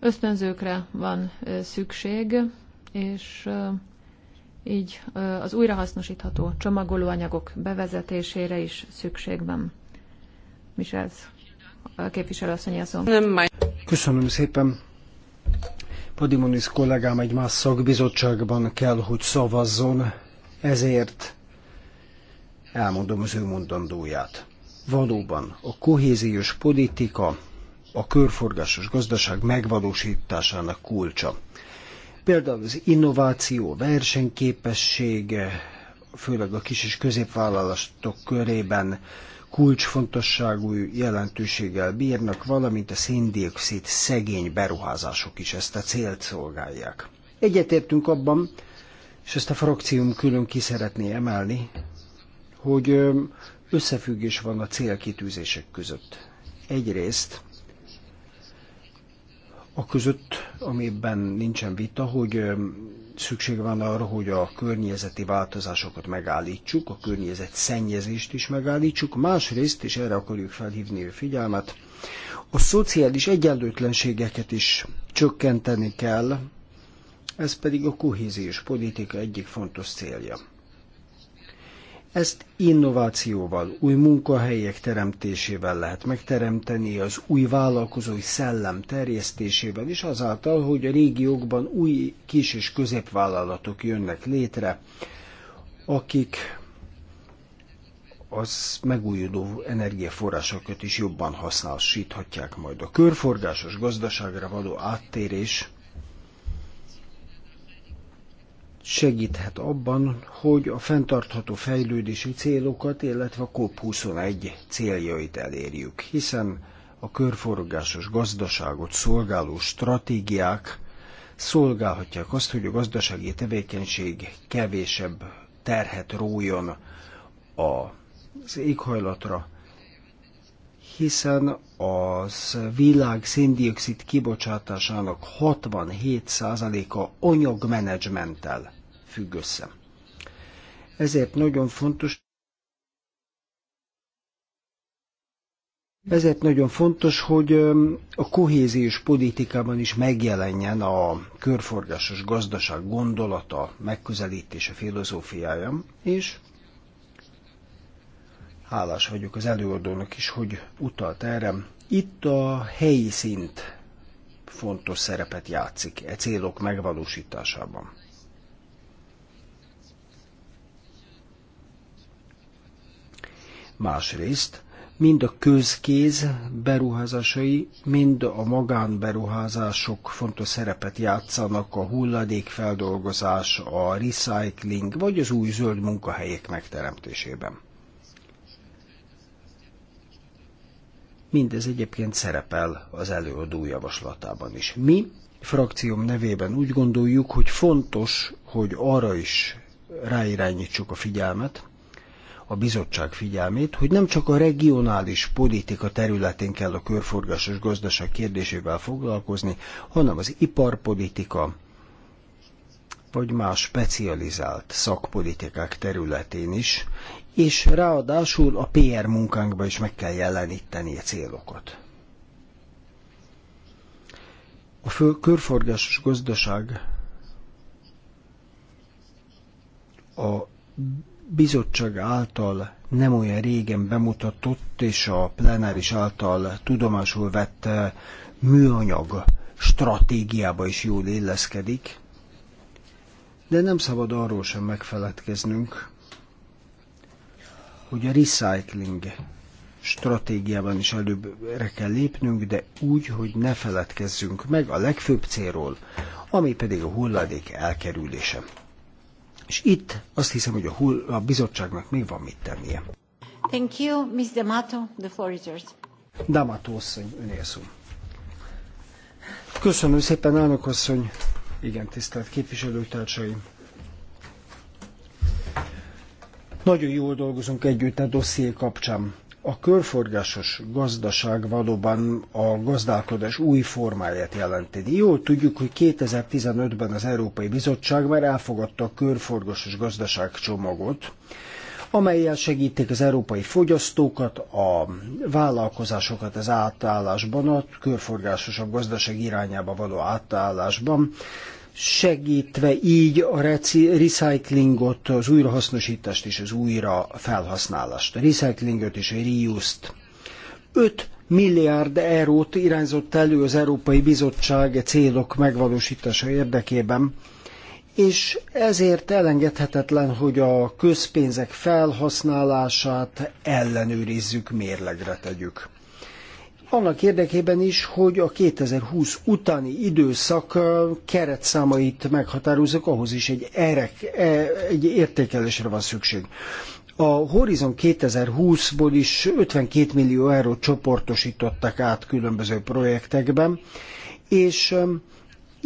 Ösztönzőkre van szükség, és így az újrahasznosítható csomagolóanyagok bevezetésére is szükség van. Michels képviselőasszony a szó. Köszönöm szépen. Podimonis kollégám egy más szakbizottságban kell, hogy szavazzon, ezért elmondom az ő mondandóját. Valóban a kohéziós politika a körforgásos gazdaság megvalósításának kulcsa. Például az innováció, versenyképesség, főleg a kis és középvállalatok körében kulcsfontosságú jelentőséggel bírnak, valamint a széndiokszid szegény beruházások is ezt a célt szolgálják. Egyetértünk abban, és ezt a frakcióm külön ki szeretné emelni, hogy összefüggés van a célkitűzések között. Egyrészt a között, amiben nincsen vita, hogy szükség van arra, hogy a környezeti változásokat megállítsuk, a környezet szennyezést is megállítsuk, másrészt, és erre akarjuk felhívni a figyelmet, a szociális egyenlőtlenségeket is csökkenteni kell, ez pedig a kohéziós politika egyik fontos célja. Ezt innovációval, új munkahelyek teremtésével lehet megteremteni, az új vállalkozói szellem terjesztésével, és azáltal, hogy a régiókban új kis- és középvállalatok jönnek létre, akik az megújuló energiaforrásokat is jobban hasznosíthatják majd. A körforgásos gazdaságra való áttérés segíthet abban, hogy a fenntartható fejlődési célokat, illetve a COP21 céljait elérjük, hiszen a körforgásos gazdaságot szolgáló stratégiák szolgálhatják azt, hogy a gazdasági tevékenység kevésebb terhet rójon az éghajlatra, hiszen az világ széndiokszid kibocsátásának 67%-a anyagmenedzsmenttel függ össze. Ezért nagyon fontos, Ezért nagyon fontos, hogy a kohéziós politikában is megjelenjen a körforgásos gazdaság gondolata, megközelítése, filozófiája, és hálás vagyok az előadónak is, hogy utalt erre. Itt a helyi szint fontos szerepet játszik e célok megvalósításában. Másrészt mind a közkéz beruházásai, mind a magánberuházások fontos szerepet játszanak a hulladékfeldolgozás, a recycling vagy az új zöld munkahelyek megteremtésében. Mindez egyébként szerepel az előadó javaslatában is. Mi frakcióm nevében úgy gondoljuk, hogy fontos, hogy arra is ráirányítsuk a figyelmet, a bizottság figyelmét, hogy nem csak a regionális politika területén kell a körforgásos gazdaság kérdésével foglalkozni, hanem az iparpolitika vagy más specializált szakpolitikák területén is, és ráadásul a PR munkánkban is meg kell jeleníteni a célokat. A fő körforgásos gazdaság a bizottság által nem olyan régen bemutatott és a plenáris által tudomásul vett eh, műanyag stratégiába is jól illeszkedik, de nem szabad arról sem megfeledkeznünk, hogy a recycling stratégiában is előbbre kell lépnünk, de úgy, hogy ne feledkezzünk meg a legfőbb célról, ami pedig a hulladék elkerülése. És itt azt hiszem, hogy a, hull, a bizottságnak még van mit tennie. Thank you, Ms. D'Amato. The floor is yours. D'Amato asszony, önél Köszönöm szépen, elnök asszony. Igen, tisztelt képviselőtársaim. Nagyon jól dolgozunk együtt a dosszié kapcsán. A körforgásos gazdaság valóban a gazdálkodás új formáját jelenti. Jól tudjuk, hogy 2015-ben az Európai Bizottság már elfogadta a körforgásos gazdaság csomagot, amelyel segítik az európai fogyasztókat, a vállalkozásokat az átállásban, a körforgásosabb gazdaság irányába való átállásban segítve így a recyclingot, az újrahasznosítást és az újra felhasználást, a recyclingot és a reuse-t. 5 milliárd eurót irányzott elő az Európai Bizottság e célok megvalósítása érdekében, és ezért elengedhetetlen, hogy a közpénzek felhasználását ellenőrizzük, mérlegre tegyük annak érdekében is, hogy a 2020 utáni időszak keretszámait meghatározzuk, ahhoz is egy, erek, e, egy értékelésre van szükség. A Horizon 2020-ból is 52 millió eurót csoportosítottak át különböző projektekben, és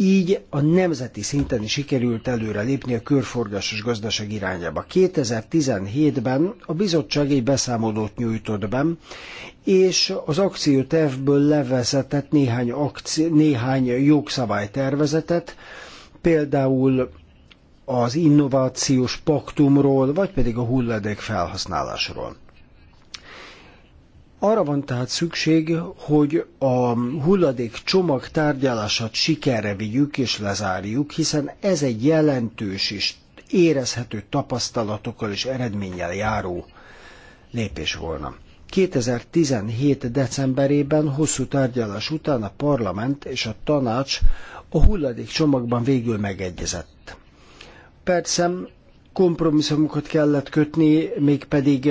így a nemzeti szinten is sikerült előre lépni a körforgásos gazdaság irányába. 2017-ben a bizottság egy beszámolót nyújtott be, és az akciótervből levezetett néhány, akci- néhány jogszabálytervezetet, például az innovációs paktumról, vagy pedig a hulladék felhasználásról. Arra van tehát szükség, hogy a hulladék csomag tárgyalását sikerre vigyük és lezárjuk, hiszen ez egy jelentős és érezhető tapasztalatokkal és eredménnyel járó lépés volna. 2017. decemberében hosszú tárgyalás után a parlament és a tanács a hulladék csomagban végül megegyezett. Persze kompromisszumokat kellett kötni, mégpedig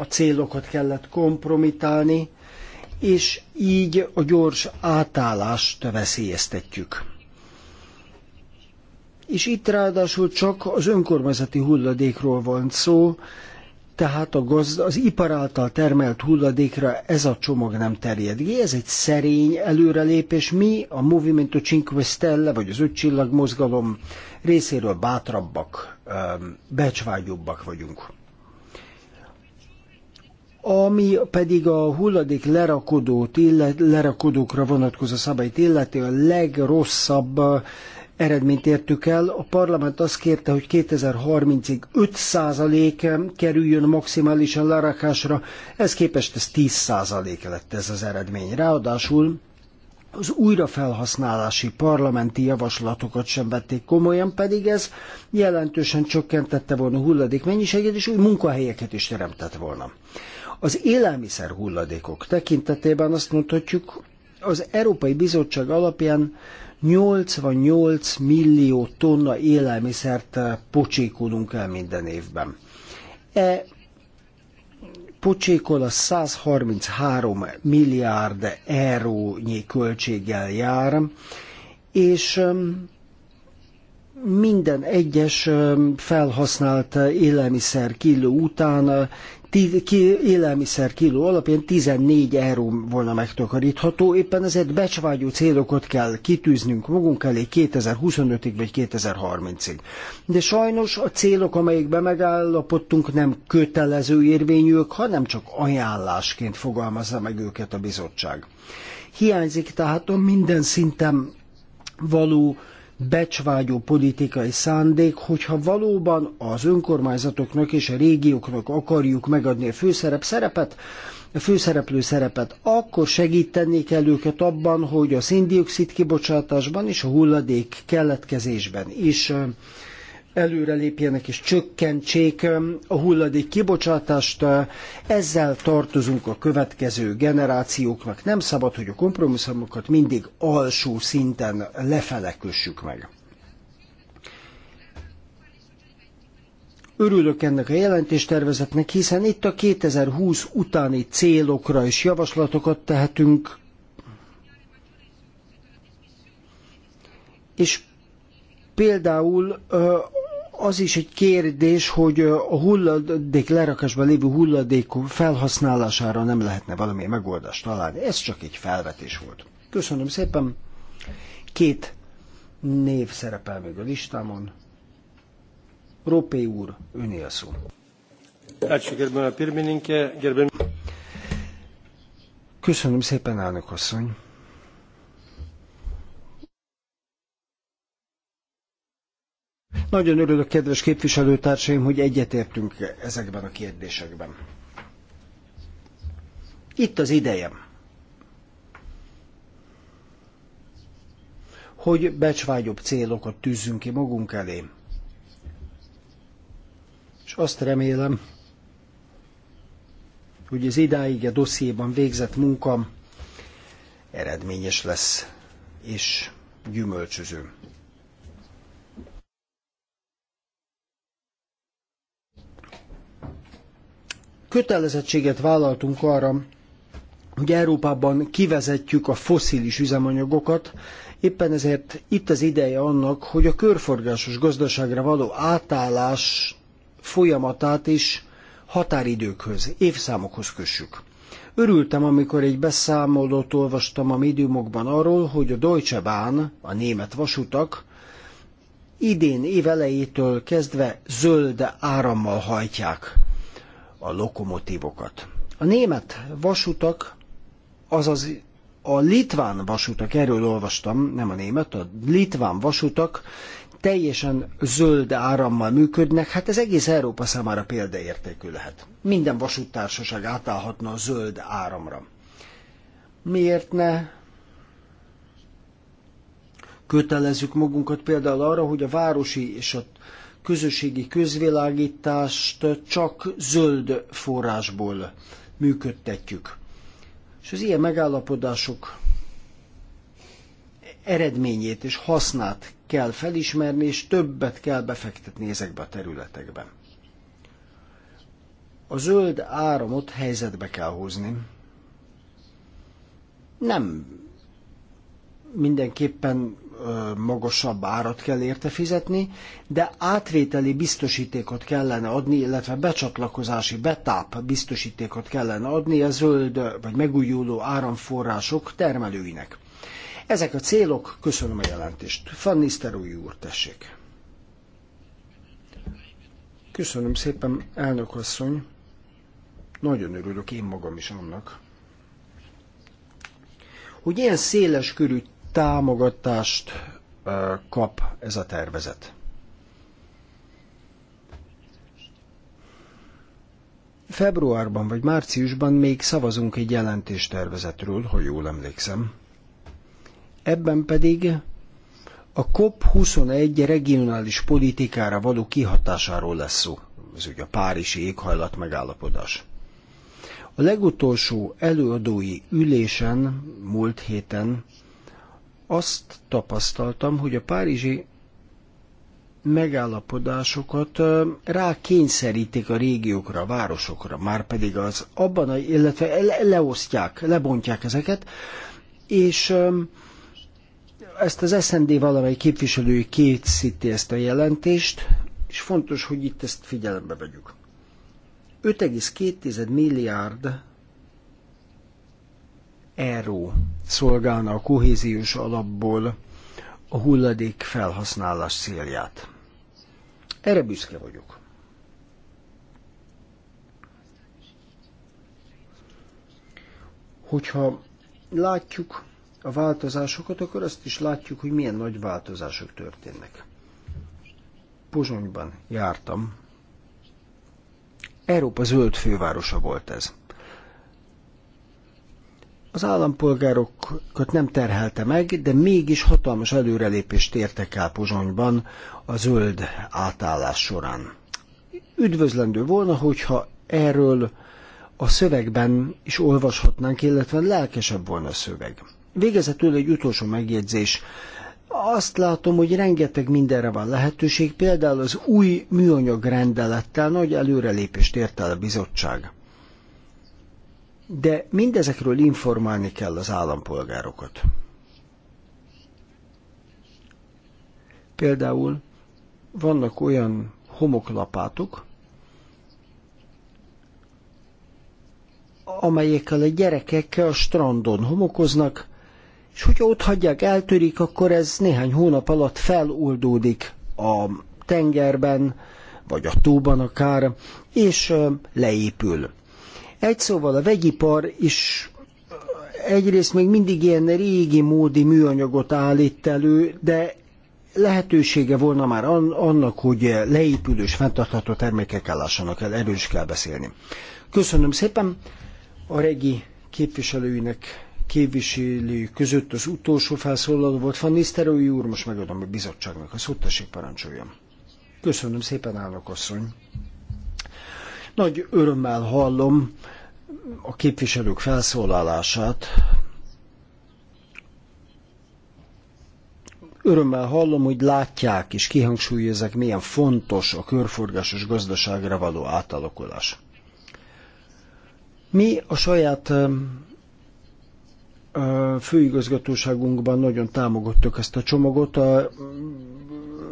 a célokat kellett kompromitálni, és így a gyors átállást veszélyeztetjük. És itt ráadásul csak az önkormányzati hulladékról van szó, tehát a gaz, az ipar által termelt hulladékra ez a csomag nem terjed ki. Ez egy szerény előrelépés. Mi a Movimento Cinque Stelle, vagy az Öt Csillag mozgalom részéről bátrabbak, becsvágyóbbak vagyunk. Ami pedig a hulladék lerakodót, illet, lerakodókra vonatkozó szabályt illeti, a legrosszabb eredményt értük el. A parlament azt kérte, hogy 2030-ig 5% kerüljön maximálisan lerakásra, ez képest ez 10% lett ez az eredmény. Ráadásul az újrafelhasználási parlamenti javaslatokat sem vették komolyan, pedig ez jelentősen csökkentette volna hulladék mennyiségét, és új munkahelyeket is teremtett volna. Az élelmiszer hulladékok tekintetében azt mondhatjuk, az Európai Bizottság alapján 88 millió tonna élelmiszert eh, pocsékolunk el minden évben. E pocsékol a 133 milliárd eurónyi költséggel jár, és minden egyes felhasznált élelmiszer kiló után élelmiszer kiló alapján 14 euró volna megtakarítható, éppen ezért becsvágyó célokat kell kitűznünk magunk elé 2025-ig vagy 2030-ig. De sajnos a célok, amelyekben megállapodtunk, nem kötelező érvényűek, hanem csak ajánlásként fogalmazza meg őket a bizottság. Hiányzik tehát a minden szinten való becsvágyó politikai szándék, hogyha valóban az önkormányzatoknak és a régióknak akarjuk megadni a főszerep szerepet, a főszereplő szerepet, akkor segíteni kell őket abban, hogy a széndiokszid kibocsátásban és a hulladék keletkezésben is előrelépjenek és csökkentsék a hulladék kibocsátást. Ezzel tartozunk a következő generációknak. Nem szabad, hogy a kompromisszumokat mindig alsó szinten lefele kössük meg. Örülök ennek a jelentéstervezetnek, hiszen itt a 2020 utáni célokra is javaslatokat tehetünk, és Például az is egy kérdés, hogy a hulladék lerakásban lévő hulladék felhasználására nem lehetne valamilyen megoldást találni. Ez csak egy felvetés volt. Köszönöm szépen. Két név szerepel még a listámon. Ropé úr, öné a szó. Köszönöm szépen, elnök asszony. Nagyon örülök, kedves képviselőtársaim, hogy egyetértünk ezekben a kérdésekben. Itt az idejem, hogy becsvágyobb célokat tűzzünk ki magunk elé. És azt remélem, hogy az idáig a dossziéban végzett munka eredményes lesz és gyümölcsöző. kötelezettséget vállaltunk arra, hogy Európában kivezetjük a fosszilis üzemanyagokat, éppen ezért itt az ideje annak, hogy a körforgásos gazdaságra való átállás folyamatát is határidőkhöz, évszámokhoz kössük. Örültem, amikor egy beszámolót olvastam a médiumokban arról, hogy a Deutsche Bahn, a német vasutak, idén év elejétől kezdve zöld árammal hajtják a lokomotívokat. A német vasutak, azaz a litván vasutak, erről olvastam, nem a német, a litván vasutak teljesen zöld árammal működnek, hát ez egész Európa számára példaértékű lehet. Minden vasúttársaság átállhatna a zöld áramra. Miért ne kötelezzük magunkat például arra, hogy a városi és a közösségi közvilágítást csak zöld forrásból működtetjük. És az ilyen megállapodások eredményét és hasznát kell felismerni, és többet kell befektetni ezekbe a területekben. A zöld áramot helyzetbe kell hozni. Nem mindenképpen magasabb árat kell érte fizetni, de átvételi biztosítékot kellene adni, illetve becsatlakozási betáp biztosítékot kellene adni a zöld vagy megújuló áramforrások termelőinek. Ezek a célok, köszönöm a jelentést. Fanny Szterói úr, tessék. Köszönöm szépen, elnök asszony. Nagyon örülök én magam is annak, hogy ilyen széles körű támogatást kap ez a tervezet. Februárban vagy márciusban még szavazunk egy jelentéstervezetről, ha jól emlékszem. Ebben pedig a COP21 regionális politikára való kihatásáról lesz szó. Ez ugye a Párizsi éghajlat megállapodás. A legutolsó előadói ülésen múlt héten azt tapasztaltam, hogy a párizsi megállapodásokat rá kényszerítik a régiókra, a városokra, már pedig az abban, a, illetve leosztják, lebontják ezeket, és ezt az SND valamely képviselői készíti ezt a jelentést, és fontos, hogy itt ezt figyelembe vegyük. 5,2 milliárd euró szolgálna a kohéziós alapból a hulladék felhasználás célját. Erre büszke vagyok. Hogyha látjuk a változásokat, akkor azt is látjuk, hogy milyen nagy változások történnek. Pozsonyban jártam. Európa zöld fővárosa volt ez. Az állampolgárokat nem terhelte meg, de mégis hatalmas előrelépést értek el Pozsonyban a zöld átállás során. Üdvözlendő volna, hogyha erről a szövegben is olvashatnánk, illetve lelkesebb volna a szöveg. Végezetül egy utolsó megjegyzés. Azt látom, hogy rengeteg mindenre van lehetőség, például az új műanyag rendelettel nagy előrelépést ért el a bizottság de mindezekről informálni kell az állampolgárokat. Például vannak olyan homoklapátok, amelyekkel a gyerekek a strandon homokoznak, és hogyha ott hagyják, eltörik, akkor ez néhány hónap alatt feloldódik a tengerben, vagy a tóban akár, és leépül. Egy szóval a vegyipar is eh, egyrészt még mindig ilyen régi módi műanyagot állít elő, de lehetősége volna már annak, hogy leépülős, fenntartható termékek lássanak el, erről is kell beszélni. Köszönöm szépen a regi képviselőinek képviselő között az utolsó felszólaló volt Van Nisztelrooy úr, most megadom a bizottságnak a szót, tessék Köszönöm szépen, állok asszony. Nagy örömmel hallom a képviselők felszólalását. Örömmel hallom, hogy látják és kihangsúlyozzák, milyen fontos a körforgásos gazdaságra való átalakulás. Mi a saját főigazgatóságunkban nagyon támogattuk ezt a csomagot. A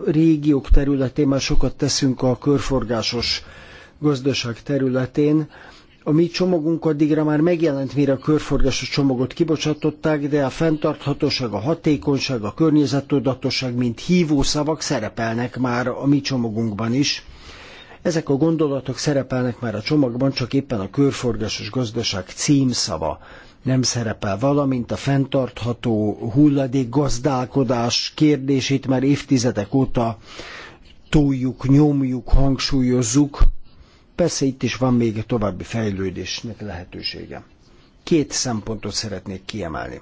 régiók területén már sokat teszünk a körforgásos gazdaság területén. A mi csomagunk addigra már megjelent, mire a körforgásos csomagot kibocsátották, de a fenntarthatóság, a hatékonyság, a környezettudatosság, mint hívó szavak szerepelnek már a mi csomagunkban is. Ezek a gondolatok szerepelnek már a csomagban, csak éppen a körforgásos gazdaság címszava nem szerepel, valamint a fenntartható hulladék gazdálkodás kérdését már évtizedek óta toljuk, nyomjuk, hangsúlyozzuk, Persze itt is van még további fejlődésnek lehetősége. Két szempontot szeretnék kiemelni.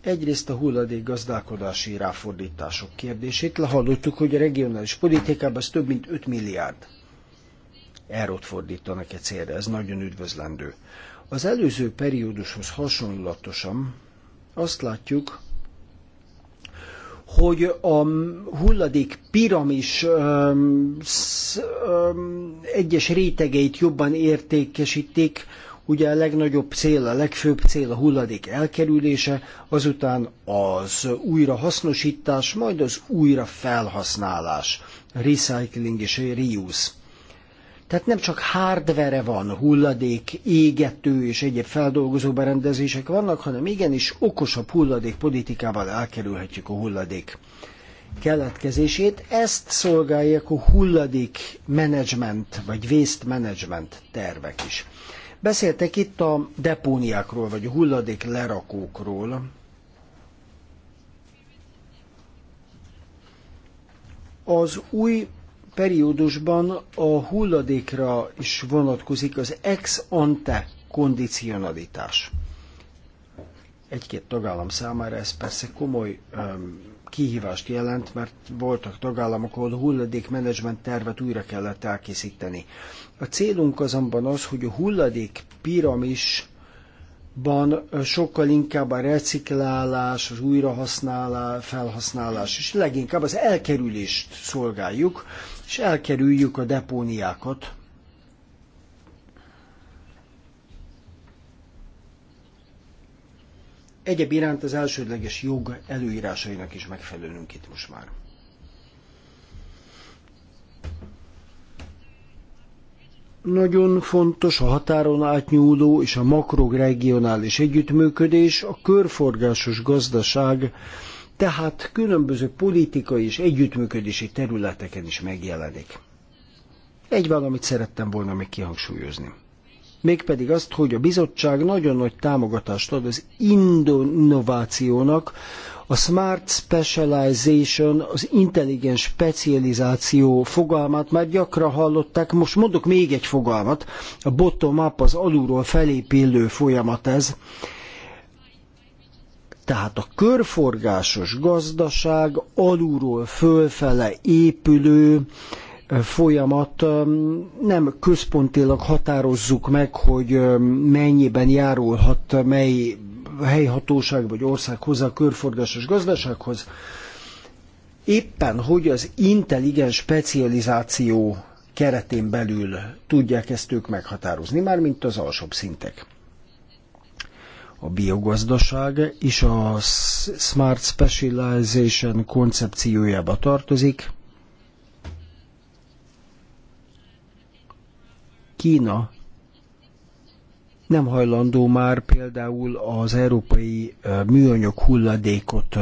Egyrészt a hulladék gazdálkodási ráfordítások kérdését. lehallottuk, hogy a regionális politikában ez több mint 5 milliárd eurót fordítanak egy célra. Ez nagyon üdvözlendő. Az előző periódushoz hasonlatosan azt látjuk, hogy a hulladék piramis sz, egyes rétegeit jobban értékesítik, ugye a legnagyobb cél, a legfőbb cél a hulladék elkerülése, azután az újrahasznosítás, majd az újrafelhasználás, recycling és reuse. Tehát nem csak hardvere van, hulladék, égető és egyéb feldolgozó berendezések vannak, hanem igenis okosabb hulladék politikával elkerülhetjük a hulladék keletkezését. Ezt szolgálják a hulladék menedzsment vagy waste management tervek is. Beszéltek itt a depóniákról, vagy a hulladék lerakókról. Az új periódusban a hulladékra is vonatkozik az ex ante kondicionalitás. Egy-két tagállam számára ez persze komoly um, kihívást jelent, mert voltak tagállamok, ahol a hulladékmenedzsment tervet újra kellett elkészíteni. A célunk azonban az, hogy a hulladék piramisban sokkal inkább a reciklálás, az újrahasználás, felhasználás és leginkább az elkerülést szolgáljuk, és elkerüljük a depóniákat. Egyéb iránt az elsődleges jog előírásainak is megfelelünk itt most már. Nagyon fontos a határon átnyúló és a makroregionális együttműködés, a körforgásos gazdaság tehát különböző politikai és együttműködési területeken is megjelenik. Egy valamit szerettem volna még kihangsúlyozni. Mégpedig azt, hogy a bizottság nagyon nagy támogatást ad az innovációnak, a Smart Specialization, az intelligens specializáció fogalmát már gyakran hallották. Most mondok még egy fogalmat, a bottom-up, az alulról felépillő folyamat ez tehát a körforgásos gazdaság alulról fölfele épülő folyamat nem központilag határozzuk meg, hogy mennyiben járulhat mely helyhatóság vagy ország hozzá a körforgásos gazdasághoz. Éppen hogy az intelligens specializáció keretén belül tudják ezt ők meghatározni, mármint az alsóbb szintek a biogazdaság is a Smart Specialization koncepciójába tartozik. Kína nem hajlandó már például az európai műanyag hulladékot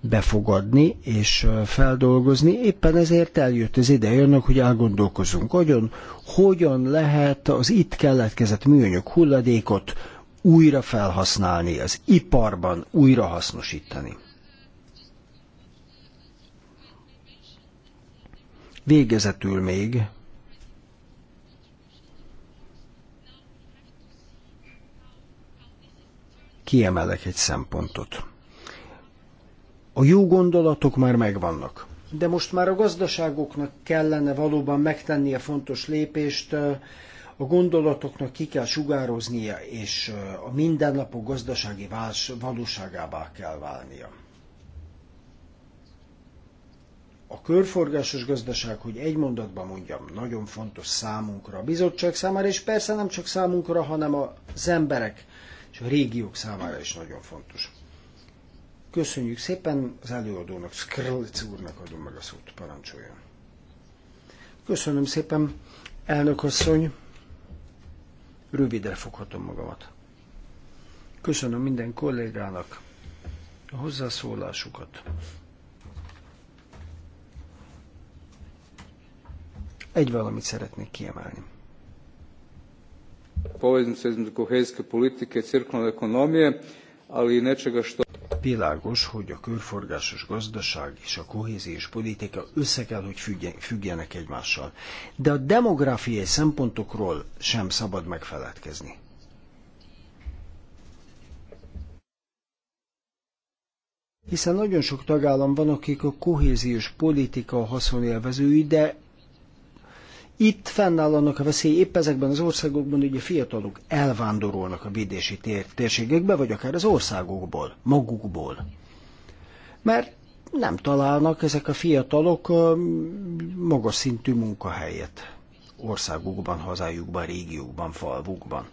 befogadni és feldolgozni. Éppen ezért eljött az ideje annak, hogy elgondolkozunk hogyan, hogyan lehet az itt keletkezett műanyag hulladékot újra felhasználni, az iparban újra hasznosítani. Végezetül még kiemelek egy szempontot. A jó gondolatok már megvannak, de most már a gazdaságoknak kellene valóban megtenni a fontos lépést, a gondolatoknak ki kell sugároznia, és a mindennapok gazdasági váls, valóságává kell válnia. A körforgásos gazdaság, hogy egy mondatban mondjam, nagyon fontos számunkra, a bizottság számára, és persze nem csak számunkra, hanem az emberek és a régiók számára is nagyon fontos. Köszönjük szépen az előadónak, Skrlic úrnak adom meg a szót, parancsoljon. Köszönöm szépen, elnök asszony. Rövidre foghatom magamat. Köszönöm minden kollégának a hozzászólásukat. Egy valamit szeretnék kiemelni. Poveznica između kohezijske politike i ekonomije ali nečega što... Világos, hogy a körforgásos gazdaság és a kohéziós politika össze kell, hogy függjenek egymással. De a demográfiai szempontokról sem szabad megfeledkezni. Hiszen nagyon sok tagállam van, akik a kohéziós politika haszonélvezői, de itt fennállnak a veszély, épp ezekben az országokban ugye fiatalok elvándorolnak a védési tér, térségekbe, vagy akár az országokból, magukból. Mert nem találnak ezek a fiatalok magas szintű munkahelyet országukban, hazájukban, régiókban, falvukban.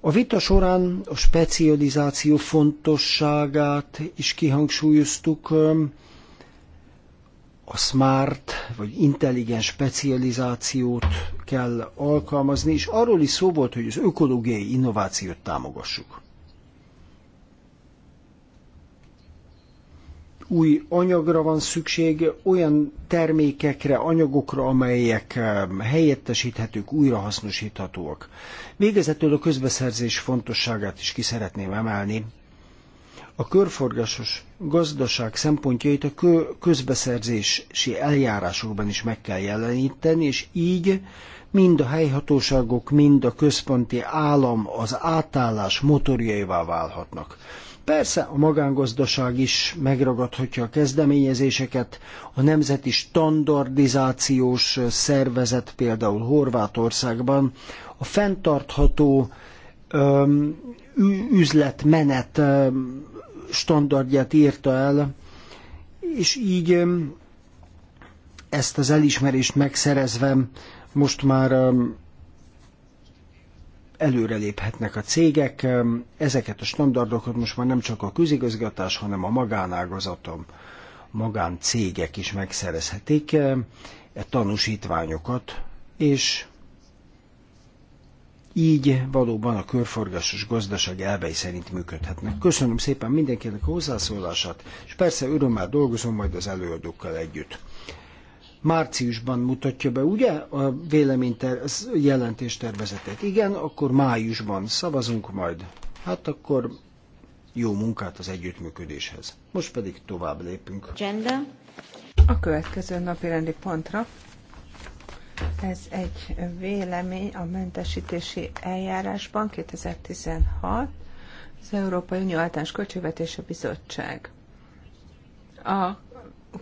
A vita során a specializáció fontosságát is kihangsúlyoztuk, a smart vagy intelligens specializációt kell alkalmazni, és arról is szó volt, hogy az ökológiai innovációt támogassuk. Új anyagra van szükség, olyan termékekre, anyagokra, amelyek helyettesíthetők, újrahasznosíthatóak. Végezetül a közbeszerzés fontosságát is ki szeretném emelni a körforgásos gazdaság szempontjait a közbeszerzési eljárásokban is meg kell jeleníteni, és így mind a helyhatóságok, mind a központi állam az átállás motorjaivá válhatnak. Persze a magángazdaság is megragadhatja a kezdeményezéseket, a nemzeti standardizációs szervezet például Horvátországban a fenntartható üzletmenet standardját írta el, és így ezt az elismerést megszerezve most már előreléphetnek a cégek. Ezeket a standardokat most már nem csak a közigazgatás, hanem a magánágazatom, magáncégek is megszerezhetik e tanúsítványokat, és így valóban a körforgásos gazdaság elvei szerint működhetnek. Köszönöm szépen mindenkinek a hozzászólását, és persze örömmel dolgozom majd az előadókkal együtt. Márciusban mutatja be, ugye, a véleményter, jelentés tervezetét. Igen, akkor májusban szavazunk majd. Hát akkor jó munkát az együttműködéshez. Most pedig tovább lépünk. Agenda. A következő napi rendi pontra ez egy vélemény a mentesítési eljárásban 2016, az Európai Unió Általános Költségvetése Bizottság. A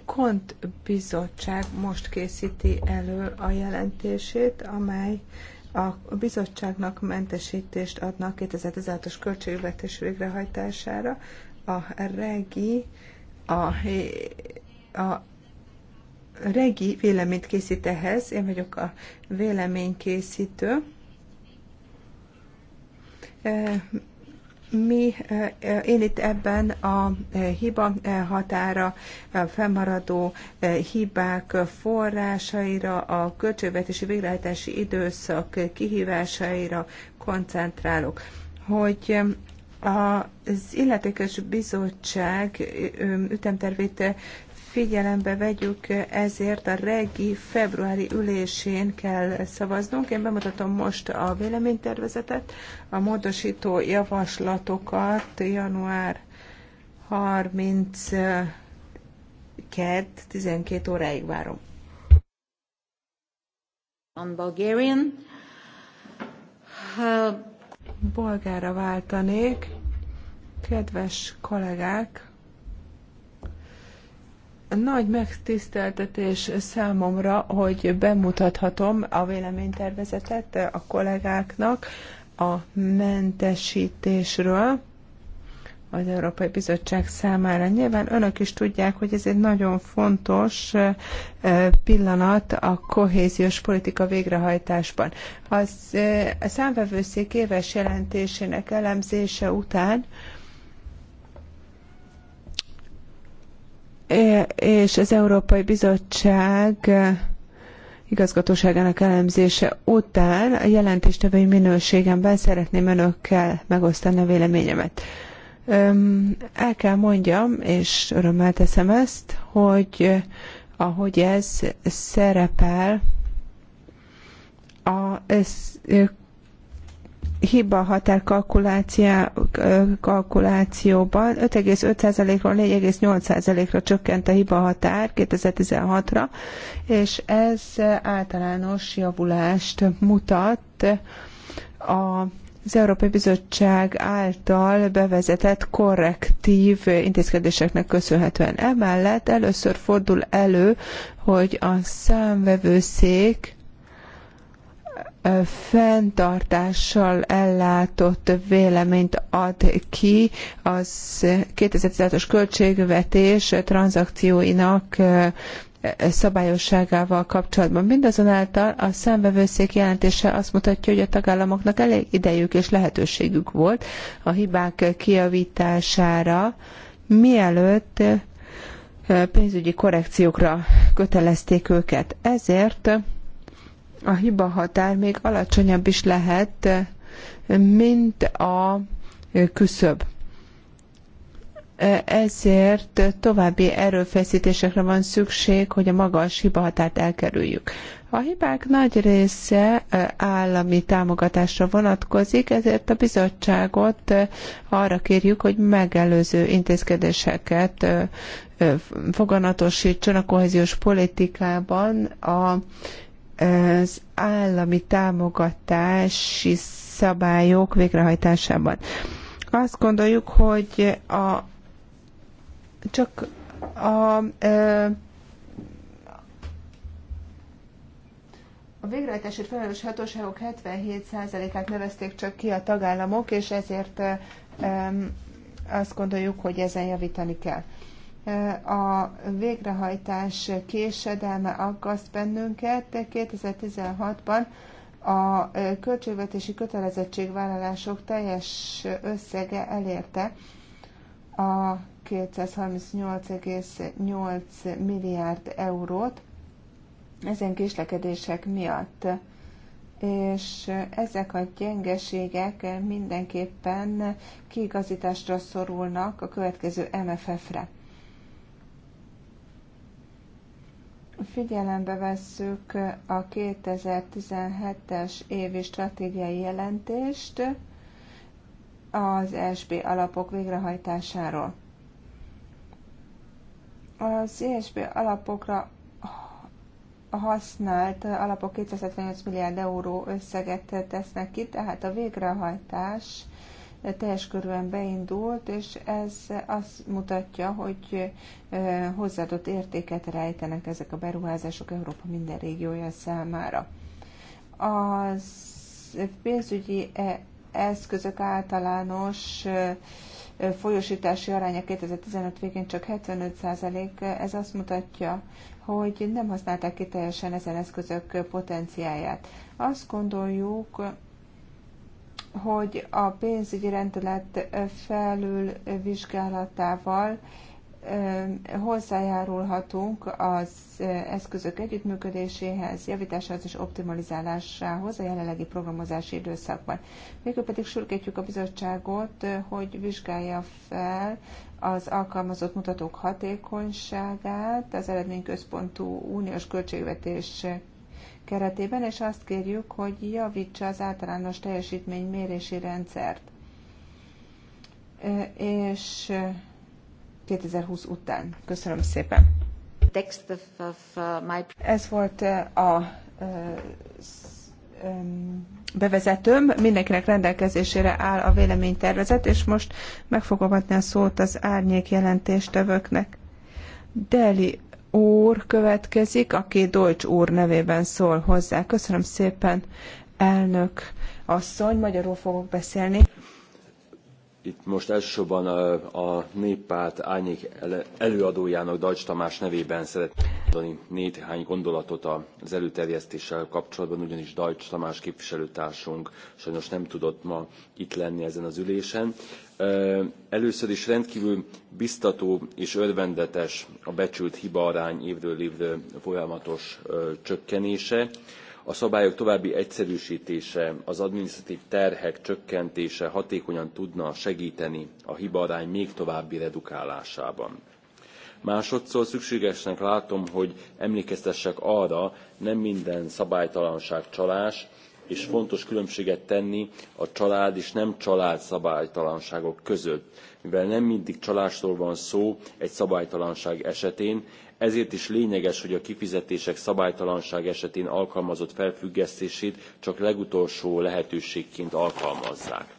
Kont Bizottság most készíti elő a jelentését, amely a bizottságnak mentesítést adnak 2016-os költségvetés végrehajtására. A REGI a, a regi véleményt készít ehhez, én vagyok a véleménykészítő. E, mi, e, e, én itt ebben a hiba határa, a fennmaradó hibák forrásaira, a költségvetési végrehajtási időszak kihívásaira koncentrálok. Hogy az illetékes bizottság ütemtervét figyelembe vegyük, ezért a regi februári ülésén kell szavaznunk. Én bemutatom most a véleménytervezetet, a módosító javaslatokat január 32 12 óráig várom. On Bulgarian. Uh... Bolgára váltanék. Kedves kollégák, nagy megtiszteltetés számomra, hogy bemutathatom a véleménytervezetet a kollégáknak a mentesítésről az Európai Bizottság számára. Nyilván önök is tudják, hogy ez egy nagyon fontos pillanat a kohéziós politika végrehajtásban. Az, a számvevőszék éves jelentésének elemzése után és az Európai Bizottság e, igazgatóságának elemzése után a jelentéstevői minőségemben szeretném önökkel megosztani a véleményemet. El kell mondjam, és örömmel teszem ezt, hogy e, ahogy ez szerepel a e, hiba határ kalkulációban 5,5%-ról 4,8%-ra csökkent a hiba határ 2016-ra, és ez általános javulást mutat a az Európai Bizottság által bevezetett korrektív intézkedéseknek köszönhetően. Emellett először fordul elő, hogy a számvevőszék fenntartással ellátott véleményt ad ki az 2016-os költségvetés tranzakcióinak szabályosságával kapcsolatban. Mindazonáltal a számvevőszék jelentése azt mutatja, hogy a tagállamoknak elég idejük és lehetőségük volt a hibák kiavítására, mielőtt pénzügyi korrekciókra kötelezték őket. Ezért a hiba határ még alacsonyabb is lehet, mint a küszöb. Ezért további erőfeszítésekre van szükség, hogy a magas hibahatárt elkerüljük. A hibák nagy része állami támogatásra vonatkozik, ezért a bizottságot arra kérjük, hogy megelőző intézkedéseket foganatosítson a kohéziós politikában a az állami támogatási szabályok végrehajtásában. Azt gondoljuk, hogy a, csak a, a végrehajtásért felelős hatóságok 77%-át nevezték csak ki a tagállamok, és ezért azt gondoljuk, hogy ezen javítani kell. A végrehajtás késedelme aggaszt bennünket, de 2016-ban a költségvetési kötelezettségvállalások teljes összege elérte a 238,8 milliárd eurót ezen késlekedések miatt. És ezek a gyengeségek mindenképpen kiigazításra szorulnak a következő MFF-re. figyelembe vesszük a 2017-es évi stratégiai jelentést az ESB alapok végrehajtásáról. Az ESB alapokra használt alapok 278 milliárd euró összeget tesznek ki, tehát a végrehajtás teljes körülön beindult, és ez azt mutatja, hogy hozzáadott értéket rejtenek ezek a beruházások Európa minden régiója számára. Az pénzügyi e, eszközök általános folyosítási aránya 2015 végén csak 75%, ez azt mutatja, hogy nem használták ki teljesen ezen eszközök potenciáját. Azt gondoljuk, hogy a pénzügyi rendelet vizsgálatával hozzájárulhatunk az eszközök együttműködéséhez, javításához és optimalizálásához a jelenlegi programozási időszakban. Végül pedig sürgetjük a bizottságot, hogy vizsgálja fel az alkalmazott mutatók hatékonyságát az eredményközpontú uniós költségvetés keretében, és azt kérjük, hogy javítsa az általános teljesítmény mérési rendszert. És 2020 után. Köszönöm szépen. Uh, Ez volt a bevezetőm, mindenkinek rendelkezésére áll a véleménytervezet, és most meg fogom adni a szót az árnyék jelentéstevőknek. Deli úr következik, aki Dolcs úr nevében szól hozzá. Köszönöm szépen, elnök asszony, magyarul fogok beszélni. Itt most elsősorban a, a néppárt árnyék előadójának Dajcs Tamás nevében szeretném mondani néhány gondolatot az előterjesztéssel kapcsolatban, ugyanis Dajcs Tamás képviselőtársunk sajnos nem tudott ma itt lenni ezen az ülésen. Először is rendkívül biztató és örvendetes a becsült hibaarány évről évről folyamatos csökkenése a szabályok további egyszerűsítése, az adminisztratív terhek csökkentése hatékonyan tudna segíteni a hibaarány még további redukálásában. Másodszor szükségesnek látom, hogy emlékeztessek arra, nem minden szabálytalanság csalás, és fontos különbséget tenni a család és nem család szabálytalanságok között. Mivel nem mindig csalásról van szó egy szabálytalanság esetén, ezért is lényeges, hogy a kifizetések szabálytalanság esetén alkalmazott felfüggesztését csak legutolsó lehetőségként alkalmazzák.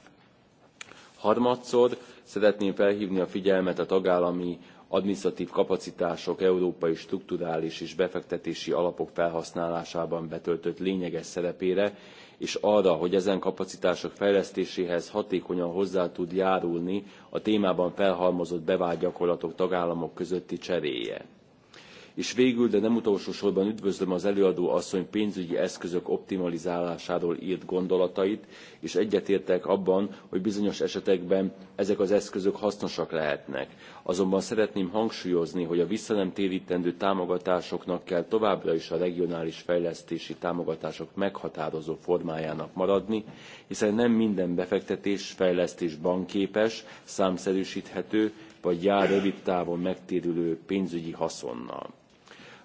Harmadszor szeretném felhívni a figyelmet a tagállami administratív kapacitások európai strukturális és befektetési alapok felhasználásában betöltött lényeges szerepére, és arra, hogy ezen kapacitások fejlesztéséhez hatékonyan hozzá tud járulni a témában felhalmozott bevált gyakorlatok tagállamok közötti cseréje és végül, de nem utolsó sorban üdvözlöm az előadó asszony pénzügyi eszközök optimalizálásáról írt gondolatait, és egyetértek abban, hogy bizonyos esetekben ezek az eszközök hasznosak lehetnek. Azonban szeretném hangsúlyozni, hogy a visszanemtérítendő támogatásoknak kell továbbra is a regionális fejlesztési támogatások meghatározó formájának maradni, hiszen nem minden befektetés, fejlesztés bankképes, számszerűsíthető, vagy jár rövid távon megtérülő pénzügyi haszonnal.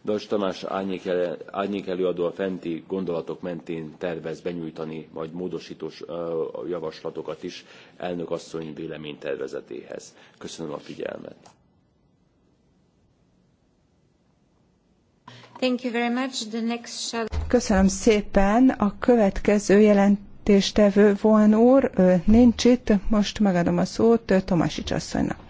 Dajs Tamás árnyék, előadó a fenti gondolatok mentén tervez benyújtani majd módosítós javaslatokat is elnök asszony tervezetéhez. Köszönöm a figyelmet. Thank you very much. The next Köszönöm szépen. A következő jelentéstevő von úr nincs itt. Most megadom a szót Tomásics asszonynak.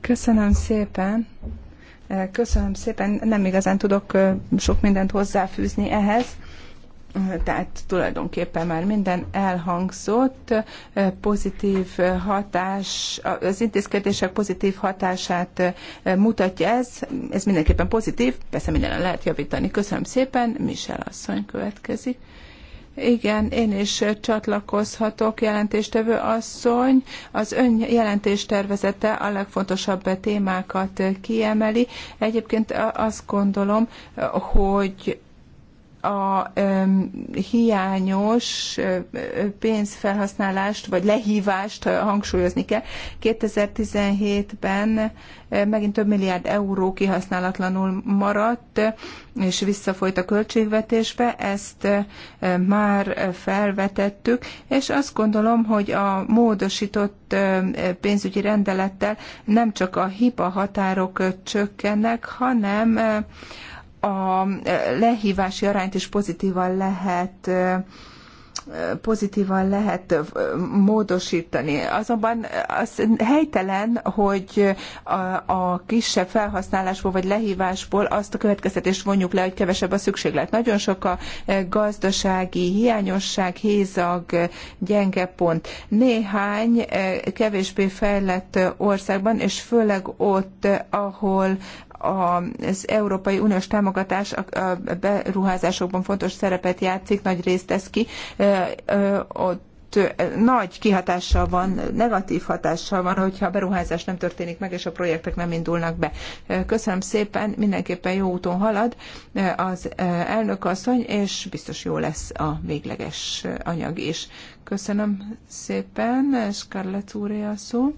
Köszönöm szépen. Eh, köszönöm szépen. Nem igazán tudok eh, sok mindent hozzáfűzni ehhez. Eh, tehát tulajdonképpen már minden elhangzott, pozitív hatás, az intézkedések pozitív hatását mutatja ez, ez mindenképpen pozitív, persze mindenen lehet javítani. Köszönöm szépen, Michel asszony következik. Igen, én is csatlakozhatok, jelentéstevő asszony. Az ön jelentéstervezete a legfontosabb témákat kiemeli. Egyébként azt gondolom, hogy a hiányos pénzfelhasználást vagy lehívást hangsúlyozni kell. 2017-ben megint több milliárd euró kihasználatlanul maradt, és visszafolyt a költségvetésbe, ezt már felvetettük, és azt gondolom, hogy a módosított pénzügyi rendelettel nem csak a hiba határok csökkennek, hanem a lehívási arányt is pozitívan lehet pozitívan lehet módosítani. Azonban az helytelen, hogy a, a kisebb felhasználásból vagy lehívásból azt a következtetést vonjuk le, hogy kevesebb a szükséglet. Nagyon sok a gazdasági hiányosság, hézag, gyenge pont. Néhány kevésbé fejlett országban, és főleg ott, ahol az Európai Uniós támogatás a beruházásokban fontos szerepet játszik, nagy részt tesz ki. Ott nagy kihatással van, negatív hatással van, hogyha a beruházás nem történik meg, és a projektek nem indulnak be. Köszönöm szépen, mindenképpen jó úton halad az elnök asszony, és biztos jó lesz a végleges anyag is. Köszönöm szépen, Scarlett úr a szó.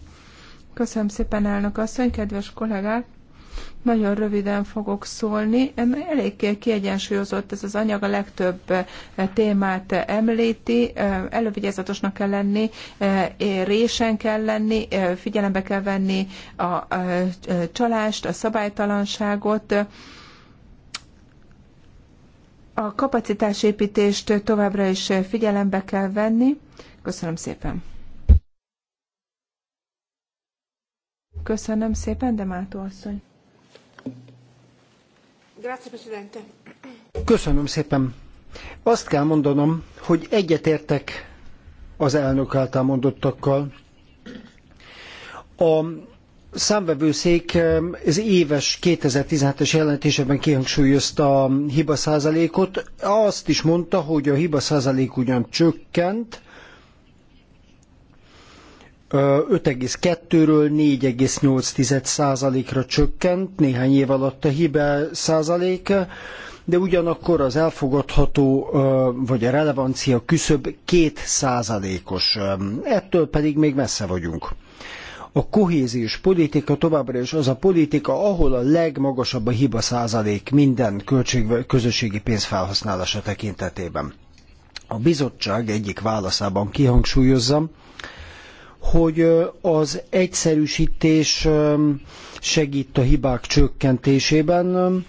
Köszönöm szépen, elnök asszony, kedves kollégák! Nagyon röviden fogok szólni. Elég kiegyensúlyozott ez az anyag, a legtöbb eh, témát eh, említi. Eh, elővigyázatosnak kell lenni, résen kell lenni, figyelembe kell venni a csalást, a szabálytalanságot, a kapacitásépítést továbbra is figyelembe kell venni. Köszönöm szépen! Köszönöm szépen, de Mátó asszony. Köszönöm szépen. Azt kell mondanom, hogy egyetértek az elnök által mondottakkal. A számvevőszék az eh, éves 2017-es jelentésében kihangsúlyozta a hiba százalékot. Azt is mondta, hogy a hiba százalék ugyan csökkent, 5,2-ről 4,8%-ra csökkent néhány év alatt a hibe százalék, de ugyanakkor az elfogadható vagy a relevancia küszöb 2%-os. Ettől pedig még messze vagyunk. A kohéziós politika továbbra is az a politika, ahol a legmagasabb a hiba százalék minden költség, közösségi pénz felhasználása tekintetében. A bizottság egyik válaszában kihangsúlyozza, hogy az egyszerűsítés segít a hibák csökkentésében.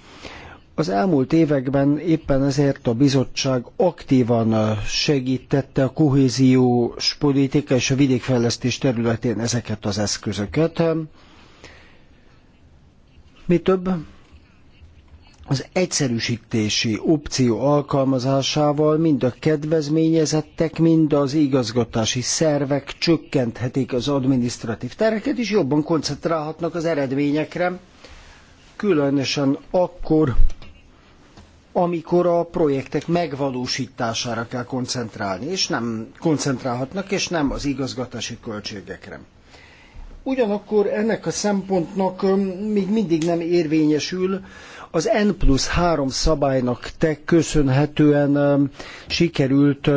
Az elmúlt években éppen ezért a bizottság aktívan segítette a kohéziós politika és a vidékfejlesztés területén ezeket az eszközöket. Mi több, az egyszerűsítési opció alkalmazásával mind a kedvezményezettek, mind az igazgatási szervek csökkenthetik az adminisztratív terheket, és jobban koncentrálhatnak az eredményekre, különösen akkor, amikor a projektek megvalósítására kell koncentrálni, és nem koncentrálhatnak, és nem az igazgatási költségekre. Ugyanakkor ennek a szempontnak még mindig nem érvényesül, az N plusz 3 szabálynak te köszönhetően sikerült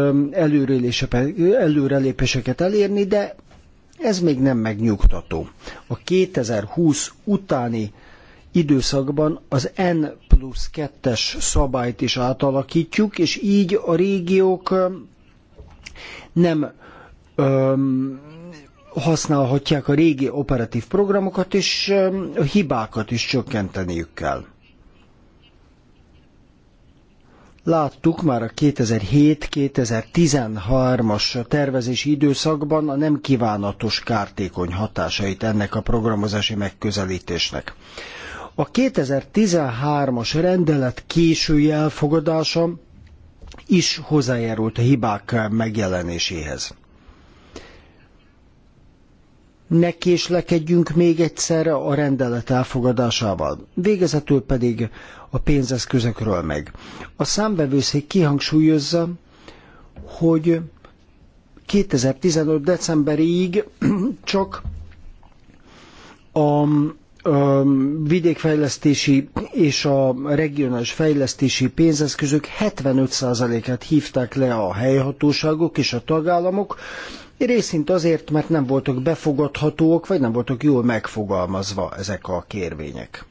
előrelépéseket elérni, de ez még nem megnyugtató. A 2020 utáni időszakban az N plusz 2-es szabályt is átalakítjuk, és így a régiók nem öm, használhatják a régi operatív programokat, és öm, a hibákat is csökkenteniük kell. Láttuk már a 2007-2013-as tervezési időszakban a nem kívánatos kártékony hatásait ennek a programozási megközelítésnek. A 2013-as rendelet késői elfogadása is hozzájárult a hibák megjelenéséhez. Ne késlekedjünk még egyszer a rendelet elfogadásával. Végezetül pedig a pénzeszközökről meg. A számbevőszék kihangsúlyozza, hogy 2015. decemberig csak a vidékfejlesztési és a regionális fejlesztési pénzeszközök 75%-át hívták le a helyhatóságok és a tagállamok, részint azért, mert nem voltak befogadhatóak, vagy nem voltak jól megfogalmazva ezek a kérvények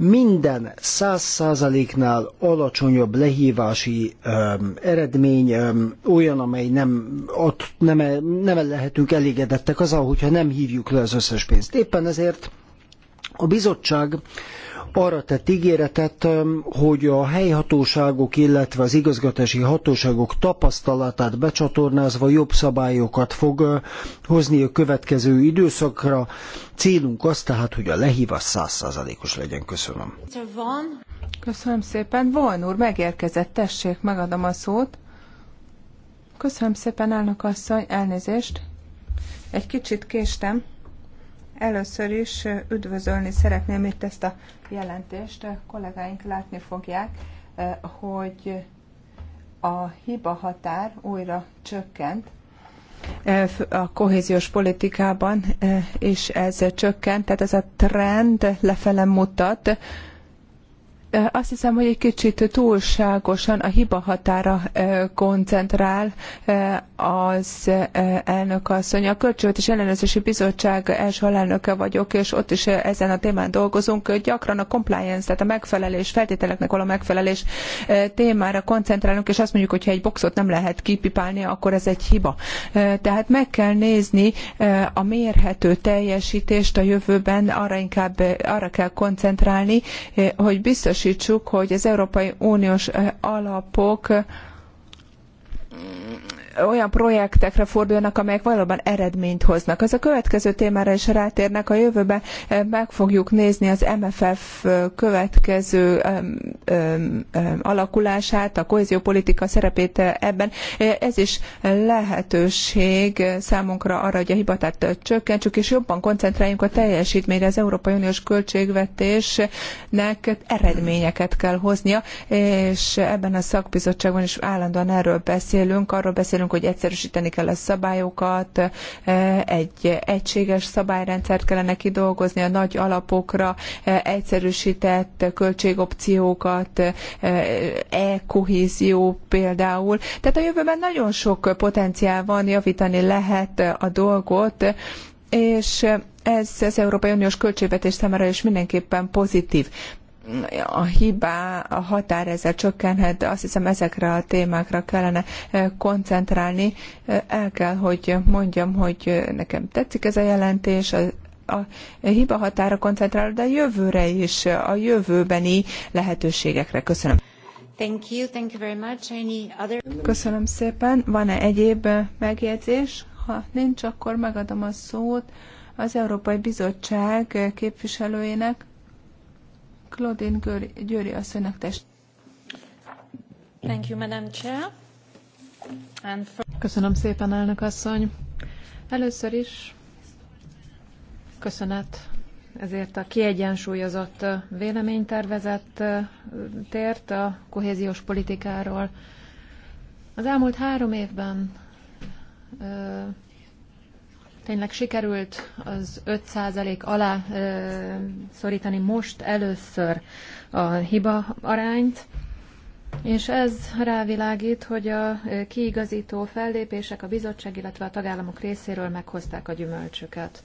minden 100%-nál alacsonyabb lehívási öm, eredmény öm, olyan, amely nem, ott nem, e, nem lehetünk elégedettek azzal, hogyha nem hívjuk le az összes pénzt. Éppen ezért a bizottság arra tett ígéretet, hogy a helyhatóságok, illetve az igazgatási hatóságok tapasztalatát becsatornázva jobb szabályokat fog hozni a következő időszakra. Célunk az tehát, hogy a lehívás százszázalékos legyen. Köszönöm. Köszönöm szépen. Van, úr, megérkezett. Tessék, megadom a szót. Köszönöm szépen, elnök asszony, elnézést. Egy kicsit késtem. Először is üdvözölni szeretném itt ezt a jelentést. A kollégáink látni fogják, eh, hogy a hiba határ újra csökkent eh, a kohéziós politikában, eh, és ez csökkent, tehát ez a trend lefele mutat azt hiszem, hogy egy kicsit túlságosan a hiba határa koncentrál az elnök asszony. A Költségvetés Ellenőrzési Bizottság első alelnöke vagyok, és ott is ezen a témán dolgozunk. Gyakran a compliance, tehát a megfelelés, feltételeknek való megfelelés témára koncentrálunk, és azt mondjuk, hogy ha egy boxot nem lehet kipipálni, akkor ez egy hiba. Tehát meg kell nézni a mérhető teljesítést a jövőben, arra inkább arra kell koncentrálni, hogy biztos biztosítsuk, hogy az Európai Uniós eh, alapok olyan projektekre forduljanak, amelyek valóban eredményt hoznak. Ez a következő témára is rátérnek a jövőben, meg fogjuk nézni az MFF következő alakulását, a kohéziópolitika szerepét ebben. Ez is lehetőség számunkra arra, hogy a hibatát csökkentsük, és jobban koncentráljunk a teljesítményre. Az Európai Uniós költségvetésnek eredményeket kell hoznia, és ebben a szakbizottságban is állandóan erről beszélünk, arról beszélünk, beszélünk, hogy egyszerűsíteni kell a szabályokat, e, egy egységes szabályrendszert kellene kidolgozni a nagy alapokra, e, egyszerűsített költségopciókat, e, e-kohézió például. Tehát a jövőben nagyon sok potenciál van, javítani lehet a dolgot, és ez az Európai Uniós költségvetés számára is mindenképpen pozitív a hibá, a határ ezzel csökkenhet, azt hiszem ezekre a témákra kellene eh, koncentrálni. Eh, el kell, hogy mondjam, hogy eh, nekem tetszik ez a jelentés, a, a hiba határa koncentrál, de a jövőre is, a jövőbeni lehetőségekre. Köszönöm. Thank you, thank you very much. Any other... Köszönöm szépen. Van-e egyéb megjegyzés? Ha nincs, akkor megadom a szót az Európai Bizottság képviselőjének. Claudine Győri, test. Thank you, Madam Chair. And for... Köszönöm szépen, elnök asszony. Először is köszönet ezért a kiegyensúlyozott véleménytervezett tért a kohéziós politikáról. Az elmúlt három évben tényleg sikerült az 5% alá ö, szorítani most először a hiba arányt, és ez rávilágít, hogy a kiigazító fellépések a bizottság, illetve a tagállamok részéről meghozták a gyümölcsöket.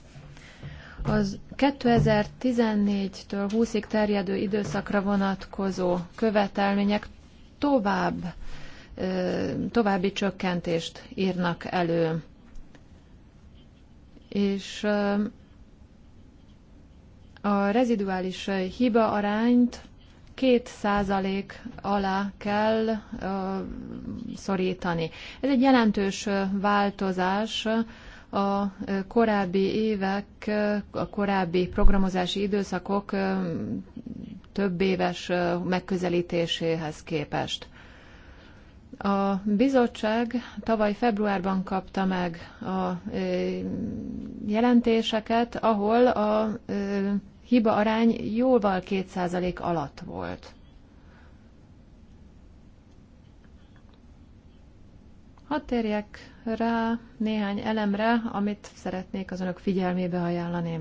Az 2014-től 20-ig terjedő időszakra vonatkozó követelmények tovább, további csökkentést írnak elő és a reziduális hiba arányt 2% alá kell szorítani. Ez egy jelentős változás a korábbi évek, a korábbi programozási időszakok több éves megközelítéséhez képest. A bizottság tavaly februárban kapta meg a jelentéseket, ahol a hiba arány jóval 2% alatt volt. Hadd térjek rá néhány elemre, amit szeretnék az önök figyelmébe ajánlani.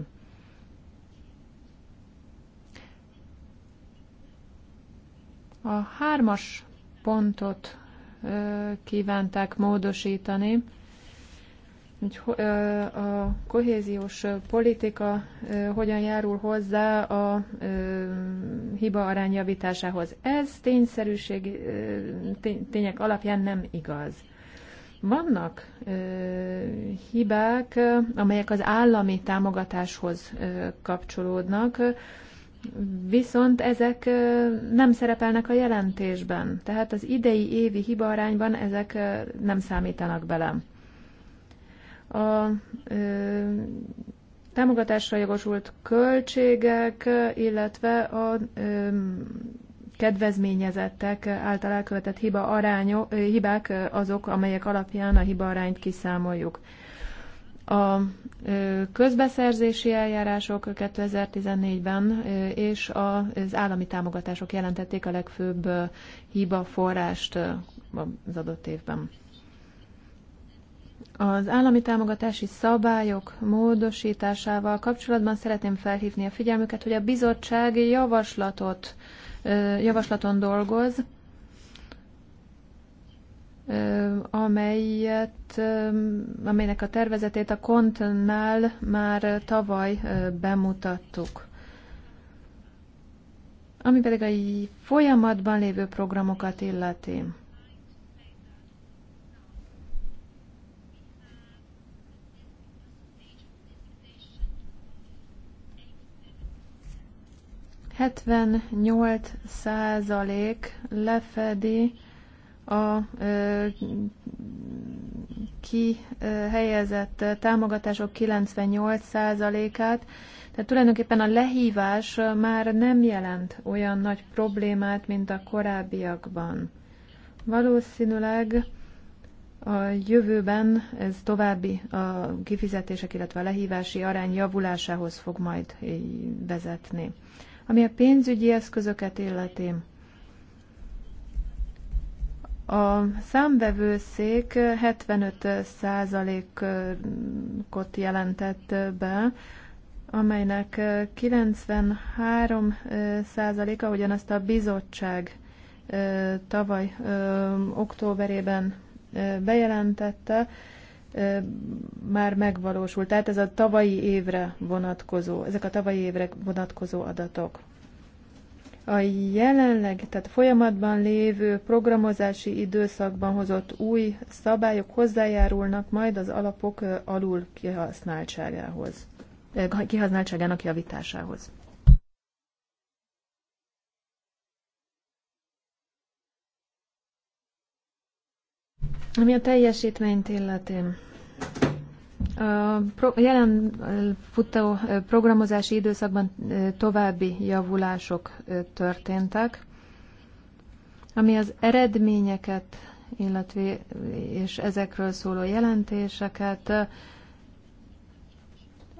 A hármas pontot kívánták módosítani. A kohéziós politika hogyan járul hozzá a hiba arányjavításához? javításához. Ez tényszerűség, tények alapján nem igaz. Vannak ö, hibák, amelyek az állami támogatáshoz ö, kapcsolódnak viszont ezek nem szerepelnek a jelentésben, tehát az idei évi hibaarányban ezek nem számítanak bele. A ö, támogatásra jogosult költségek, illetve a ö, kedvezményezettek által elkövetett hiba arányok, hibák azok, amelyek alapján a hiba arányt kiszámoljuk. A közbeszerzési eljárások 2014-ben és az állami támogatások jelentették a legfőbb hiba forrást az adott évben. Az állami támogatási szabályok módosításával kapcsolatban szeretném felhívni a figyelmüket, hogy a bizottság javaslatot, javaslaton dolgoz, amelyet, amelynek a tervezetét a Kontnál már tavaly bemutattuk. Ami pedig a folyamatban lévő programokat illeti. Hetvennyolc százalék lefedi a kihelyezett támogatások 98%-át, tehát tulajdonképpen a lehívás már nem jelent olyan nagy problémát, mint a korábbiakban. Valószínűleg a jövőben ez további a kifizetések, illetve a lehívási arány javulásához fog majd vezetni. Ami a pénzügyi eszközöket illeti, a számvevőszék 75%-ot jelentett be, amelynek 93%-a ugyanazt a bizottság tavaly októberében bejelentette, már megvalósult. Tehát ez a tavalyi évre vonatkozó, ezek a tavalyi évre vonatkozó adatok a jelenleg, tehát folyamatban lévő programozási időszakban hozott új szabályok hozzájárulnak majd az alapok alul kihasználtságához, kihasználtságának javításához. Ami a teljesítményt illeti, a jelen futó programozási időszakban további javulások történtek, ami az eredményeket, illetve és ezekről szóló jelentéseket,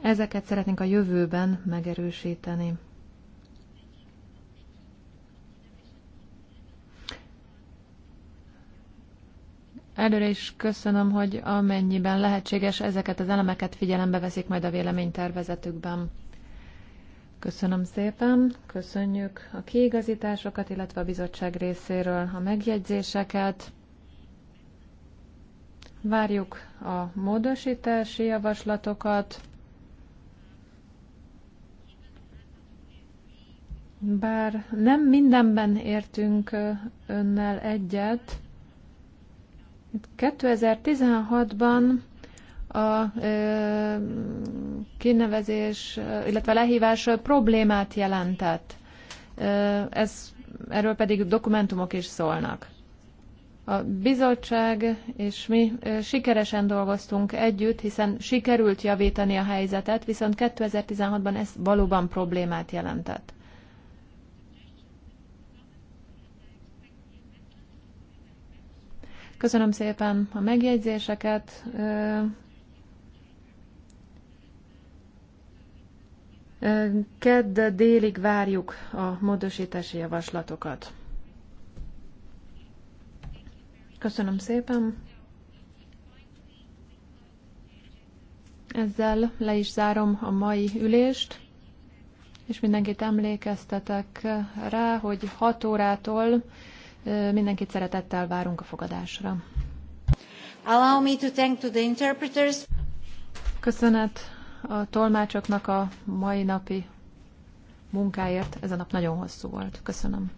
ezeket szeretnénk a jövőben megerősíteni. Előre is köszönöm, hogy amennyiben lehetséges, ezeket az elemeket figyelembe veszik majd a véleménytervezetükben. Köszönöm szépen, köszönjük a kiigazításokat, illetve a bizottság részéről a megjegyzéseket. Várjuk a módosítási javaslatokat. Bár nem mindenben értünk önnel egyet, 2016-ban a ö, kinevezés, illetve lehívás problémát jelentett. Ez, erről pedig dokumentumok is szólnak. A bizottság és mi sikeresen dolgoztunk együtt, hiszen sikerült javítani a helyzetet, viszont 2016-ban ez valóban problémát jelentett. Köszönöm szépen a megjegyzéseket. Kedd délig várjuk a módosítási javaslatokat. Köszönöm szépen. Ezzel le is zárom a mai ülést, és mindenkit emlékeztetek rá, hogy 6 órától Mindenkit szeretettel várunk a fogadásra. Allow me to thank to the interpreters. Köszönet a tolmácsoknak a mai napi munkáért. Ez a nap nagyon hosszú volt. Köszönöm.